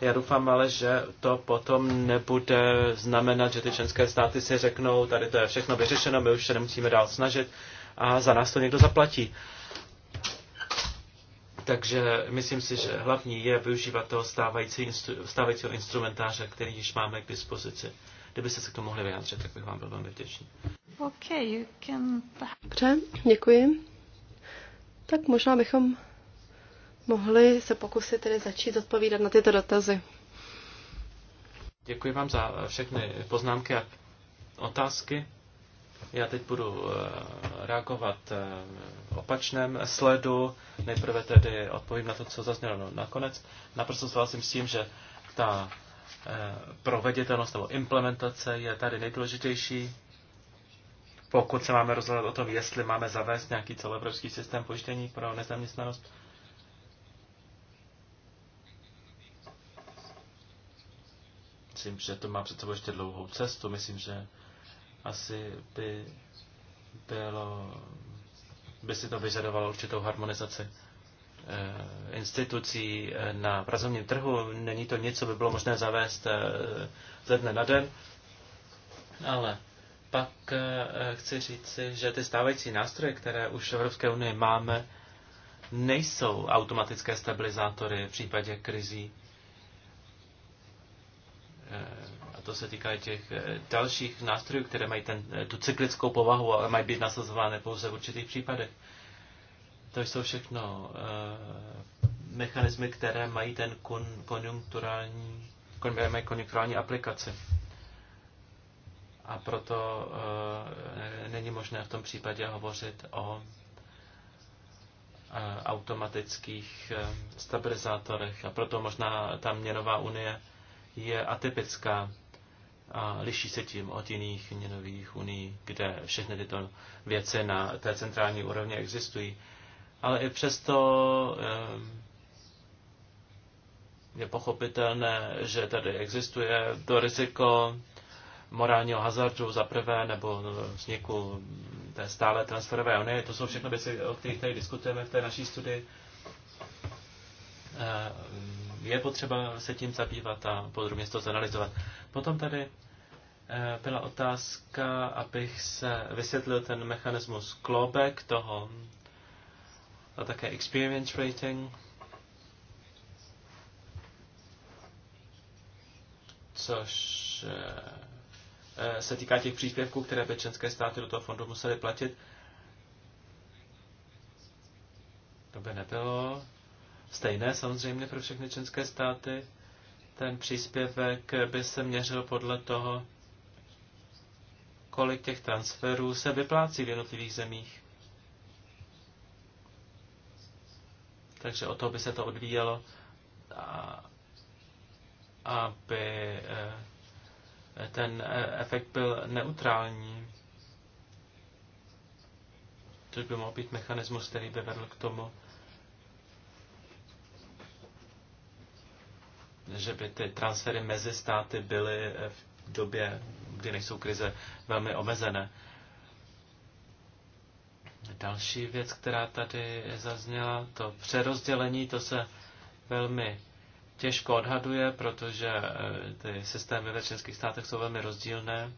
já doufám ale, že to potom nebude znamenat, že ty členské státy si řeknou, tady to je všechno vyřešeno, my už se nemusíme dál snažit a za nás to někdo zaplatí. Takže myslím si, že hlavní je využívat toho stávající, stávajícího instrumentáře, který již máme k dispozici. Kdybyste se k tomu mohli vyjádřit, tak bych vám byl velmi vděčný. Okay, you can... Dobře, děkuji. Tak možná bychom mohli se pokusit tedy začít odpovídat na tyto dotazy. Děkuji vám za všechny poznámky a otázky. Já teď budu eh, reagovat eh, v opačném sledu. Nejprve tedy odpovím na to, co zaznělo nakonec. Naprosto souhlasím s tím, že ta eh, proveditelnost nebo implementace je tady nejdůležitější. Pokud se máme rozhodovat o tom, jestli máme zavést nějaký celoevropský systém pojištění pro nezaměstnanost, Myslím, že to má před sebou ještě dlouhou cestu. Myslím, že asi by bylo, by si to vyžadovalo určitou harmonizaci eh, institucí eh, na pracovním trhu. Není to nic, co by bylo možné zavést eh, ze dne na den, ale pak chci říci, že ty stávající nástroje, které už v Evropské unii máme, nejsou automatické stabilizátory v případě krizí. Eh, a to se týká i těch eh, dalších nástrojů, které mají ten, eh, tu cyklickou povahu, ale mají být nasazovány pouze v určitých případech. To jsou všechno mechanismy, které mají ten konjunkturální, mají konjunkturální aplikaci. A proto e, není možné v tom případě hovořit o e, automatických e, stabilizátorech. A proto možná ta měnová unie e, je atypická a liší se tím od jiných měnových uní, kde všechny tyto věci na té centrální úrovni existují. Ale i přesto ehm, je pochopitelné, že tady existuje to riziko morálního hazardu za prvé nebo vzniku té stále transferové unie. To jsou všechno věci, o kterých tady diskutujeme v té naší studii ehm, je potřeba se tím zabývat a podrobně to zanalizovat. Potom tady eh, byla otázka, abych se vysvětlil ten mechanismus klobek toho a také experience rating, což eh, eh, se týká těch příspěvků, které by členské státy do toho fondu musely platit. To by nebylo stejné samozřejmě pro všechny členské státy. Ten příspěvek by se měřil podle toho, kolik těch transferů se vyplácí v jednotlivých zemích. Takže o to by se to odvíjelo, a, aby eh, ten eh, efekt byl neutrální. To by mohl být mechanismus, který by vedl k tomu, že by ty transfery mezi státy byly eh, v době, kdy nejsou krize, velmi omezené. Další věc, která tady zazněla, to přerozdělení, to se velmi těžko odhaduje, protože eh, ty systémy ve členských státech jsou velmi rozdílné.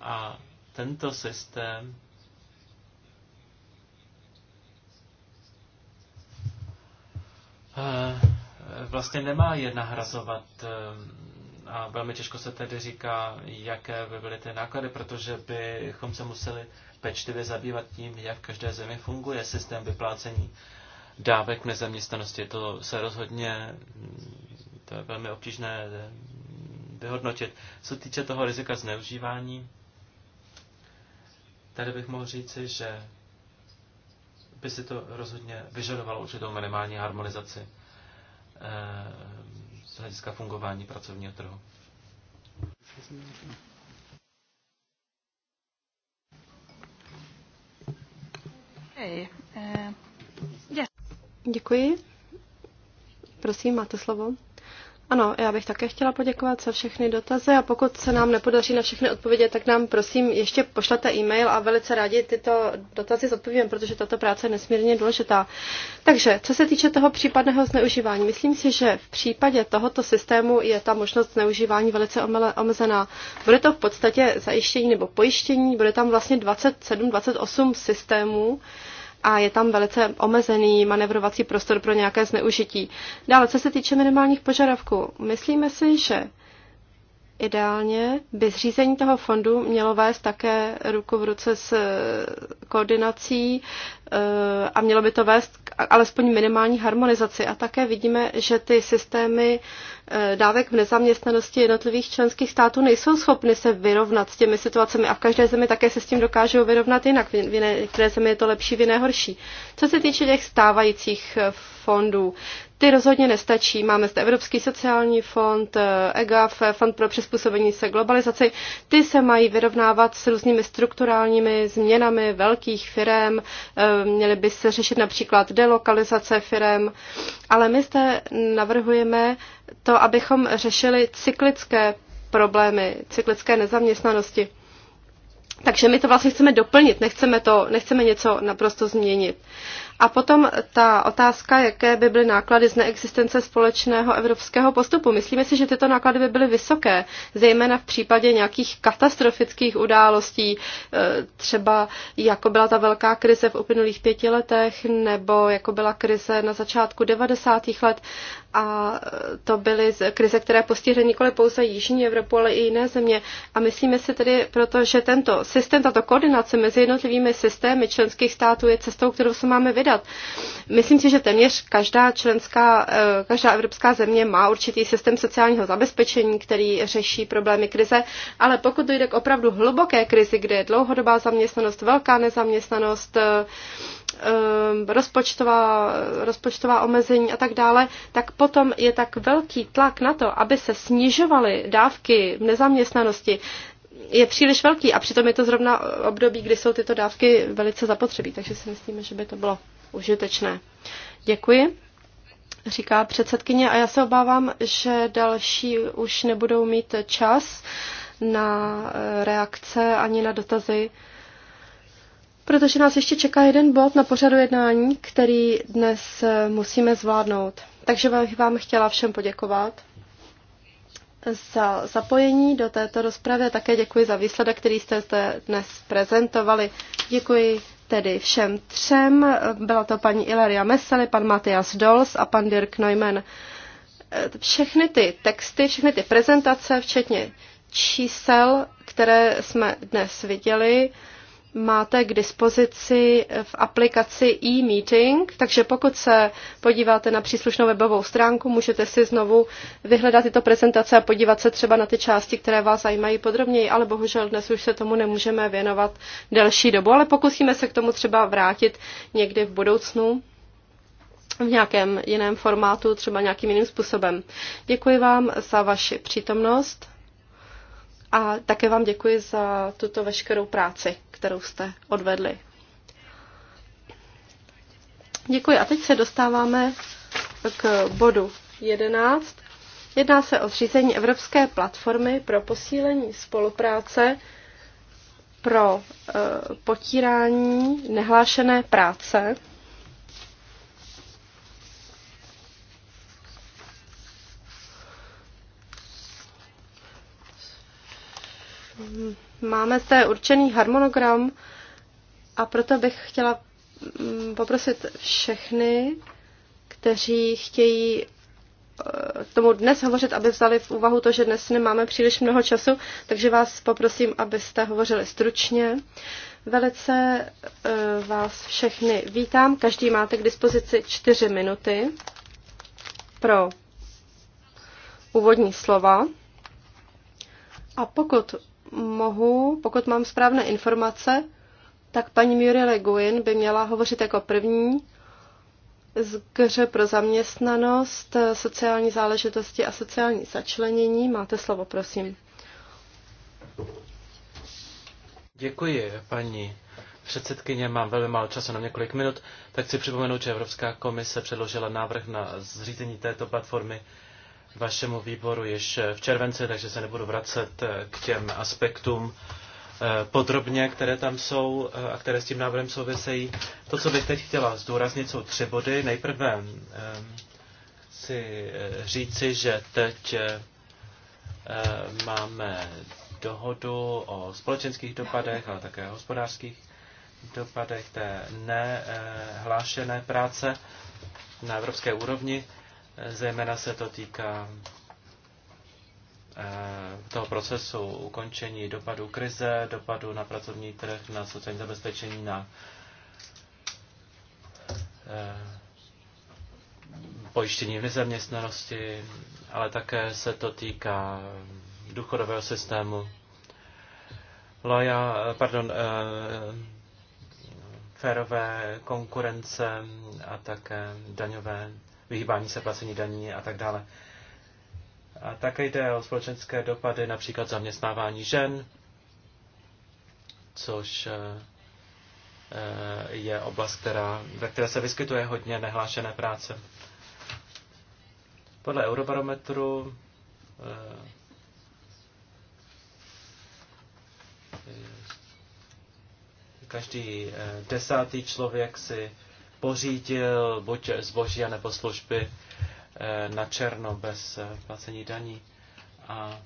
A tento systém eh, vlastně nemá je nahrazovat eh, a velmi těžko se tedy říká, jaké by byly ty náklady, protože bychom se museli pečlivě zabývat tím, jak v každé zemi funguje systém vyplácení dávek nezaměstnanosti. To se rozhodně, mm, to je velmi obtížné eh, vyhodnotit. Co týče toho rizika zneužívání, tady bych mohl říci, že by si to rozhodně vyžadovalo určitou minimální harmonizaci Eh, z hlediska fungování pracovního trhu. Eh, Děkuji. Prosím, máte slovo. Ano, já bych také chtěla poděkovat za všechny dotazy a pokud se nám nepodaří na všechny odpovědět, tak nám prosím ještě pošlete e-mail a velice rádi tyto dotazy zodpovíme, protože tato práce je nesmírně důležitá. Takže, co se týče toho případného zneužívání, myslím si, že v případě tohoto systému je ta možnost zneužívání velice omezená. Bude to v podstatě zajištění nebo pojištění, bude tam vlastně 27-28 systémů, a je tam velice omezený manevrovací prostor pro nějaké zneužití. Dále, co se týče minimálních požadavků, myslíme si, že Ideálně by zřízení toho fondu mělo vést také ruku v ruce s eh, koordinací eh, a mělo by to vést k alespoň minimální harmonizaci. A také vidíme, že ty systémy eh, dávek v nezaměstnanosti jednotlivých členských států nejsou schopny se vyrovnat s těmi situacemi a v každé zemi také se s tím dokážou vyrovnat jinak. V jiné, zemi je to lepší, v jiné horší. Co se týče těch stávajících fondů, ty rozhodně nestačí. Máme zde Evropský sociální fond, eh, EGAF, eh, Fond pro přizpůsobení se globalizaci. Ty se mají vyrovnávat s různými strukturálními změnami velkých firm. Eh, měly by se řešit například delokalizace firm. Ale my zde navrhujeme to, abychom řešili cyklické problémy, cyklické nezaměstnanosti. Takže my to vlastně chceme doplnit, nechceme, to, nechceme něco naprosto změnit. Uh, a potom ta otázka, jaké by byly náklady z neexistence společného evropského postupu. Myslíme si, že tyto náklady by byly vysoké, zejména v případě nějakých katastrofických událostí, e, třeba jako byla ta velká krize v uplynulých pěti letech, nebo jako byla krize na začátku 90. let a to byly krize, které postihly nikoli pouze Jižní Evropu, ale i jiné země. A myslíme si tedy proto, že tento systém, tato koordinace mezi jednotlivými systémy členských států je cestou, kterou se máme vydat. Myslím si, že téměř každá členská, eh, každá evropská země má určitý systém sociálního zabezpečení, který řeší problémy krize, ale pokud dojde k opravdu hluboké krizi, kde je dlouhodobá zaměstnanost, velká nezaměstnanost, eh, eh, rozpočtová, rozpočtová omezení a tak dále, tak po potom je tak velký tlak na to, aby se snižovaly dávky v nezaměstnanosti, je příliš velký a přitom je to zrovna období, kdy jsou tyto dávky velice zapotřebí, takže si myslíme, že by to bylo užitečné. Děkuji, říká předsedkyně a já se obávám, že další už nebudou mít čas na reakce ani na dotazy, protože nás ještě čeká jeden bod na pořadu jednání, který dnes musíme zvládnout. Takže bych vám chtěla všem poděkovat za zapojení do této rozpravy a také děkuji za výsledek, který jste zde dnes prezentovali. Děkuji tedy všem třem. Byla to paní Ilaria Mesely, pan Matias Dols a pan Dirk Neumann. Všechny ty texty, všechny ty prezentace, včetně čísel, které jsme dnes viděli, máte k dispozici v aplikaci e-meeting, takže pokud se podíváte na příslušnou webovou stránku, můžete si znovu vyhledat tyto prezentace a podívat se třeba na ty části, které vás zajímají podrobněji, ale bohužel dnes už se tomu nemůžeme věnovat delší dobu, ale pokusíme se k tomu třeba vrátit někdy v budoucnu v nějakém jiném formátu, třeba nějakým jiným způsobem. Děkuji vám za vaši přítomnost a také vám děkuji za tuto veškerou práci kterou jste odvedli. Děkuji. A teď se dostáváme k bodu 11. Jedná se o zřízení Evropské platformy pro posílení spolupráce pro e, potírání nehlášené práce. Mm-hmm. Máme zde určený harmonogram a proto bych chtěla mm, poprosit všechny, kteří chtějí k eh, tomu dnes hovořit, aby vzali v úvahu to, že dnes nemáme příliš mnoho času, takže vás poprosím, abyste hovořili stručně. Velice eh, vás všechny vítám. Každý máte k dispozici čtyři minuty pro úvodní slova. A pokud mohu, pokud mám správné informace, tak paní Muriel Guin by měla hovořit jako první z GŘ pro zaměstnanost, sociální záležitosti a sociální začlenění. Máte slovo, prosím. Děkuji, paní předsedkyně. Mám velmi málo času na několik minut, tak si připomenu, že Evropská komise předložila návrh na zřízení této platformy vašemu výboru již eh, v červenci, takže se nebudu vracet eh, k těm aspektům eh, podrobně, které tam jsou a které s tím návrhem souvisejí. To, co bych teď chtěla zdůraznit, jsou tři body. Nejprve chci říci, že teď máme dohodu o společenských dopadech, ale také hospodářských dopadech té nehlášené práce na evropské úrovni. Zejména se to týká eh, toho procesu ukončení dopadu krize, dopadu na pracovní trh, na sociální zabezpečení, na eh, pojištění v nezaměstnanosti, ale také se to týká důchodového systému. Loja, no pardon, eh, férové konkurence a také daňové vyhýbání se placení daní a tak dále. A také jde o společenské dopady, například zaměstnávání žen, což eh, eh, je oblast, která, ve které se vyskytuje hodně nehlášené práce. Podle Eurobarometru eh, každý desátý člověk si pořídil buď zboží nebo služby eh, na černo bez eh, placení daní. A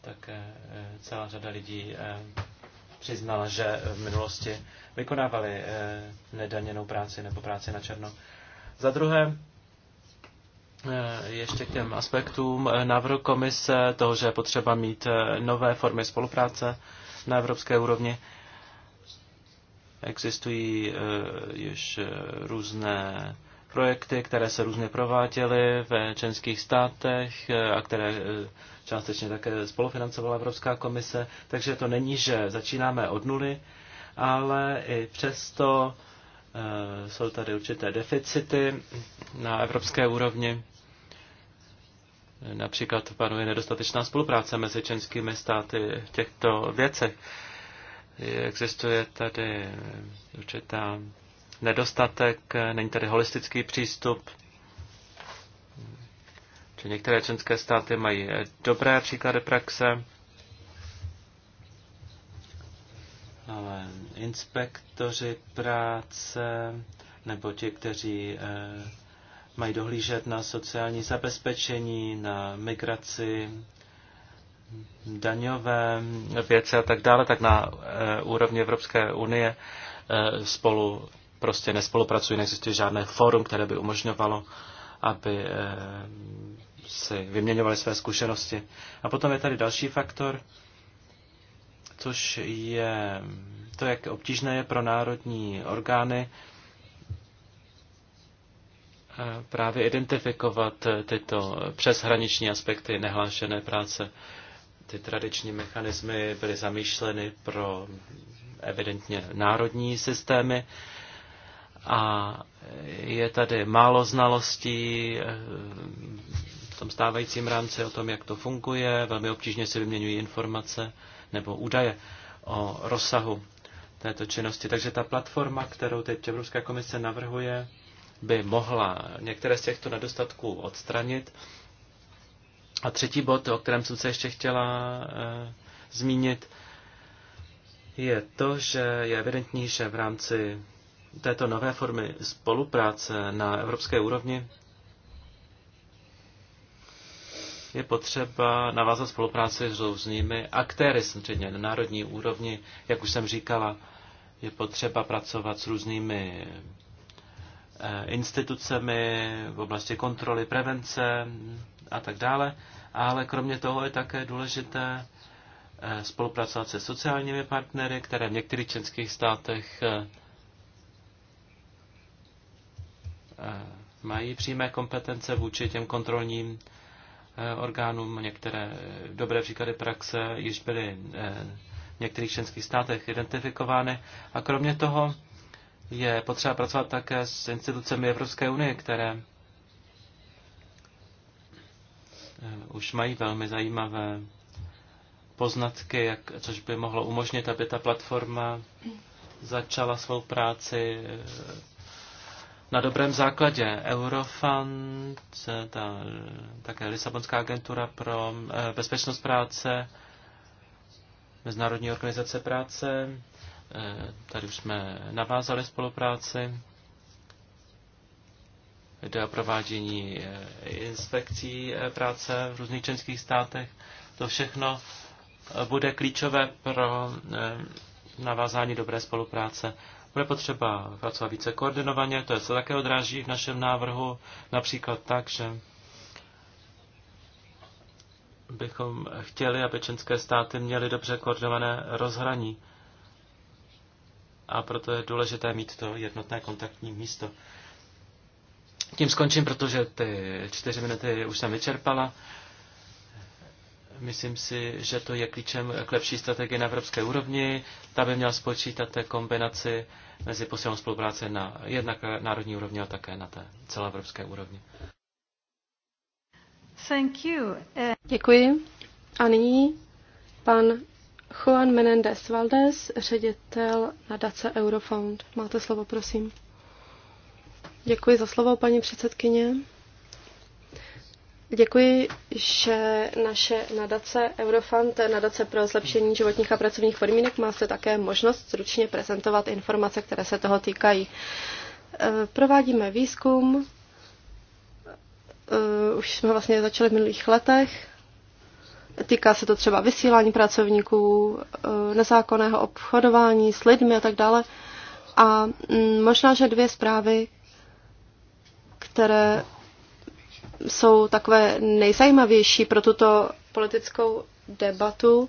také eh, celá řada lidí přiznala, že v minulosti vykonávali nedaněnou práci nebo práci na černo. Za druhé, ještě k těm aspektům návrhu komise, toho, že je potřeba mít nové formy spolupráce na evropské úrovni. Existují e, již různé projekty, které se různě prováděly ve členských státech e, a které e, částečně také spolufinancovala Evropská komise. Takže to není, že začínáme od nuly, ale i přesto jsou tady určité deficity na evropské úrovni. Například panuje nedostatečná spolupráce mezi členskými státy v těchto věcech. Existuje tady určitá nedostatek, není tady holistický přístup. Či některé členské státy mají dobré příklady praxe, ale inspektoři práce nebo ti, kteří eh, mají dohlížet na sociální zabezpečení, na migraci, daňové věci a tak dále, tak na eh, úrovni Evropské unie eh, spolu prostě nespolupracují, neexistuje žádné fórum, které by umožňovalo, aby eh, si vyměňovali své zkušenosti. A potom je tady další faktor, což je to, jak obtížné je pro národní orgány právě identifikovat tyto přeshraniční aspekty nehlášené práce. Ty tradiční mechanismy byly zamýšleny pro evidentně národní systémy a je tady málo znalostí eh, v tom stávajícím rámci o tom, jak to funguje, velmi obtížně se vyměňují informace nebo údaje o rozsahu této činnosti. Takže ta platforma, kterou teď Evropská komise navrhuje, by mohla některé z těchto nedostatků odstranit a třetí bod, o kterém jsem se ještě chtěla e, zmínit, je to, že je evidentní, že v rámci této nové formy spolupráce na evropské úrovni je potřeba navázat spolupráci s různými aktéry, samozřejmě na národní úrovni, jak už jsem říkala, je potřeba pracovat s různými eh, institucemi v oblasti kontroly, prevence, a tak dále. Ale kromě toho je také důležité eh, spolupracovat se sociálními partnery, které v některých českých státech eh, eh, mají přímé kompetence vůči těm kontrolním orgánům. Některé dobré příklady praxe již byly v některých členských státech identifikovány. A kromě toho je potřeba pracovat také s institucemi Evropské unie, které Eh, už mají velmi zajímavé poznatky, jak, což by mohlo umožnit, aby ta platforma začala svou práci eh, na dobrém základě. Eurofund, eh, ta, také Lisabonská agentura pro bezpečnost práce, Mezinárodní organizace práce, tady už jsme navázali spolupráci jde o provádění eh, inspekcí eh, práce v různých členských státech. To všechno eh, bude klíčové pro navázání dobré spolupráce. Bude potřeba pracovat více koordinovaně, to se také odráží v našem návrhu, například tak, že bychom chtěli, aby členské státy měly dobře koordinované rozhraní. A proto je důležité mít to jednotné kontaktní místo. Tím skončím, protože ty čtyři minuty už jsem vyčerpala. Myslím si, že to je klíčem k lepší strategii na evropské úrovni. Ta by měla spočítat té kombinaci mezi posilnou spolupráce na jednak národní úrovni a také na té celoevropské úrovni. Thank you. Děkuji. A nyní pan Juan Menendez Valdez, ředitel nadace Eurofond. Máte slovo, prosím. Děkuji za slovo, paní předsedkyně. Děkuji, že naše nadace Eurofund, nadace pro zlepšení životních a pracovních podmínek, má se také možnost stručně prezentovat informace, které se toho týkají. E, provádíme výzkum, e, už jsme vlastně začali v minulých letech. Týká se to třeba vysílání pracovníků, e, nezákonného obchodování s lidmi a tak dále. A mm, možná, že dvě zprávy které jsou takové nejzajímavější pro tuto politickou debatu,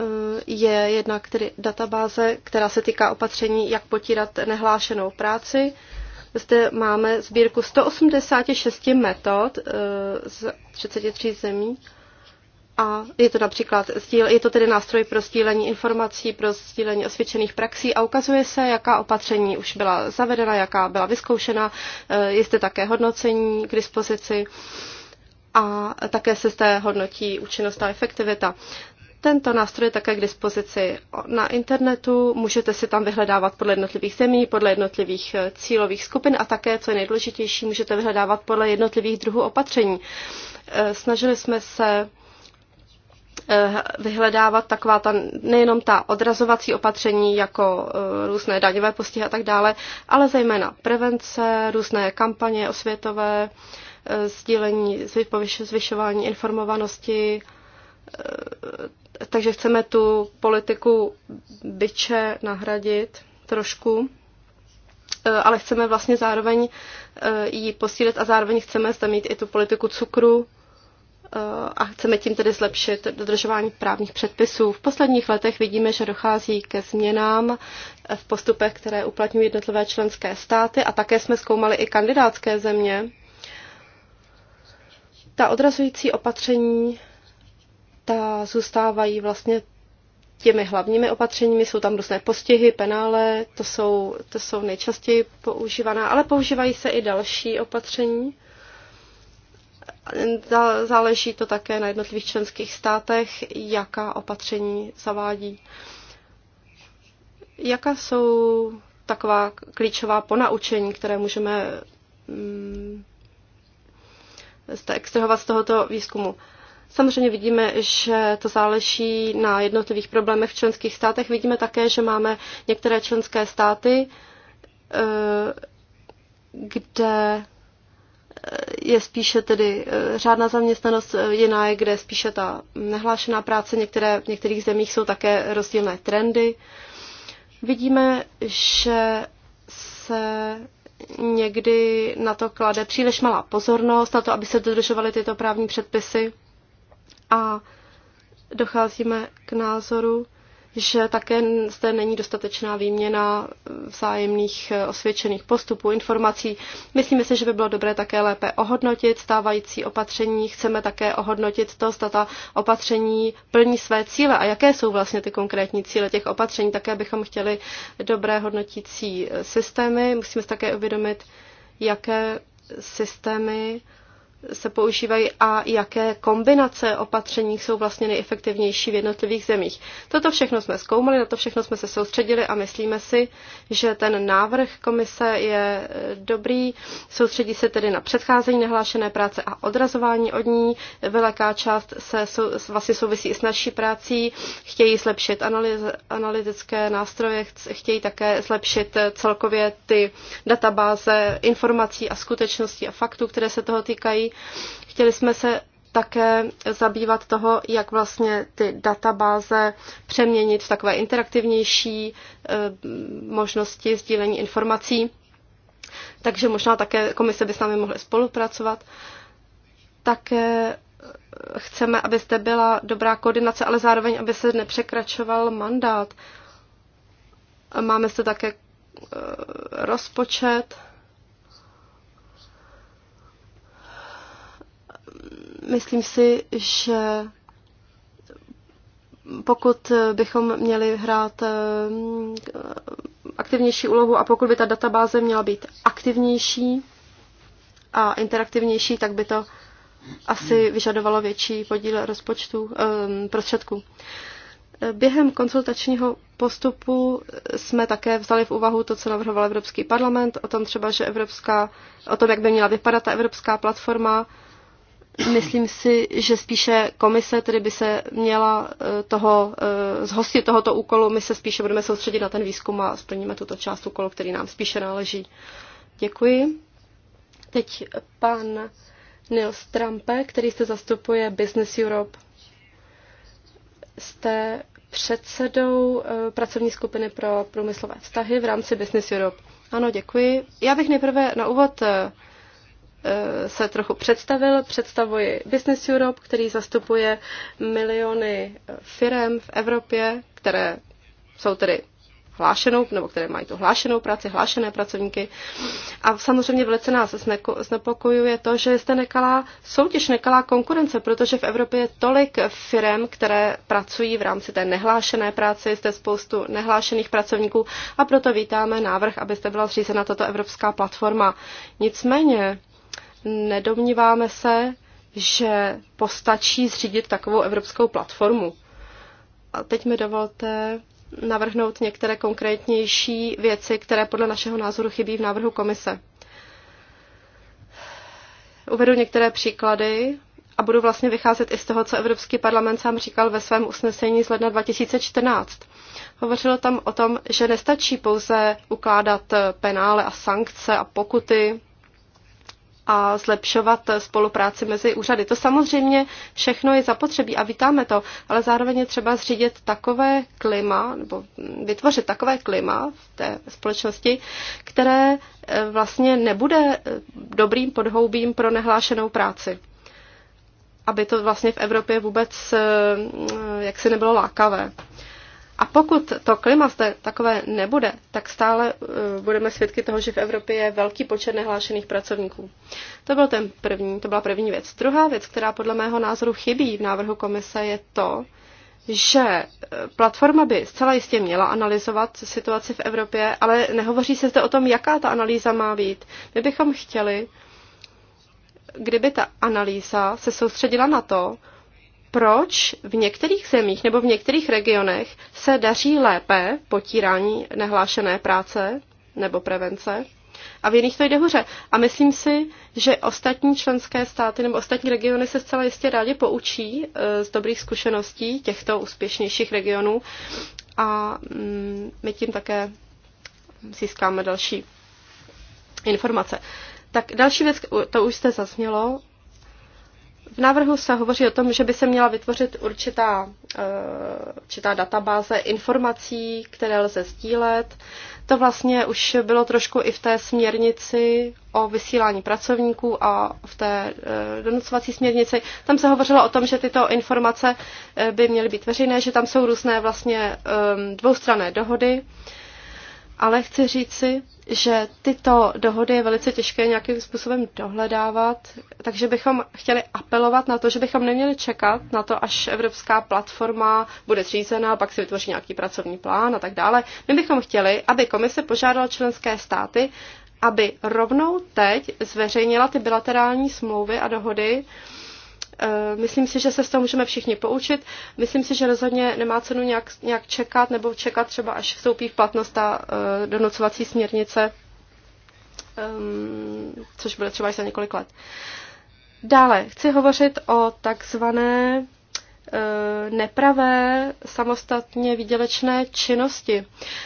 eh, je jedna, tedy databáze, která se týká opatření, jak potírat nehlášenou práci. Zde máme sbírku 186 metod eh, z 33 zemí a je to například, stíl, je to tedy nástroj pro sdílení informací, pro sdílení osvědčených praxí a ukazuje se, jaká opatření už byla zavedena, jaká byla vyzkoušena, eh, je zde také hodnocení k dispozici a také se zde hodnotí účinnost a efektivita. Tento nástroj je také k dispozici na internetu, můžete si tam vyhledávat podle jednotlivých zemí, podle jednotlivých eh, cílových skupin a také, co je nejdůležitější, můžete vyhledávat podle jednotlivých druhů opatření. Eh, snažili jsme se Eh, vyhledávat taková ta, nejenom ta odrazovací opatření, jako eh, různé daňové postihy a tak dále, ale zejména prevence, různé kampaně osvětové, eh, sdílení, zvyšování informovanosti. Takže chceme tu politiku byče nahradit trošku, ale chceme vlastně zároveň ji posílit a zároveň chceme zde mít i tu politiku cukru, a chceme tím tedy zlepšit dodržování právních předpisů. V posledních letech vidíme, že dochází ke změnám v postupech, které uplatňují jednotlivé členské státy a také jsme zkoumali i kandidátské země. Ta odrazující opatření ta zůstávají vlastně těmi hlavními opatřeními. Jsou tam různé postihy, penále, to jsou, to jsou nejčastěji používaná, ale používají se i další opatření. Záleží to také na jednotlivých členských státech, jaká opatření zavádí. Jaká jsou taková klíčová ponaučení, které můžeme mm, extrahovat z tohoto výzkumu? Samozřejmě vidíme, že to záleží na jednotlivých problémech v členských státech. Vidíme také, že máme některé členské státy, eh, kde je spíše tedy eh, řádná zaměstnanost, eh, jiná je, kde je spíše ta nehlášená práce. Některé, v některých zemích jsou také rozdílné trendy. Vidíme, že se někdy na to klade příliš malá pozornost, na to, aby se dodržovaly tyto právní předpisy a docházíme k názoru, že také zde není dostatečná výměna eh, vzájemných eh, osvědčených postupů, informací. Myslíme si, že by bylo dobré také lépe ohodnotit stávající opatření. Chceme také ohodnotit to, zda ta opatření plní své cíle a jaké jsou vlastně ty konkrétní cíle těch opatření. Také bychom chtěli dobré hodnotící eh, systémy. Musíme si také uvědomit, jaké systémy se používají a jaké kombinace opatření jsou vlastně nejefektivnější v jednotlivých zemích. Toto všechno jsme zkoumali, na to všechno jsme se soustředili a myslíme si, že ten návrh komise je e, dobrý. Soustředí se tedy na předcházení nehlášené práce a odrazování od ní. Veliká část se sou, vlastně souvisí i s naší prací. Chtějí zlepšit analiz, analytické nástroje, chtějí také zlepšit e, celkově ty databáze informací a skutečností a faktů, které se toho týkají Chtěli jsme se také zabývat toho, jak vlastně ty databáze přeměnit v takové interaktivnější eh, možnosti sdílení informací. Takže možná také komise by s námi mohly spolupracovat. Také eh, chceme, aby zde byla dobrá koordinace, ale zároveň, aby se nepřekračoval mandát. Máme zde také eh, rozpočet Myslím si, že pokud bychom měli hrát eh, aktivnější úlohu a pokud by ta databáze měla být aktivnější a interaktivnější, tak by to asi vyžadovalo větší podíl rozpočtu eh, prostředků. Během konzultačního postupu jsme také vzali v úvahu to, co navrhoval Evropský parlament, o tom třeba, že Evropská, o tom, jak by měla vypadat ta Evropská platforma, Myslím si, že spíše komise tedy by se měla eh, toho, eh, zhostit tohoto úkolu. My se spíše budeme soustředit na ten výzkum a splníme tuto část úkolu, který nám spíše náleží. Děkuji. Teď pan Nils Trampe, který se zastupuje Business Europe. Jste předsedou eh, pracovní skupiny pro průmyslové vztahy v rámci Business Europe. Ano, děkuji. Já bych nejprve na úvod Eh, se trochu představil. Představuji Business Europe, který zastupuje miliony eh, firm v Evropě, které jsou tedy hlášenou, nebo které mají tu hlášenou práci, hlášené pracovníky. A samozřejmě velice nás znepokojuje to, že jste nekalá soutěž, nekalá konkurence, protože v Evropě je tolik firm, které pracují v rámci té nehlášené práce, jste spoustu nehlášených pracovníků a proto vítáme návrh, abyste byla zřízena tato evropská platforma. Nicméně, Nedomníváme se, že postačí zřídit takovou evropskou platformu. A teď mi dovolte navrhnout některé konkrétnější věci, které podle našeho názoru chybí v návrhu komise. Uvedu některé příklady a budu vlastně vycházet i z toho, co Evropský parlament sám říkal ve svém usnesení z ledna 2014. Hovořilo tam o tom, že nestačí pouze ukládat penále a sankce a pokuty a zlepšovat spolupráci mezi úřady. To samozřejmě všechno je zapotřebí a vítáme to, ale zároveň je třeba zřídit takové klima, nebo vytvořit takové klima v té společnosti, které eh, vlastně nebude eh, dobrým podhoubím pro nehlášenou práci. Aby to vlastně v Evropě vůbec eh, jaksi nebylo lákavé. A pokud to klima zde takové nebude, tak stále eh, budeme svědky toho, že v Evropě je velký počet nehlášených pracovníků. To, byl ten první, to byla první věc. Druhá věc, která podle mého názoru chybí v návrhu komise, je to, že eh, platforma by zcela jistě měla analyzovat situaci v Evropě, ale nehovoří se zde o tom, jaká ta analýza má být. My bychom chtěli, kdyby ta analýza se soustředila na to, proč v některých zemích nebo v některých regionech se daří lépe potírání nehlášené práce nebo prevence a v jiných to jde hůře. A myslím si, že ostatní členské státy nebo ostatní regiony se zcela jistě rádi poučí e, z dobrých zkušeností těchto úspěšnějších regionů a mm, my tím také získáme další informace. Tak další věc, to už jste zaznělo, v návrhu se hovoří o tom, že by se měla vytvořit určitá, eh, určitá databáze informací, které lze sdílet. To vlastně už bylo trošku i v té směrnici o vysílání pracovníků a v té eh, donucovací směrnici. Tam se hovořilo o tom, že tyto informace eh, by měly být veřejné, že tam jsou různé vlastně dvoustranné dohody ale chci říci, že tyto dohody je velice těžké nějakým způsobem dohledávat, takže bychom chtěli apelovat na to, že bychom neměli čekat na to, až evropská platforma bude zřízena, pak si vytvoří nějaký pracovní plán a tak dále. My bychom chtěli, aby komise požádala členské státy, aby rovnou teď zveřejnila ty bilaterální smlouvy a dohody, Eh, myslím si, že se z toho můžeme všichni poučit. Myslím si, že rozhodně nemá cenu nějak, nějak čekat nebo čekat třeba, až vstoupí v platnost ta eh, donocovací směrnice, ehm, což bude třeba až za několik let. Dále chci hovořit o takzvané eh, nepravé samostatně výdělečné činnosti.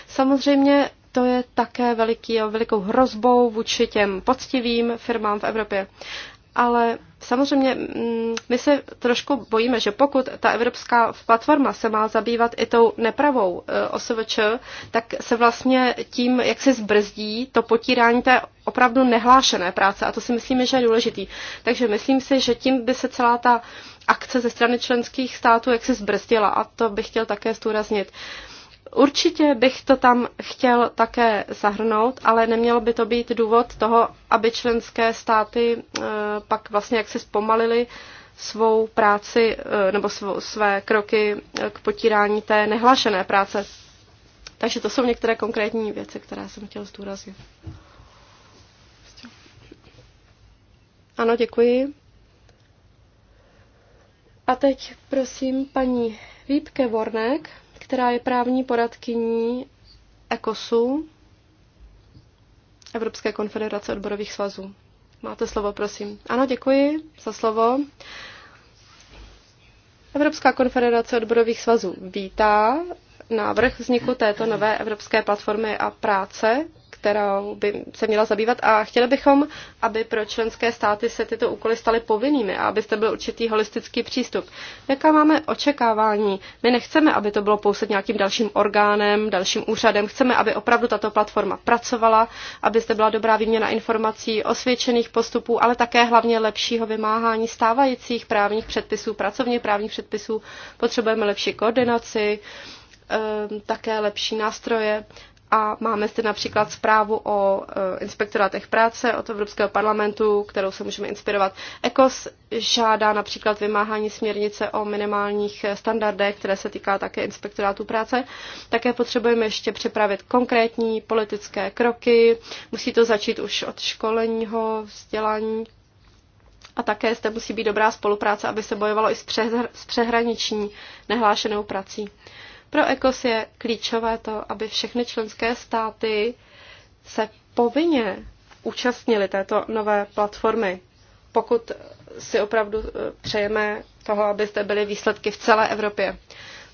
Samozřejmě to je také veliký, velikou hrozbou vůči těm poctivým firmám v Evropě ale samozřejmě mm, my se trošku bojíme, že pokud ta evropská platforma se má zabývat i tou nepravou e, OSVČ, tak se vlastně tím, jak se zbrzdí to potírání té opravdu nehlášené práce a to si myslíme, že je důležitý. Takže myslím si, že tím by se celá ta akce ze strany členských států jak se zbrzdila a to bych chtěl také zdůraznit. Uh, Určitě bych to tam chtěl také zahrnout, ale nemělo by to být důvod toho, aby členské státy eh, pak vlastně jak zpomalili svou práci eh, nebo své kroky eh, k potírání té nehlášené práce. Takže to jsou některé konkrétní věci, které jsem chtěl zdůraznit. Ano, děkuji. A teď prosím paní Vítke Vornek která je právní poradkyní ECOSu, Evropské konfederace odborových svazů. Máte slovo, prosím. Ano, děkuji za slovo. Evropská konfederace odborových svazů vítá návrh vzniku této nové evropské platformy a práce kterou by se měla zabývat a chtěli bychom, aby pro členské státy se tyto úkoly staly povinnými a abyste byl určitý holistický přístup. Jaká máme očekávání? My nechceme, aby to bylo pouze nějakým dalším orgánem, dalším úřadem. Chceme, aby opravdu tato platforma pracovala, aby zde byla dobrá výměna informací, osvědčených postupů, ale také hlavně lepšího vymáhání stávajících právních předpisů, pracovně právních předpisů. Potřebujeme lepší koordinaci, ehm, také lepší nástroje a máme zde například zprávu o e, inspektorátech práce od Evropského parlamentu, kterou se můžeme inspirovat. ECOS žádá například vymáhání směrnice o minimálních standardech, které se týká také inspektorátu práce. Také potřebujeme ještě připravit konkrétní politické kroky. Musí to začít už od školeního vzdělání. A také zde musí být dobrá spolupráce, aby se bojovalo i s přehraniční nehlášenou prací. Pro ECOS je klíčové to, aby všechny členské státy se povinně účastnili této nové platformy. Pokud si opravdu eh, přejeme toho, aby zde byly výsledky v celé Evropě.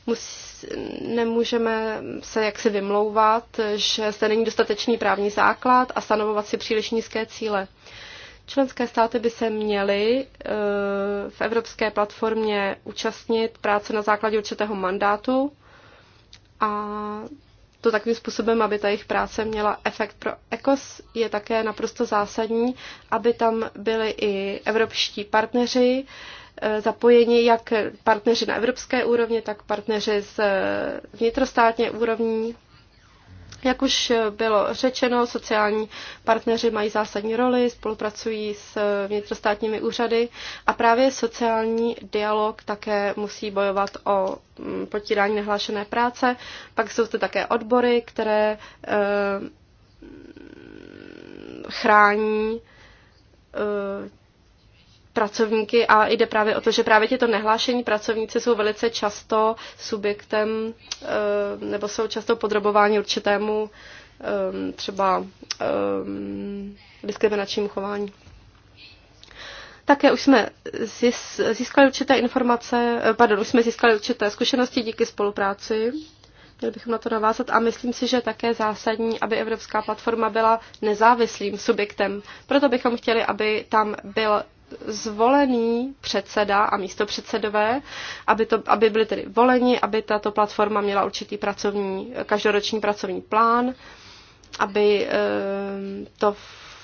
Musí, nemůžeme se jaksi vymlouvat, že zde není dostatečný právní základ a stanovovat si příliš nízké cíle. Členské státy by se měly eh, v evropské platformě účastnit práce na základě určitého mandátu, a to takovým způsobem, aby ta jejich práce měla efekt pro ECOS, je také naprosto zásadní, aby tam byli i evropští partneři e, zapojeni, jak partneři na evropské úrovni, tak partneři z vnitrostátně úrovní jak už bylo řečeno, sociální partneři mají zásadní roli, spolupracují s vnitrostátními úřady a právě sociální dialog také musí bojovat o mm, potírání nehlášené práce. Pak jsou to také odbory, které eh, chrání eh, pracovníky a jde právě o to, že právě těto nehlášení pracovníci jsou velice často subjektem eh, nebo jsou často podrobováni určitému eh, třeba eh, diskriminačnímu chování. Také už jsme získali určité informace, pardon, už jsme získali určité zkušenosti díky spolupráci. Měli bychom na to navázat a myslím si, že také zásadní, aby Evropská platforma byla nezávislým subjektem. Proto bychom chtěli, aby tam byl zvolený předseda a místopředsedové, aby, to, aby byli tedy voleni, aby tato platforma měla určitý pracovní, každoroční pracovní plán, aby ehm, to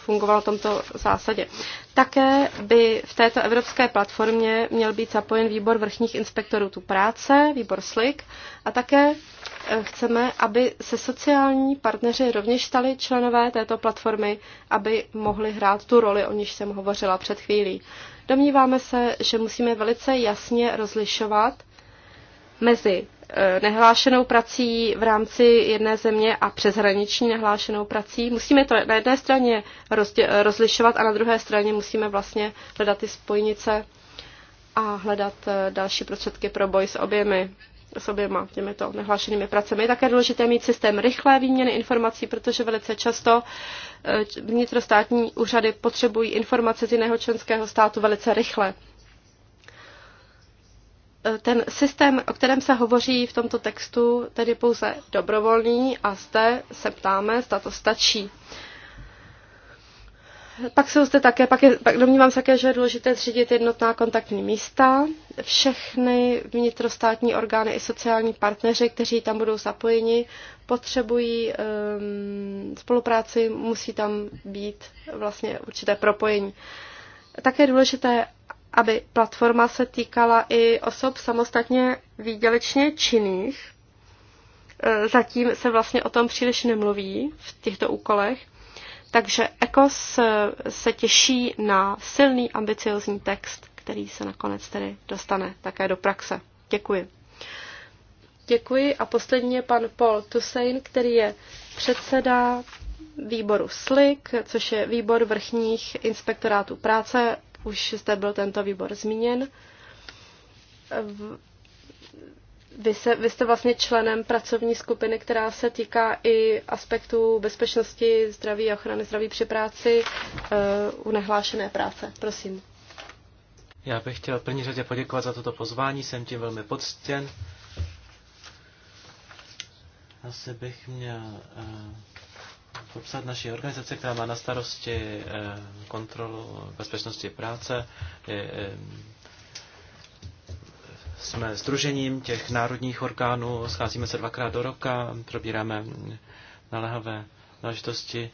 fungovalo v tomto zásadě. Také by v této evropské platformě měl být zapojen výbor vrchních inspektorů tu práce, výbor SLIK, a také eh, chceme, aby se sociální partneři rovněž stali členové této platformy, aby mohli hrát tu roli, o níž jsem hovořila před chvílí. Domníváme se, že musíme velice jasně rozlišovat mezi Eh, nehlášenou prací v rámci jedné země a přeshraniční nehlášenou prací. Musíme to na jedné straně rozlišovat a na druhé straně musíme vlastně hledat ty spojnice a hledat eh, další prostředky pro boj s oběmi s oběma těmito nehlášenými pracemi. Je také důležité mít systém rychlé výměny informací, protože velice často eh, vnitrostátní úřady potřebují informace z jiného členského státu velice rychle ten systém, o kterém se hovoří v tomto textu, tedy pouze dobrovolný a zde se ptáme, zda to stačí. Pak jsou zde také, pak, je, pak domnívám se také, že je důležité zřídit jednotná kontaktní místa. Všechny vnitrostátní orgány i sociální partneři, kteří tam budou zapojeni, potřebují um, spolupráci, musí tam být vlastně určité propojení. Také je důležité, aby platforma se týkala i osob samostatně výdělečně činných. E, zatím se vlastně o tom příliš nemluví v těchto úkolech. Takže ECOS e, se těší na silný, ambiciozní text, který se nakonec tedy dostane také do praxe. Děkuji. Děkuji a posledně pan Paul Tusein, který je předseda výboru SLIK, což je výbor vrchních inspektorátů práce už jste byl tento výbor zmíněn. Vy, se, vy jste vlastně členem pracovní skupiny, která se týká i aspektů bezpečnosti, zdraví a ochrany zdraví při práci eh, u nehlášené práce. Prosím. Já bych chtěl první řadě poděkovat za toto pozvání, jsem tím velmi poctěn. Asi bych měl eh, popsat naší organizaci, která má na starosti eh, kontrolu bezpečnosti práce. Eh, jsme združením těch národních orgánů, scházíme se dvakrát do roka, probíráme naléhavé náležitosti.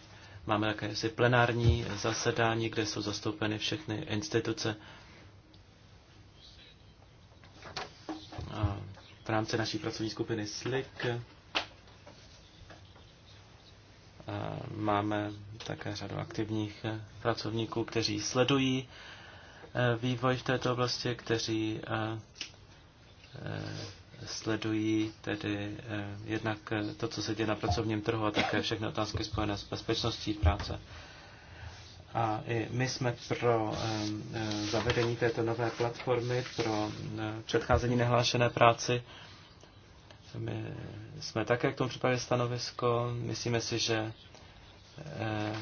Máme také si plenární zasedání, kde jsou zastoupeny všechny instituce. A v rámci naší pracovní skupiny SLIK Máme také řadu aktivních eh, pracovníků, kteří sledují eh, vývoj v této oblasti, kteří eh, sledují tedy jednak to, co se děje na pracovním trhu a také všechny otázky spojené s bezpečností práce. A i my jsme pro zavedení této nové platformy pro předcházení nehlášené práci my jsme také k tomu připravili stanovisko. Myslíme si, že eh,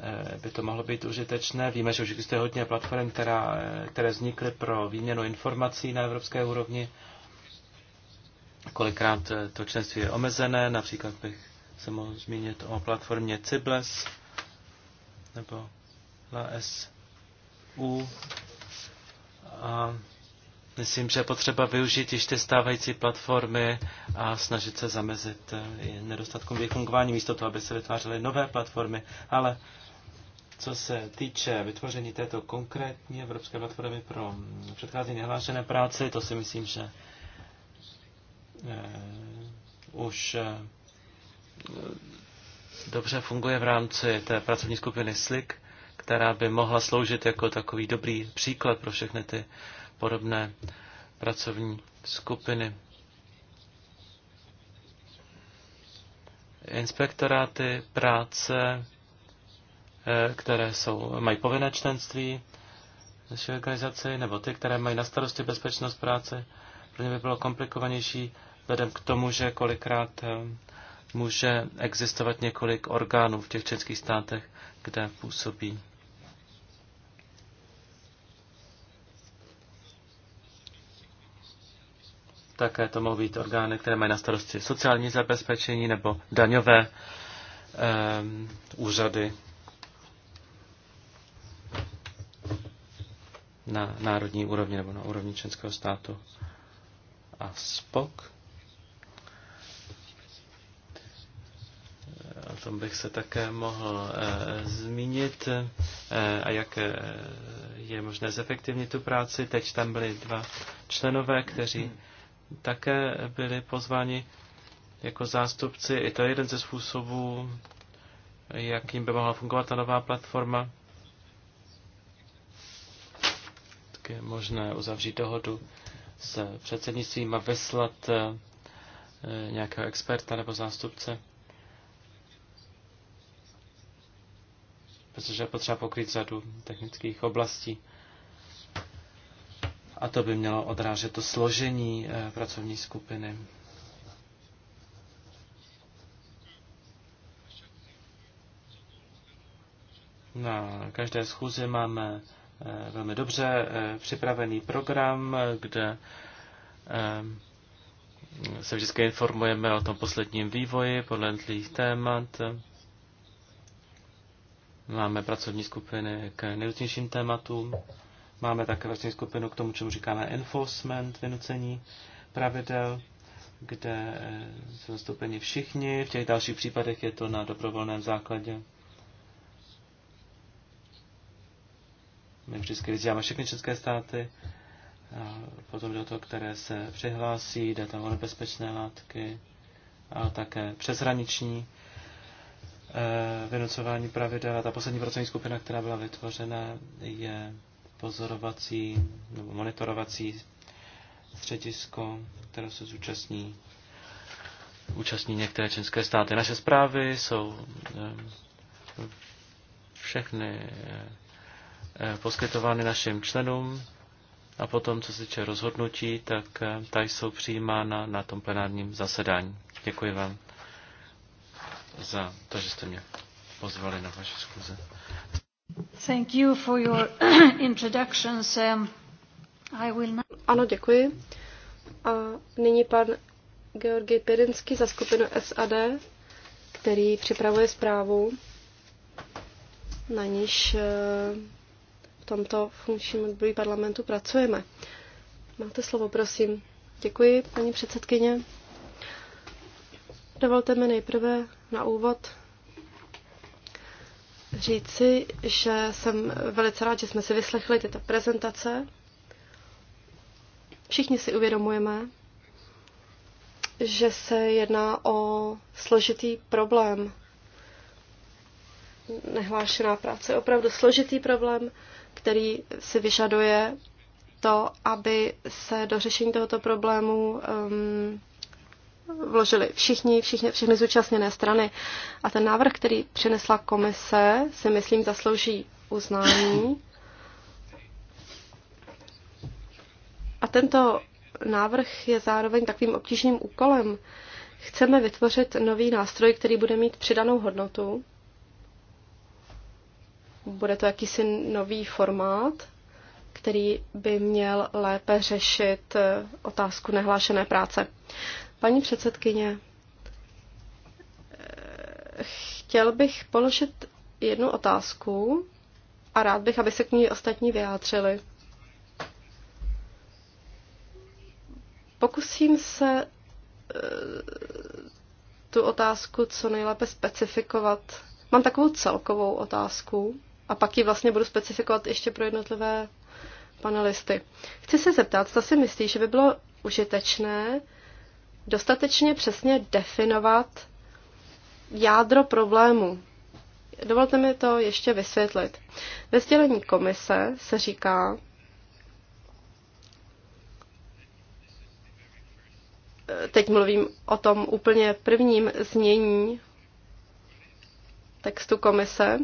eh, by to mohlo být užitečné. Víme, že už existuje hodně platform, která, eh, které vznikly pro výměnu informací na evropské úrovni. Kolikrát to členství je omezené, například bych se mohl zmínit o platformě Cibles nebo LSU. A Myslím, že je potřeba využít již ty stávající platformy a snažit se zamezit eh, nedostatkům jejich fungování místo toho, aby se vytvářely nové platformy. Ale co se týče vytvoření této konkrétní evropské platformy pro mm, předcházení nehlášené práci, to si myslím, že eh, už eh, dobře funguje v rámci té pracovní skupiny SLIK, která by mohla sloužit jako takový dobrý příklad pro všechny ty podobné pracovní skupiny. Inspektoráty práce, eh, které jsou, mají povinné členství naší organizaci, nebo ty, které mají na starosti bezpečnost práce, pro ně by bylo komplikovanější vzhledem k tomu, že kolikrát eh, může existovat několik orgánů v těch českých státech, kde působí Také to mohou být orgány, které mají na starosti sociální zabezpečení nebo daňové um, úřady na národní úrovni nebo na úrovni členského státu. A SPOK. O tom bych se také mohl e, zmínit e, a jak e, je možné zefektivnit tu práci. Teď tam byli dva členové, kteří také byli pozváni jako zástupci. I to je jeden ze způsobů, jakým by mohla fungovat ta nová platforma. Tak je možné uzavřít dohodu s předsednictvím a vyslat eh, nějakého experta nebo zástupce. Protože je potřeba pokrýt řadu technických oblastí a to by mělo odrážet to složení eh, pracovní skupiny. Na každé schůzi máme eh, velmi dobře eh, připravený program, kde se vždycky informujeme o tom posledním vývoji podle jednotlivých témat. Máme pracovní skupiny k nejrůznějším tématům. Máme také vlastně skupinu k tomu, čemu říkáme enforcement, vynucení pravidel, kde eh, jsou zastoupeni všichni. V těch dalších případech je to na dobrovolném základě. My vždycky vyzýváme všechny české státy, a potom do toho, které se přihlásí, jde tam o nebezpečné látky, a také přeshraniční eh, vynucování pravidel. A ta poslední pracovní skupina, která byla vytvořena, je pozorovací nebo monitorovací středisko, které se zúčastní účastní některé české státy. Naše zprávy jsou eh, všechny eh, eh, poskytovány našim členům a potom, co se týče rozhodnutí, tak ta jsou přijímána na tom plenárním zasedání. Děkuji vám za to, že jste mě pozvali na vaše zkuze. Ano, děkuji. A nyní pan Georgi Pirinsky za skupinu SAD, který připravuje zprávu, na níž eh, v tomto funkčním odboru parlamentu pracujeme. Máte slovo, prosím. Děkuji, paní předsedkyně. Dovolte mi nejprve na úvod říci, že jsem velice rád, že jsme si vyslechli tyto prezentace. Všichni si uvědomujeme, že se jedná o složitý problém. Nehlášená práce je opravdu složitý problém, který si vyžaduje to, aby se do řešení tohoto problému um, vložili všichni, všichni, všechny zúčastněné strany. A ten návrh, který přinesla komise, si myslím zaslouží uznání. A tento návrh je zároveň takovým obtížným úkolem. Chceme vytvořit nový nástroj, který bude mít přidanou hodnotu. Bude to jakýsi nový formát, který by měl lépe řešit otázku nehlášené práce. Paní předsedkyně, chtěl bych položit jednu otázku a rád bych, aby se k ní ostatní vyjádřili. Pokusím se eh, tu otázku co nejlépe specifikovat. Mám takovou celkovou otázku a pak ji vlastně budu specifikovat ještě pro jednotlivé panelisty. Chci se zeptat, co si myslí, že by bylo užitečné dostatečně přesně definovat jádro problému. Dovolte mi to ještě vysvětlit. Ve sdělení komise se říká, teď mluvím o tom úplně prvním znění textu komise.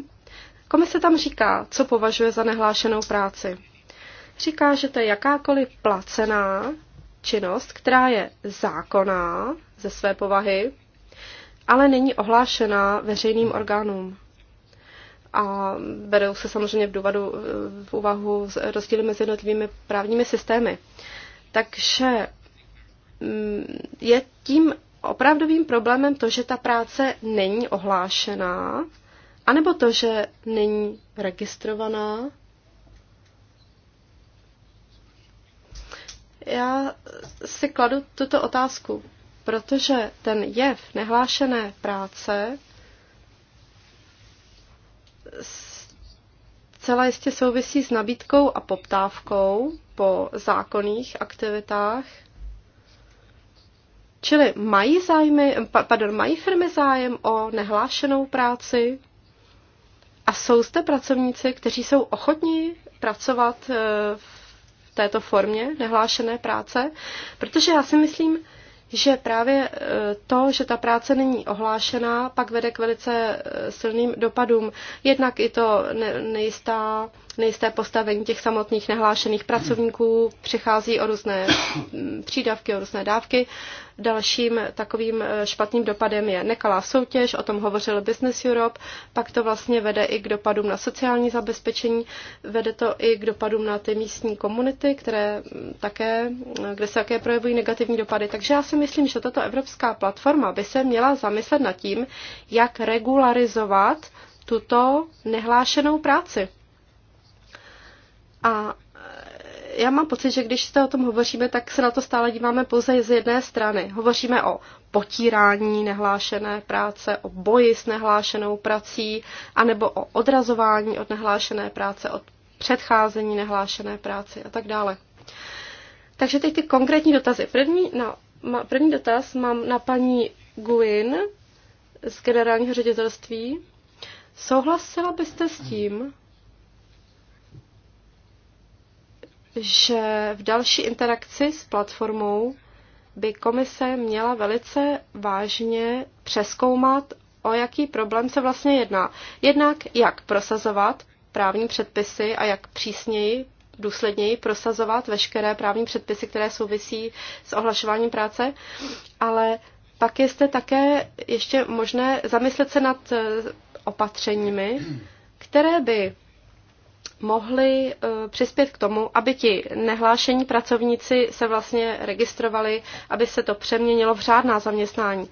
Komise tam říká, co považuje za nehlášenou práci. Říká, že to je jakákoliv placená činnost, která je zákonná ze své povahy, ale není ohlášená veřejným orgánům. A berou se samozřejmě v, důvodu, eh, v úvahu rozdíly mezi jednotlivými právními systémy. Takže mm, je tím opravdovým problémem to, že ta práce není ohlášená, anebo to, že není registrovaná Já si kladu tuto otázku, protože ten jev nehlášené práce celá jistě souvisí s nabídkou a poptávkou po zákonných aktivitách. Čili mají, zájmy, pardon, mají firmy zájem o nehlášenou práci a jsou zde pracovníci, kteří jsou ochotní pracovat eh, v této formě nehlášené práce, protože já si myslím, že právě e, to, že ta práce není ohlášená, pak vede k velice e, silným dopadům. Jednak i to nejistá nejisté postavení těch samotných nehlášených pracovníků, přichází o různé mm, přídavky, o různé dávky. Dalším takovým eh, špatným dopadem je nekalá soutěž, o tom hovořil Business Europe, pak to vlastně vede i k dopadům na sociální zabezpečení, vede to i k dopadům na ty místní komunity, které mm, také, eh, kde se také projevují negativní dopady. Takže já si myslím, že tato evropská platforma by se měla zamyslet nad tím, jak regularizovat tuto nehlášenou práci. A e, já mám pocit, že když se o tom hovoříme, tak se na to stále díváme pouze z jedné strany. Hovoříme o potírání nehlášené práce, o boji s nehlášenou prací, anebo o odrazování od nehlášené práce, od předcházení nehlášené práci a tak dále. Takže teď ty konkrétní dotazy. První, na, no, ma, první dotaz mám na paní Guin z generálního ředitelství. Souhlasila byste s tím, že v další interakci s platformou by komise měla velice vážně přeskoumat, o jaký problém se vlastně jedná. Jednak jak prosazovat právní předpisy a jak přísněji, důsledněji prosazovat veškeré právní předpisy, které souvisí s ohlašováním práce, ale pak jste také ještě možné zamyslet se nad eh, opatřeními, které by mohli eh, přispět k tomu, aby ti nehlášení pracovníci se vlastně registrovali, aby se to přeměnilo v řádná zaměstnání.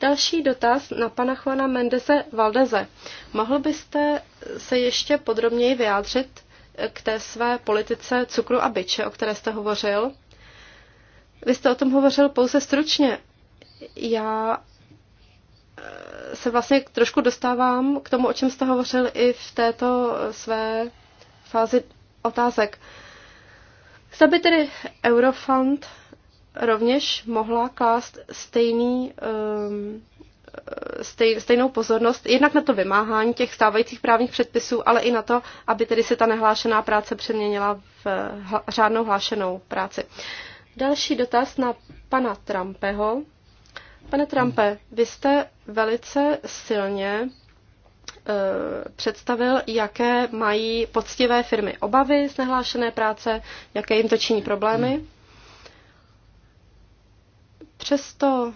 Další dotaz na pana Juana Mendeze Valdeze. Mohl byste se ještě podrobněji vyjádřit eh, k té své politice cukru a byče, o které jste hovořil? Vy jste o tom hovořil pouze stručně. Já eh, se vlastně trošku dostávám k tomu, o čem jste hovořil i v této své fázi otázek. Zda by tedy Eurofund rovněž mohla klást stejný, um, stej, stejnou pozornost jednak na to vymáhání těch stávajících právních předpisů, ale i na to, aby tedy se ta nehlášená práce přeměnila v hla, řádnou hlášenou práci. Další dotaz na pana Trumpeho. Pane Trumpe, vy jste velice silně Eh, představil, jaké mají poctivé firmy obavy z nehlášené práce, jaké jim to činí problémy. Přesto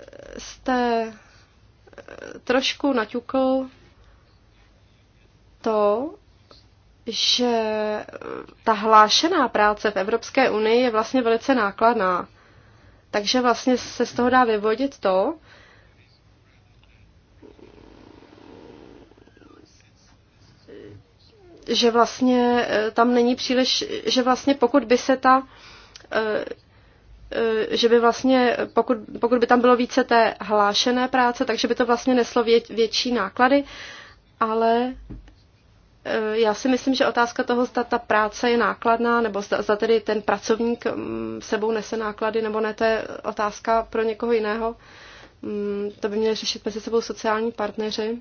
eh, jste eh, trošku naťukl to, že ta hlášená práce v Evropské unii je vlastně velice nákladná. Takže vlastně se z toho dá vyvodit to, že vlastně eh, tam není příliš, že vlastně pokud by se ta eh, eh, že by vlastně, pokud, pokud by tam bylo více té hlášené práce, takže by to vlastně neslo vě, větší náklady, ale já si myslím, že otázka toho, zda ta práce je nákladná, nebo zda, zda tedy ten pracovník mm, sebou nese náklady, nebo ne, to je otázka pro někoho jiného. Mm, to by měli řešit mezi sebou sociální partneři.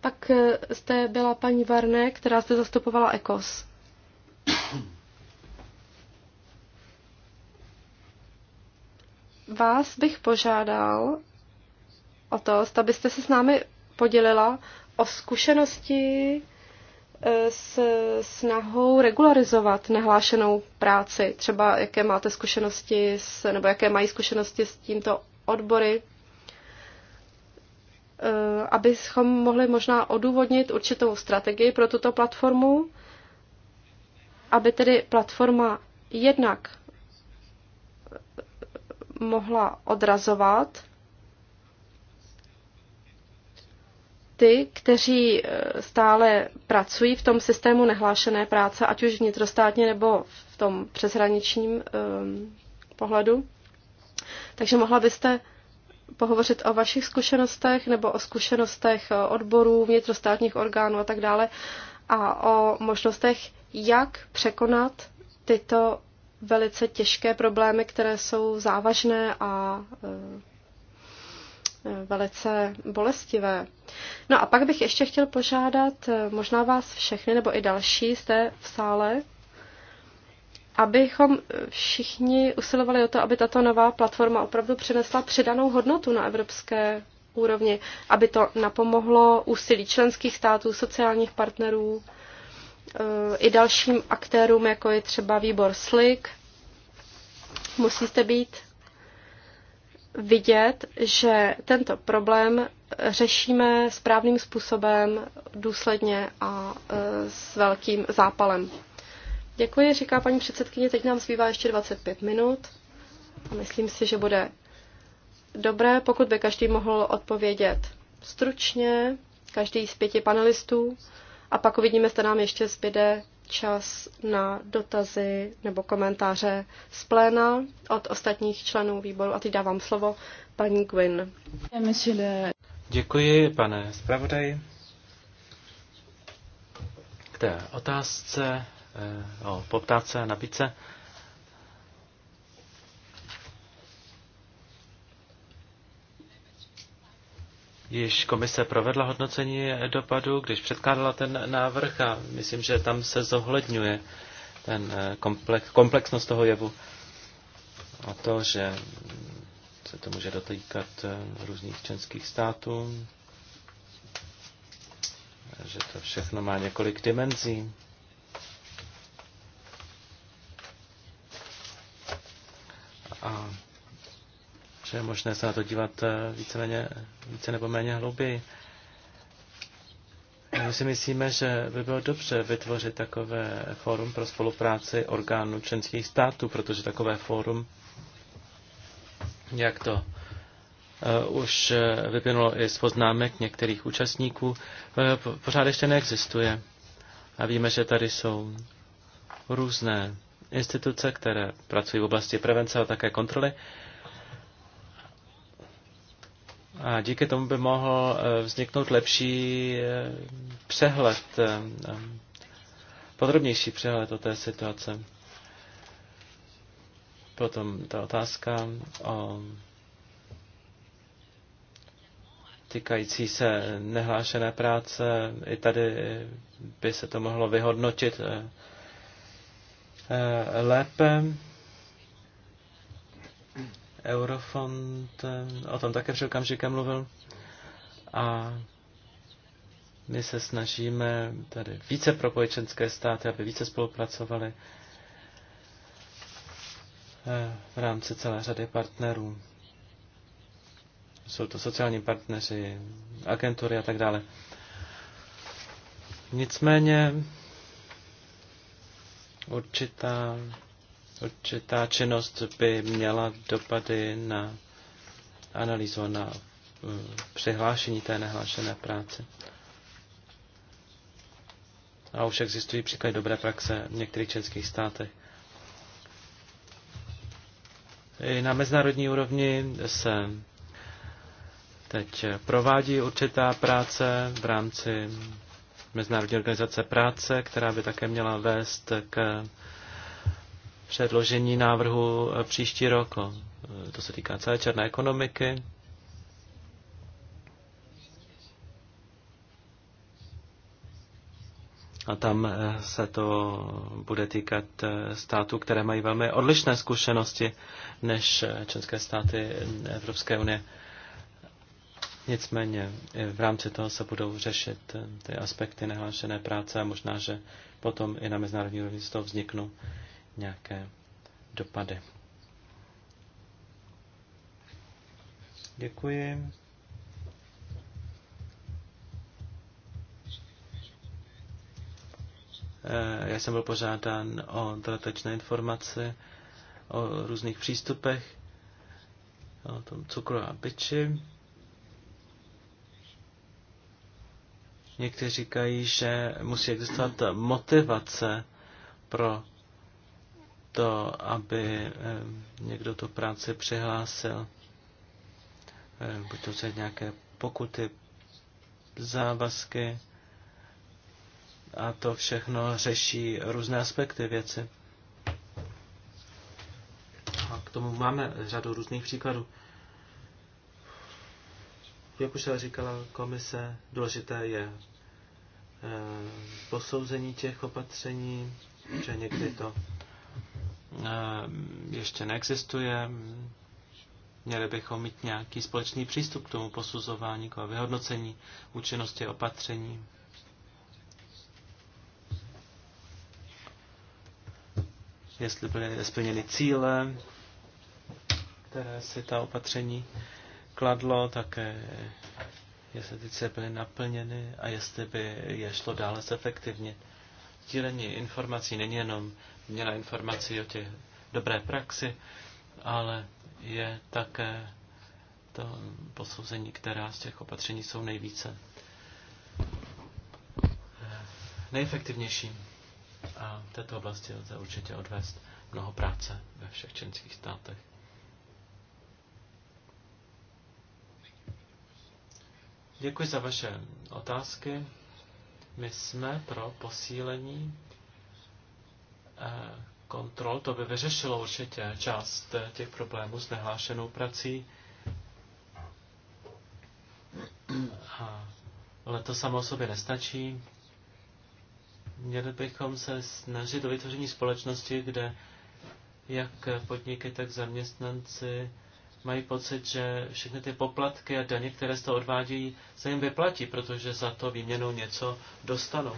Pak jste eh, byla paní Varné, která jste zastupovala ECOS. Vás bych požádal o to, abyste se s námi podělila o zkušenosti eh, s snahou regularizovat nehlášenou práci. Třeba jaké máte zkušenosti s, nebo jaké mají zkušenosti s tímto odbory Eh, abychom mohli možná odůvodnit určitou strategii pro tuto platformu, aby tedy platforma jednak eh, mohla odrazovat ty, kteří eh, stále pracují v tom systému nehlášené práce, ať už vnitrostátně nebo v tom přeshraničním um, pohledu. Takže mohla byste pohovořit o vašich zkušenostech nebo o zkušenostech eh, odborů, vnitrostátních orgánů a tak dále a o možnostech, jak překonat tyto velice těžké problémy, které jsou závažné a eh, eh, velice bolestivé. No a pak bych ještě chtěl požádat možná vás všechny nebo i další jste v sále, abychom všichni usilovali o to, aby tato nová platforma opravdu přinesla přidanou hodnotu na evropské úrovni, aby to napomohlo úsilí členských států, sociálních partnerů eh, i dalším aktérům, jako je třeba výbor SLIK. Musíte být vidět, že tento problém řešíme správným způsobem, důsledně a eh, s velkým zápalem. Děkuji, říká paní předsedkyně. Teď nám zbývá ještě 25 minut. Myslím si, že bude dobré, pokud by každý mohl odpovědět stručně, každý z pěti panelistů. A pak uvidíme, zda nám ještě zbyde čas na dotazy nebo komentáře z pléna od ostatních členů výboru. A teď dávám slovo paní Gwyn. Děkuji, pane zpravodaji. K té otázce Eh, o poptávce a nabídce. Již komise provedla hodnocení dopadu, když předkládala ten návrh a myslím, že tam se zohledňuje ten eh, komplex, komplexnost toho jevu a to, že se to může dotýkat eh, různých členských států, že to všechno má několik dimenzí. a že je možné se na to dívat eh, více, méně, více nebo méně hlouběji. My si myslíme, že by bylo dobře vytvořit takové fórum pro spolupráci orgánů členských států, protože takové fórum, jak to eh, už eh, vyplynulo i z poznámek některých účastníků, pořád ještě neexistuje. A víme, že tady jsou různé instituce, které pracují v oblasti prevence a také kontroly. A díky tomu by mohl eh, vzniknout lepší eh, přehled, eh, podrobnější přehled o té situace. Potom ta otázka o týkající se nehlášené práce. I tady by se to mohlo vyhodnotit Eh, lépe. Eurofond, eh, o tom také před okamžikem mluvil. A my se snažíme tady více propojit členské státy, aby více spolupracovali eh, v rámci celé řady partnerů. Jsou to sociální partneři, agentury a tak dále. Nicméně Určitá, určitá činnost by měla dopady na analýzu, na uh, přihlášení té nehlášené práce. A už existují příklady dobré praxe v některých českých státech. I na mezinárodní úrovni se teď provádí určitá práce v rámci Mezinárodní organizace práce, která by také měla vést k předložení návrhu příští rok. To se týká celé černé ekonomiky. A tam eh, se to bude týkat eh, států, které mají velmi odlišné zkušenosti než eh, členské státy Evropské unie. Nicméně eh, v rámci toho se budou řešit eh, ty aspekty nehlášené práce a možná, že potom i na mezinárodní úrovni z toho vzniknou nějaké dopady. Děkuji. Eh, já jsem byl požádán o dodatečné informace o různých přístupech, o tom cukru a byči. Někteří říkají, že musí existovat motivace pro to, aby eh, někdo tu práci přihlásil. Eh, buď to se nějaké pokuty, závazky a to všechno řeší různé aspekty věci. A k tomu máme řadu různých příkladů. Jak už říkala komise, důležité je eh, posouzení těch opatření, že někdy to eh, ještě neexistuje. Měli bychom mít nějaký společný přístup k tomu posuzování, k vyhodnocení účinnosti opatření. Jestli byly splněny cíle, které si ta opatření kladlo, také jestli ty cíle byly naplněny a jestli by je šlo dále efektivně. Sdílení informací není jenom měna informací o těch dobré praxi, ale je také to posouzení, která z těch opatření jsou nejvíce eh, nejefektivnější. A v této oblasti lze určitě odvést mnoho práce ve všech členských státech. Děkuji za vaše otázky. My jsme pro posílení eh, kontrol. To by vyřešilo určitě část eh, těch problémů s nehlášenou prací. Ale to samo o sobě nestačí. Měli bychom se snažit o vytvoření společnosti, kde jak podniky, tak zaměstnanci mají pocit, že všechny ty poplatky a daně, které z toho odvádějí, se jim vyplatí, protože za to výměnou něco dostanou.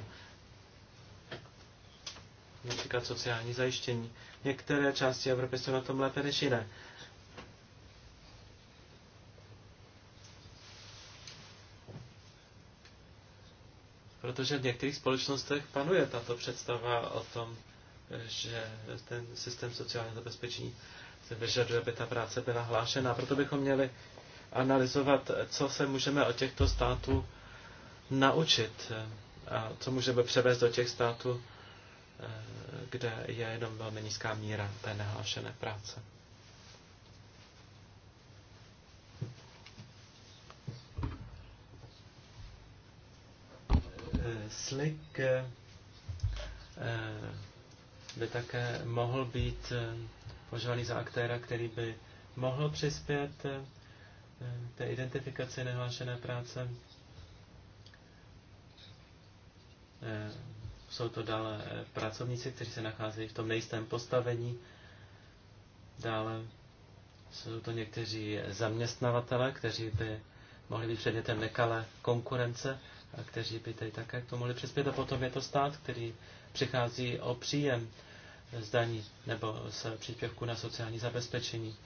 Například sociální zajištění. Některé části Evropy jsou na tom lépe než jiné. Protože v některých společnostech panuje tato představa o tom, že ten systém sociálního zabezpečení si vyžaduje, aby ta práce byla hlášena. Proto bychom měli analyzovat, co se můžeme od těchto států naučit a co můžeme převést do těch států, eh, kde je jenom velmi nízká míra té nehlášené práce. Slik eh, eh, by také mohl být považovaný za aktéra, který by mohl přispět eh, té identifikaci nehlášené práce. Eh, jsou to dále eh, pracovníci, kteří se nacházejí v tom nejistém postavení. Dále jsou to někteří zaměstnavatele, kteří by mohli být předmětem nekalé konkurence a kteří by tady také k tomu mohli přispět. A potom je to stát, který přichází o příjem zdaní nebo z příspěvku na sociální zabezpečení.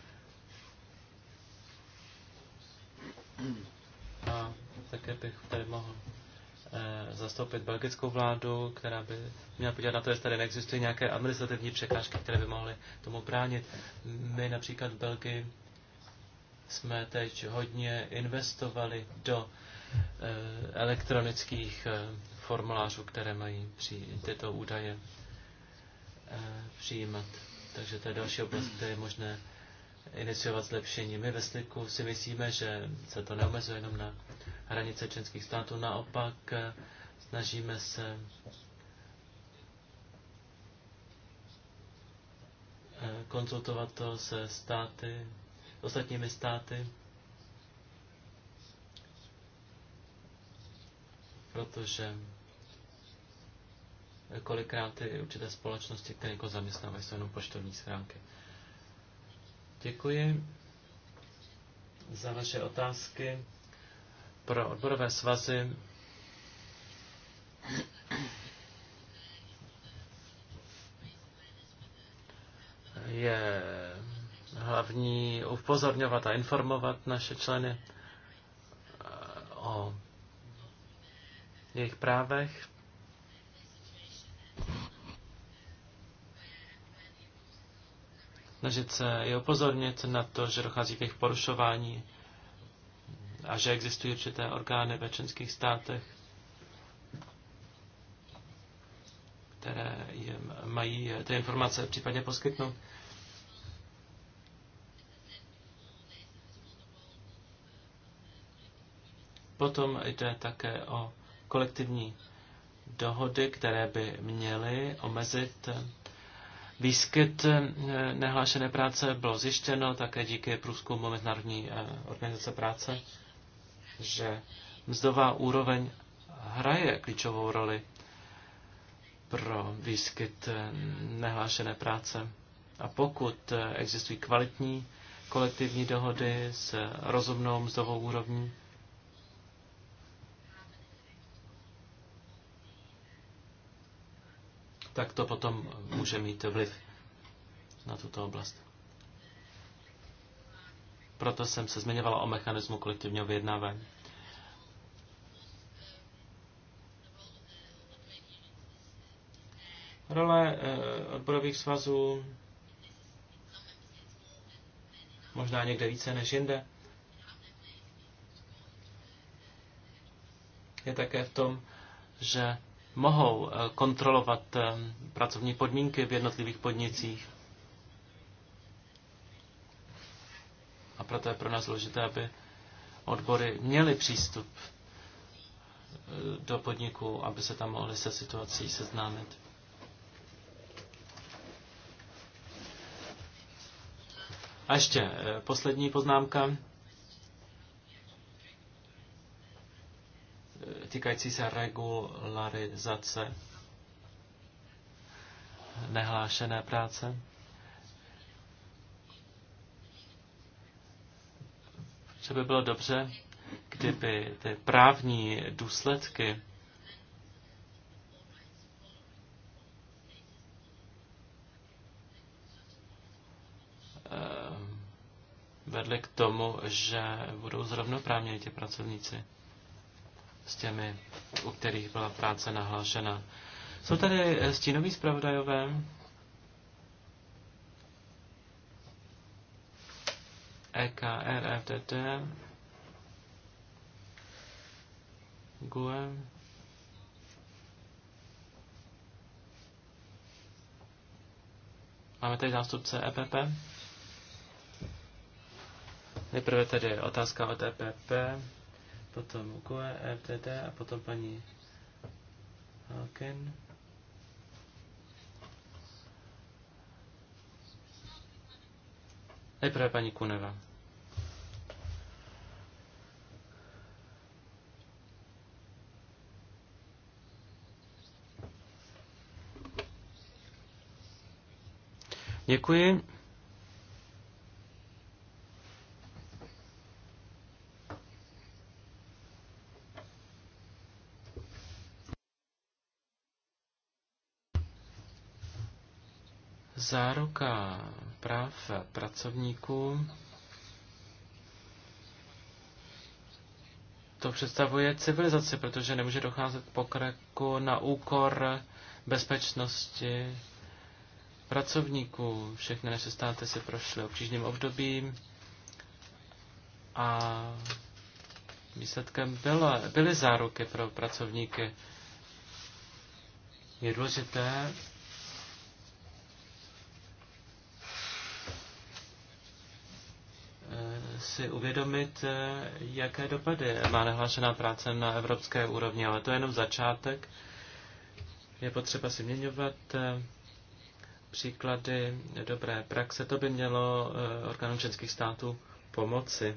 A také bych tady mohl eh, zastoupit belgickou vládu, která by měla podívat na to, jestli tady neexistují nějaké administrativní překážky, které by mohly tomu bránit. My například v Belgii jsme teď hodně investovali do eh, elektronických eh, formulářů, které mají při tyto údaje Eh, přijímat. Takže to je další oblast, kde je možné iniciovat zlepšení. My ve Sliku si myslíme, že se to neomezuje jenom na hranice členských států, naopak eh, snažíme se eh, konzultovat to se státy, ostatními státy, protože kolikrát ty určité společnosti, které jako zaměstnávají, jsou jenom poštovní schránky. Děkuji za vaše otázky. Pro odborové svazy je hlavní upozorňovat a informovat naše členy o jejich právech. snažit se je upozornit na to, že dochází k jejich porušování a že existují určité orgány ve členských státech, které jim mají eh, ty informace případně poskytnout. Potom jde také o kolektivní dohody, které by měly omezit Výskyt eh, nehlášené práce bylo zjištěno také díky průzkumu Mezinárodní eh, organizace práce, že mzdová úroveň hraje klíčovou roli pro výskyt eh, nehlášené práce. A pokud existují kvalitní kolektivní dohody s rozumnou mzdovou úrovní, tak to potom může mít vliv na tuto oblast. Proto jsem se zmiňovala o mechanismu kolektivního vyjednávání. Role eh, odborových svazů možná někde více než jinde. Je také v tom, že mohou eh, kontrolovat eh, pracovní podmínky v jednotlivých podnicích. A proto je pro nás důležité, aby odbory měly přístup eh, do podniku, aby se tam mohli se situací seznámit. A ještě poslední poznámka. týkající se regularizace nehlášené práce. Že by bylo dobře, kdyby ty právní důsledky vedly k tomu, že budou zrovnoprávně ti pracovníci s těmi, u kterých byla práce nahlášena. Jsou tady eh, stínoví zpravodajové? EKR, FDT, GUE, Máme tady zástupce EPP. Nejprve tedy otázka od EPP potom GUE, FTT a potom paní Halken. Nejprve paní Kuneva. Děkuji. záruka práv pracovníků to představuje civilizaci, protože nemůže docházet pokraku na úkor bezpečnosti pracovníků. Všechny naše státy se prošly obtížným obdobím a výsledkem byla, byly záruky pro pracovníky. Je důležité, si uvědomit, eh, jaké dopady má nehlášená práce na evropské úrovni, ale to je jenom začátek. Je potřeba si měňovat eh, příklady dobré praxe. To by mělo eh, orgánům českých států pomoci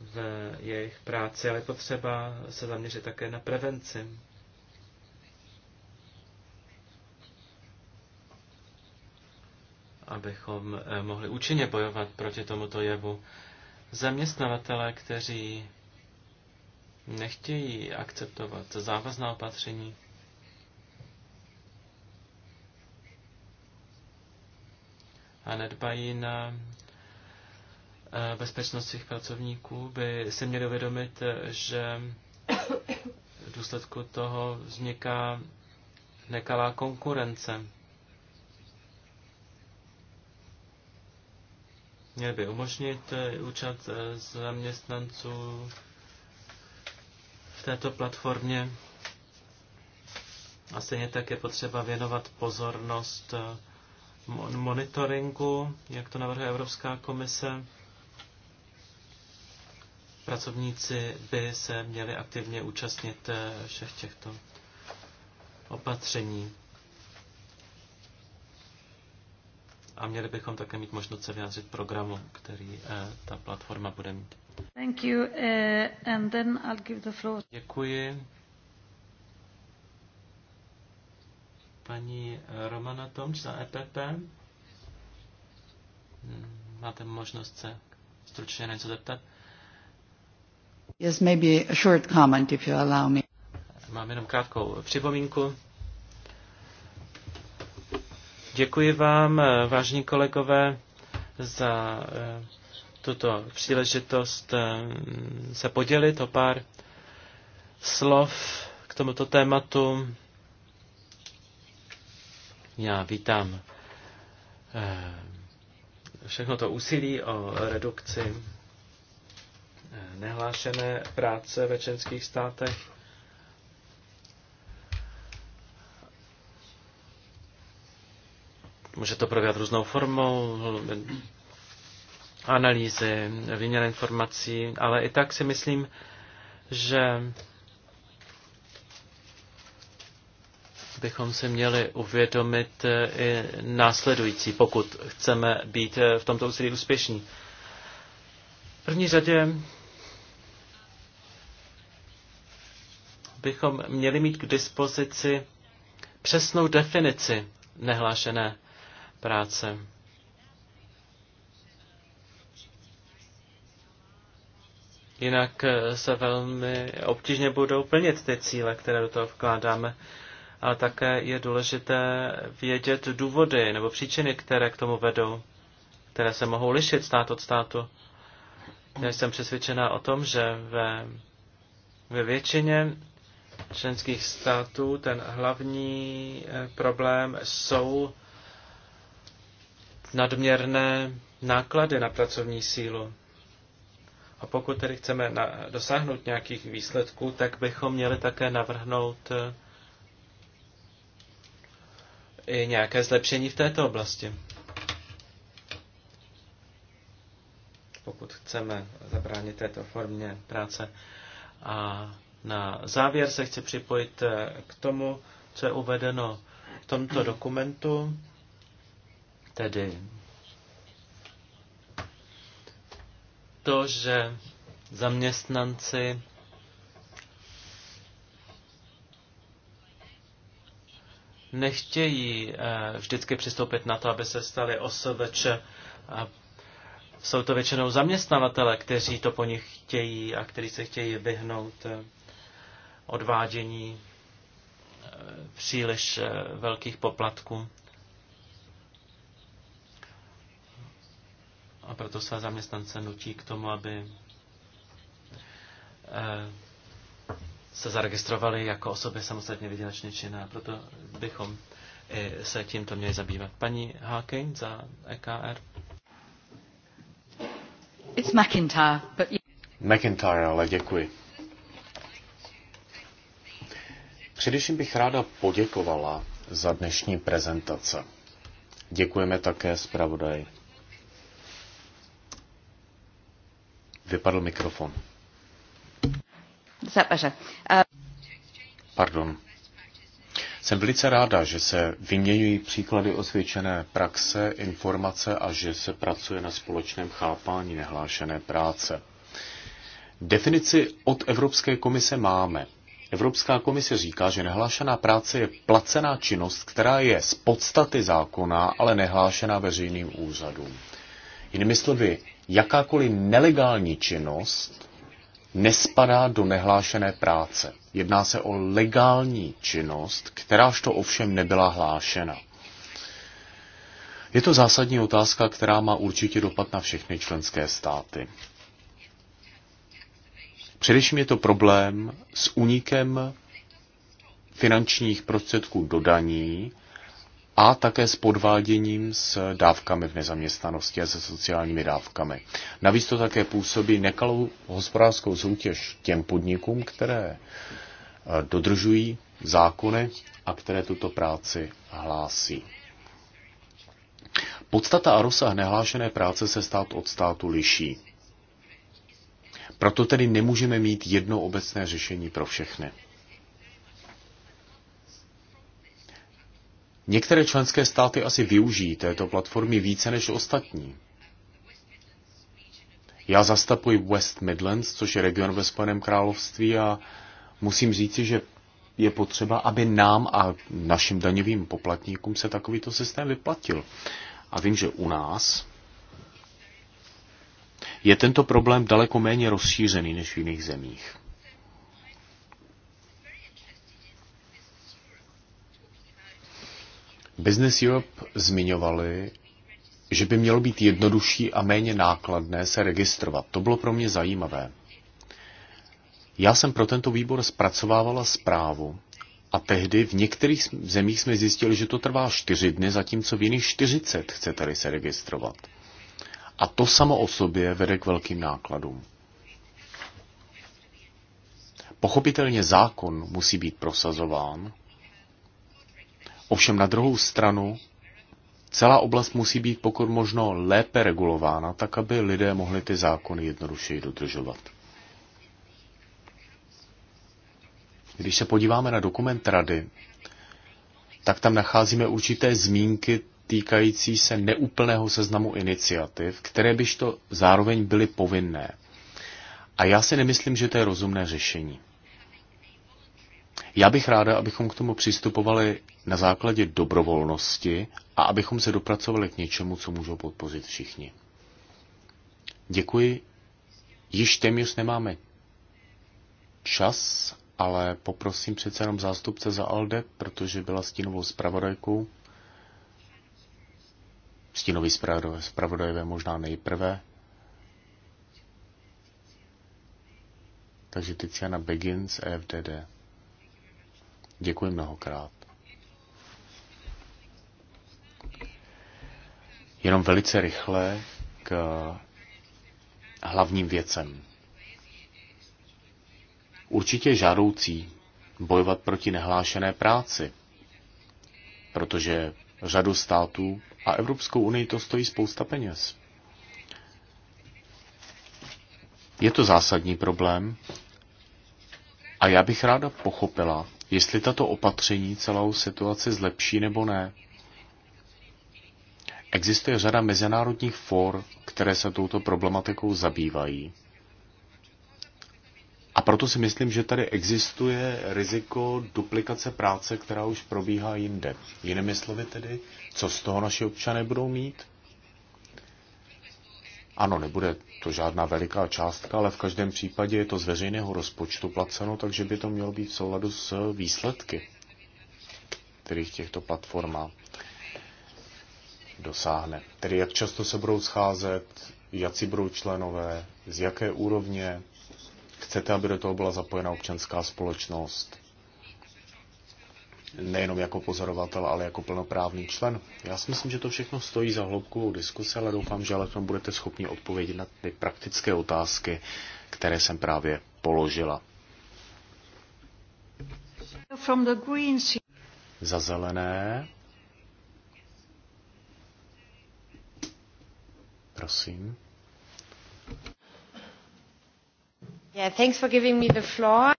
v jejich práci, ale je potřeba se zaměřit také na prevenci. abychom mohli účinně bojovat proti tomuto jevu zaměstnavatele, kteří nechtějí akceptovat závazná opatření, a nedbají na eh, bezpečnost svých pracovníků, by se měli uvědomit, že v důsledku toho vzniká nekalá konkurence. měl by umožnit eh, účast eh, zaměstnanců v této platformě. A stejně tak je potřeba věnovat pozornost eh, monitoringu, jak to navrhuje Evropská komise. Pracovníci by se měli aktivně účastnit všech těchto opatření. A měli bychom také mít možnost se vyjádřit programu, který eh, ta platforma bude mít. Thank you, uh, and then I'll give the floor. Děkuji. Paní eh, Romana Tomč za EPP. Hmm, máte možnost se stručně něco zeptat? Yes, maybe a short comment, if you allow me. Mám jenom krátkou připomínku. Děkuji vám, eh, vážní kolegové, za eh, tuto příležitost eh, se podělit o pár slov k tomuto tématu. Já vítám všechno to úsilí o redukci nehlášené práce ve členských státech. Může to probíhat různou formou, analýzy, výměna informací, ale i tak si myslím, že bychom si měli uvědomit i následující, pokud chceme být v tomto úsilí úspěšní. V první řadě bychom měli mít k dispozici přesnou definici nehlášené práce. Jinak eh, se velmi obtížně budou plnit ty cíle, které do toho vkládáme. Ale také je důležité vědět důvody nebo příčiny, které k tomu vedou, které se mohou lišit stát od státu. Já jsem přesvědčená o tom, že ve, ve většině členských států ten hlavní eh, problém jsou nadměrné náklady na pracovní sílu. A pokud tedy chceme na, dosáhnout nějakých výsledků, tak bychom měli také navrhnout eh, i nějaké zlepšení v této oblasti. Pokud chceme zabránit této formě práce. A na závěr se chci připojit eh, k tomu, co je uvedeno v tomto dokumentu. Tedy to, že zaměstnanci nechtějí eh, vždycky přistoupit na to, aby se stali OSVČ. Jsou to většinou zaměstnavatele, kteří to po nich chtějí a kteří se chtějí vyhnout eh, odvádění eh, příliš velkých poplatků. a proto své zaměstnance nutí k tomu, aby eh, se zaregistrovali jako osoby samostatně vydělečně činné. Proto bychom i se tímto měli zabývat. Paní Hákeň za EKR. It's McIntyre, but you... McIntyre, ale děkuji. Především bych ráda poděkovala za dnešní prezentace. Děkujeme také zpravodaji Vypadl mikrofon. Eh, Pardon. Jsem velice ráda, že se vyměňují příklady osvědčené praxe, informace a že se pracuje na společném chápání nehlášené práce. Definici od Evropské komise máme. Evropská komise říká, že nehlášená práce je placená činnost, která je z podstaty zákona, ale nehlášená veřejným úřadům. Jinými slovy, jakákoliv nelegální činnost nespadá do nehlášené práce. Jedná se o legální činnost, kteráž to ovšem nebyla hlášena. Je to zásadní otázka, která má určitě dopad na všechny členské státy. Především je to problém s únikem finančních prostředků do daní a také s podváděním s dávkami v nezaměstnanosti a se sociálními dávkami. Navíc to také působí nekalou hospodářskou soutěž těm podnikům, které eh, dodržují zákony a které tuto práci hlásí. Podstata a rozsah nehlášené práce se stát od státu liší. Proto tedy nemůžeme mít jedno obecné řešení pro všechny. Některé členské státy asi využijí této platformy více než ostatní. Já zastapuji West Midlands, což je region ve Spojeném království a musím říci, že je potřeba, aby nám a našim daňovým poplatníkům se takovýto systém vyplatil. A vím, že u nás je tento problém daleko méně rozšířený než v jiných zemích. Business Europe zmiňovali, že by mělo být jednodušší a méně nákladné se registrovat. To bylo pro mě zajímavé. Já jsem pro tento výbor zpracovávala zprávu a tehdy v některých zemích jsme zjistili, že to trvá 4 dny, zatímco v jiných 40 chce tady se registrovat. A to samo o sobě vede k velkým nákladům. Pochopitelně zákon musí být prosazován, Ovšem na druhou stranu celá oblast musí být pokud možno lépe regulována, tak aby lidé mohli ty zákony jednodušeji dodržovat. Když se podíváme na dokument rady, tak tam nacházíme určité zmínky týkající se neúplného seznamu iniciativ, které byž to zároveň byly povinné. A já si nemyslím, že to je rozumné řešení. Já bych ráda, abychom k tomu přistupovali na základě dobrovolnosti a abychom se dopracovali k něčemu, co můžou podpořit všichni. Děkuji. Již téměř nemáme čas, ale poprosím přece jenom zástupce za ALDE, protože byla stínovou zpravodajkou. Stínový zpravodajové možná nejprve. Takže Tiziana Begins, EFDD. Děkuji mnohokrát. Jenom velice rychle k hlavním věcem. Určitě žádoucí bojovat proti nehlášené práci, protože řadu států a Evropskou unii to stojí spousta peněz. Je to zásadní problém a já bych ráda pochopila, jestli tato opatření celou situaci zlepší nebo ne. Existuje řada mezinárodních for, které se touto problematikou zabývají. A proto si myslím, že tady existuje riziko duplikace práce, která už probíhá jinde. Jinými slovy tedy, co z toho naši občané budou mít? Ano, nebude to žádná veliká částka, ale v každém případě je to z veřejného rozpočtu placeno, takže by to mělo být v souladu s výsledky, kterých těchto platforma dosáhne. Tedy jak často se budou scházet, jací budou členové, z jaké úrovně chcete, aby do toho byla zapojena občanská společnost nejenom jako pozorovatel, ale jako plnoprávný člen. Já si myslím, že to všechno stojí za hloubkovou diskusi, ale doufám, že alespoň budete schopni odpovědět na ty praktické otázky, které jsem právě položila. From the green Za zelené. Prosím. Yeah, thanks for giving me the floor.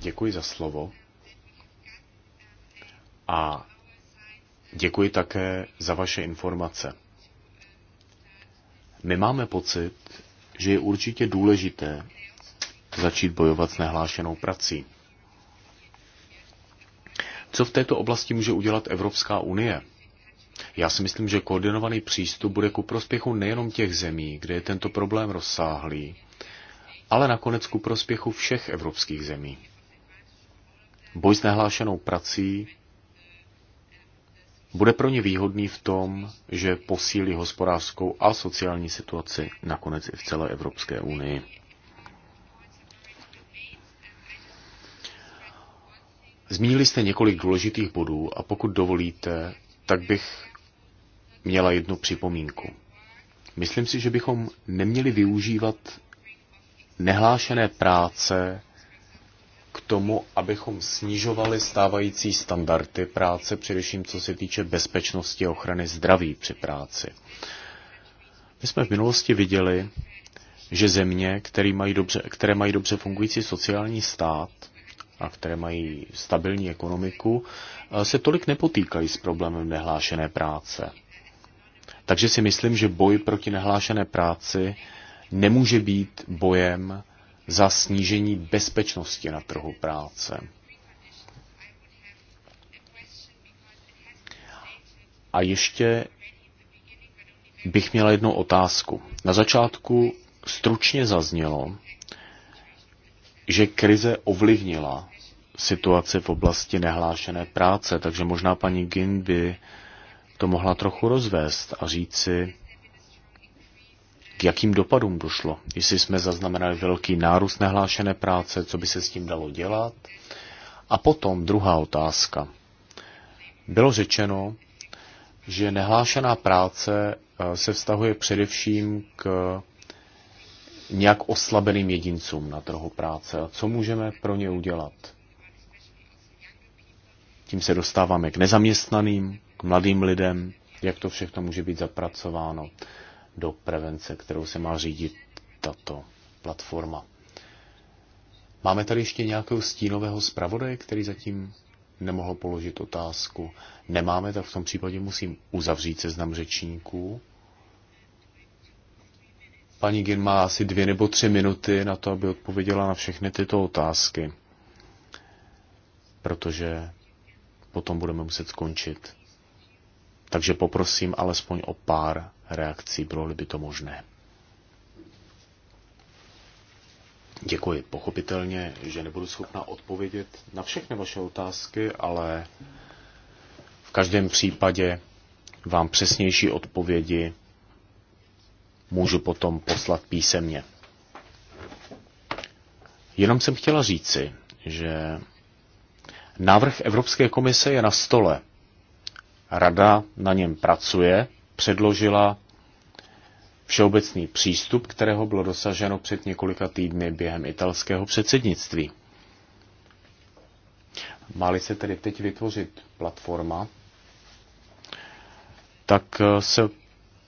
Děkuji za slovo. A děkuji také za vaše informace. My máme pocit, že je určitě důležité začít bojovat s nehlášenou prací. Co v této oblasti může udělat Evropská unie? Já si myslím, že koordinovaný přístup bude ku prospěchu nejenom těch zemí, kde je tento problém rozsáhlý, ale nakonec ku prospěchu všech evropských zemí. Boj s nehlášenou prací bude pro ně výhodný v tom, že posílí hospodářskou a sociální situaci nakonec i v celé Evropské unii. Zmínili jste několik důležitých bodů a pokud dovolíte, tak bych měla jednu připomínku. Myslím si, že bychom neměli využívat nehlášené práce k tomu, abychom snižovali stávající standardy práce, především co se týče bezpečnosti a ochrany zdraví při práci. My jsme v minulosti viděli, že země, které mají dobře, které mají dobře fungující sociální stát a které mají stabilní ekonomiku, eh, se tolik nepotýkají s problémem nehlášené práce. Takže si myslím, že boj proti nehlášené práci nemůže být bojem za snížení bezpečnosti na trhu práce. A ještě bych měla jednu otázku. Na začátku stručně zaznělo, že krize ovlivnila situaci v oblasti nehlášené práce, takže možná paní Gin by to mohla trochu rozvést a říci, k jakým dopadům došlo? Jestli jsme zaznamenali velký nárůst nehlášené práce, co by se s tím dalo dělat? A potom druhá otázka. Bylo řečeno, že nehlášená práce eh, se vztahuje především k nějak oslabeným jedincům na trhu práce. A co můžeme pro ně udělat? Tím se dostáváme k nezaměstnaným, k mladým lidem, jak to všechno může být zapracováno do prevence, kterou se má řídit tato platforma. Máme tady ještě nějakého stínového zpravodaje, který zatím nemohl položit otázku. Nemáme, tak v tom případě musím uzavřít seznam řečníků. Paní Gin má asi dvě nebo tři minuty na to, aby odpověděla na všechny tyto otázky, protože potom budeme muset skončit. Takže poprosím alespoň o pár reakcí, bylo-li by to možné. Děkuji. Pochopitelně, že nebudu schopna odpovědět na všechny vaše otázky, ale v každém případě vám přesnější odpovědi můžu potom poslat písemně. Jenom jsem chtěla říci, že návrh Evropské komise je na stole. Rada na něm pracuje předložila všeobecný přístup, kterého bylo dosaženo před několika týdny během italského předsednictví. Máli se tedy teď vytvořit platforma, tak eh, se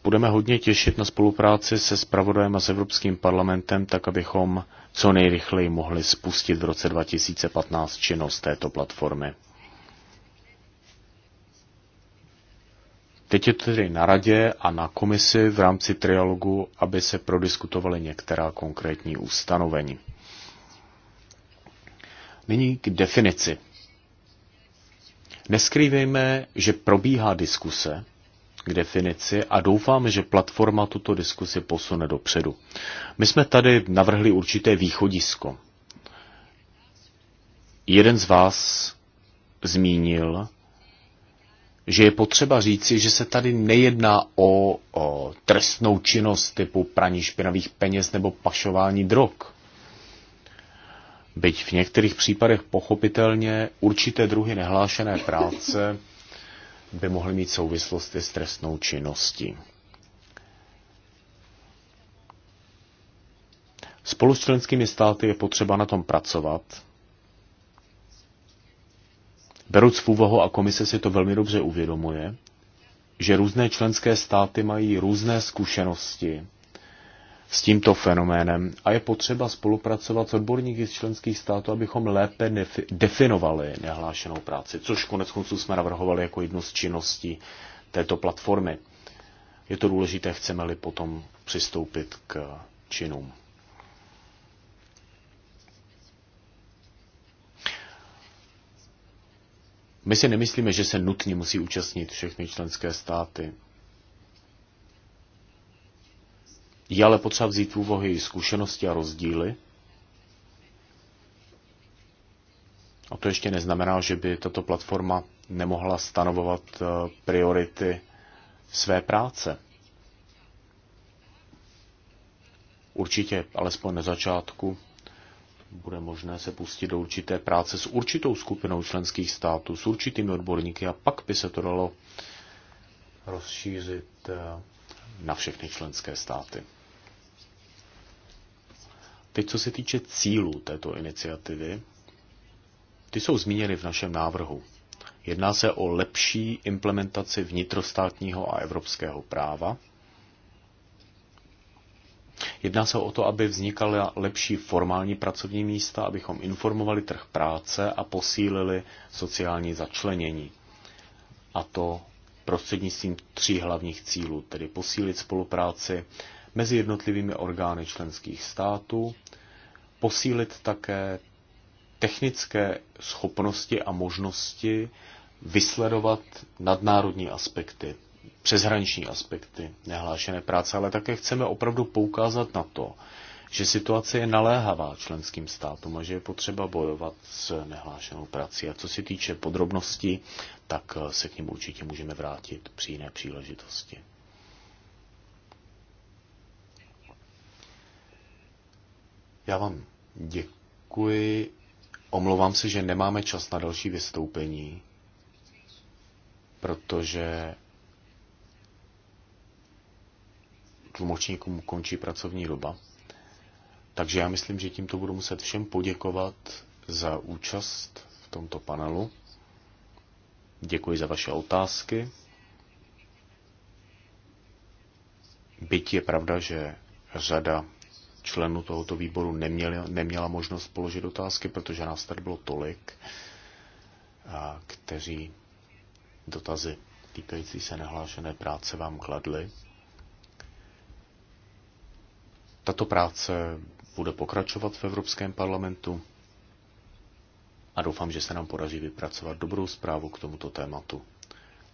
budeme hodně těšit na spolupráci se Spravodajem a s Evropským parlamentem, tak abychom co nejrychleji mohli spustit v roce 2015 činnost této platformy. Teď je tedy na radě a na komisi v rámci trialogu, aby se prodiskutovaly některá konkrétní ustanovení. Nyní k definici. Neskrývejme, že probíhá diskuse k definici a doufáme, že platforma tuto diskusi posune dopředu. My jsme tady navrhli určité východisko. Jeden z vás zmínil, že je potřeba říci, že se tady nejedná o, o trestnou činnost typu praní špinavých peněz nebo pašování drog. Byť v některých případech pochopitelně určité druhy nehlášené práce by mohly mít souvislosti s trestnou činností. Spolu s členskými státy je potřeba na tom pracovat Beruc v úvahu, a komise si to velmi dobře uvědomuje, že různé členské státy mají různé zkušenosti s tímto fenoménem a je potřeba spolupracovat s odborníky z členských států, abychom lépe definovali nehlášenou práci, což konec konců jsme navrhovali jako jednu z činností této platformy. Je to důležité, chceme-li potom přistoupit k činům. My si nemyslíme, že se nutně musí účastnit všechny členské státy. Je ale potřeba vzít v úvahy zkušenosti a rozdíly. A to ještě neznamená, že by tato platforma nemohla stanovovat eh, priority své práce. Určitě, alespoň na začátku, bude možné se pustit do určité práce s určitou skupinou členských států, s určitými odborníky a pak by se to dalo rozšířit eh, na všechny členské státy. Teď, co se týče cílů této iniciativy, ty jsou zmíněny v našem návrhu. Jedná se o lepší implementaci vnitrostátního a evropského práva, Jedná se o to, aby vznikala lepší formální pracovní místa, abychom informovali trh práce a posílili sociální začlenění. A to prostřednictvím tří hlavních cílů, tedy posílit spolupráci mezi jednotlivými orgány členských států, posílit také technické schopnosti a možnosti vysledovat nadnárodní aspekty přeshraniční aspekty nehlášené práce, ale také chceme opravdu poukázat na to, že situace je naléhavá členským státům a že je potřeba bojovat s nehlášenou prací. A co se týče podrobností, tak se k ním určitě můžeme vrátit při jiné příležitosti. Já vám děkuji. Omlouvám se, že nemáme čas na další vystoupení, protože tlumočníkům končí pracovní doba. Takže já myslím, že tímto budu muset všem poděkovat za účast v tomto panelu. Děkuji za vaše otázky. Byť je pravda, že řada členů tohoto výboru neměla, neměla možnost položit otázky, protože nás tady bylo tolik, a kteří dotazy týkající se nehlášené práce vám kladli. Tato práce bude pokračovat v Evropském parlamentu a doufám, že se nám podaří vypracovat dobrou zprávu k tomuto tématu.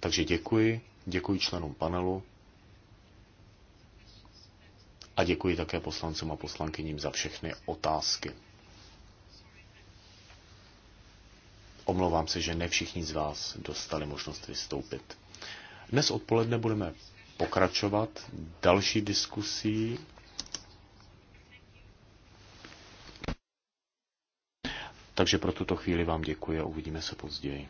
Takže děkuji, děkuji členům panelu a děkuji také poslancům a poslankyním za všechny otázky. Omlouvám se, že ne všichni z vás dostali možnost vystoupit. Dnes odpoledne budeme pokračovat další diskusí Takže pro tuto chvíli vám děkuji a uvidíme se později.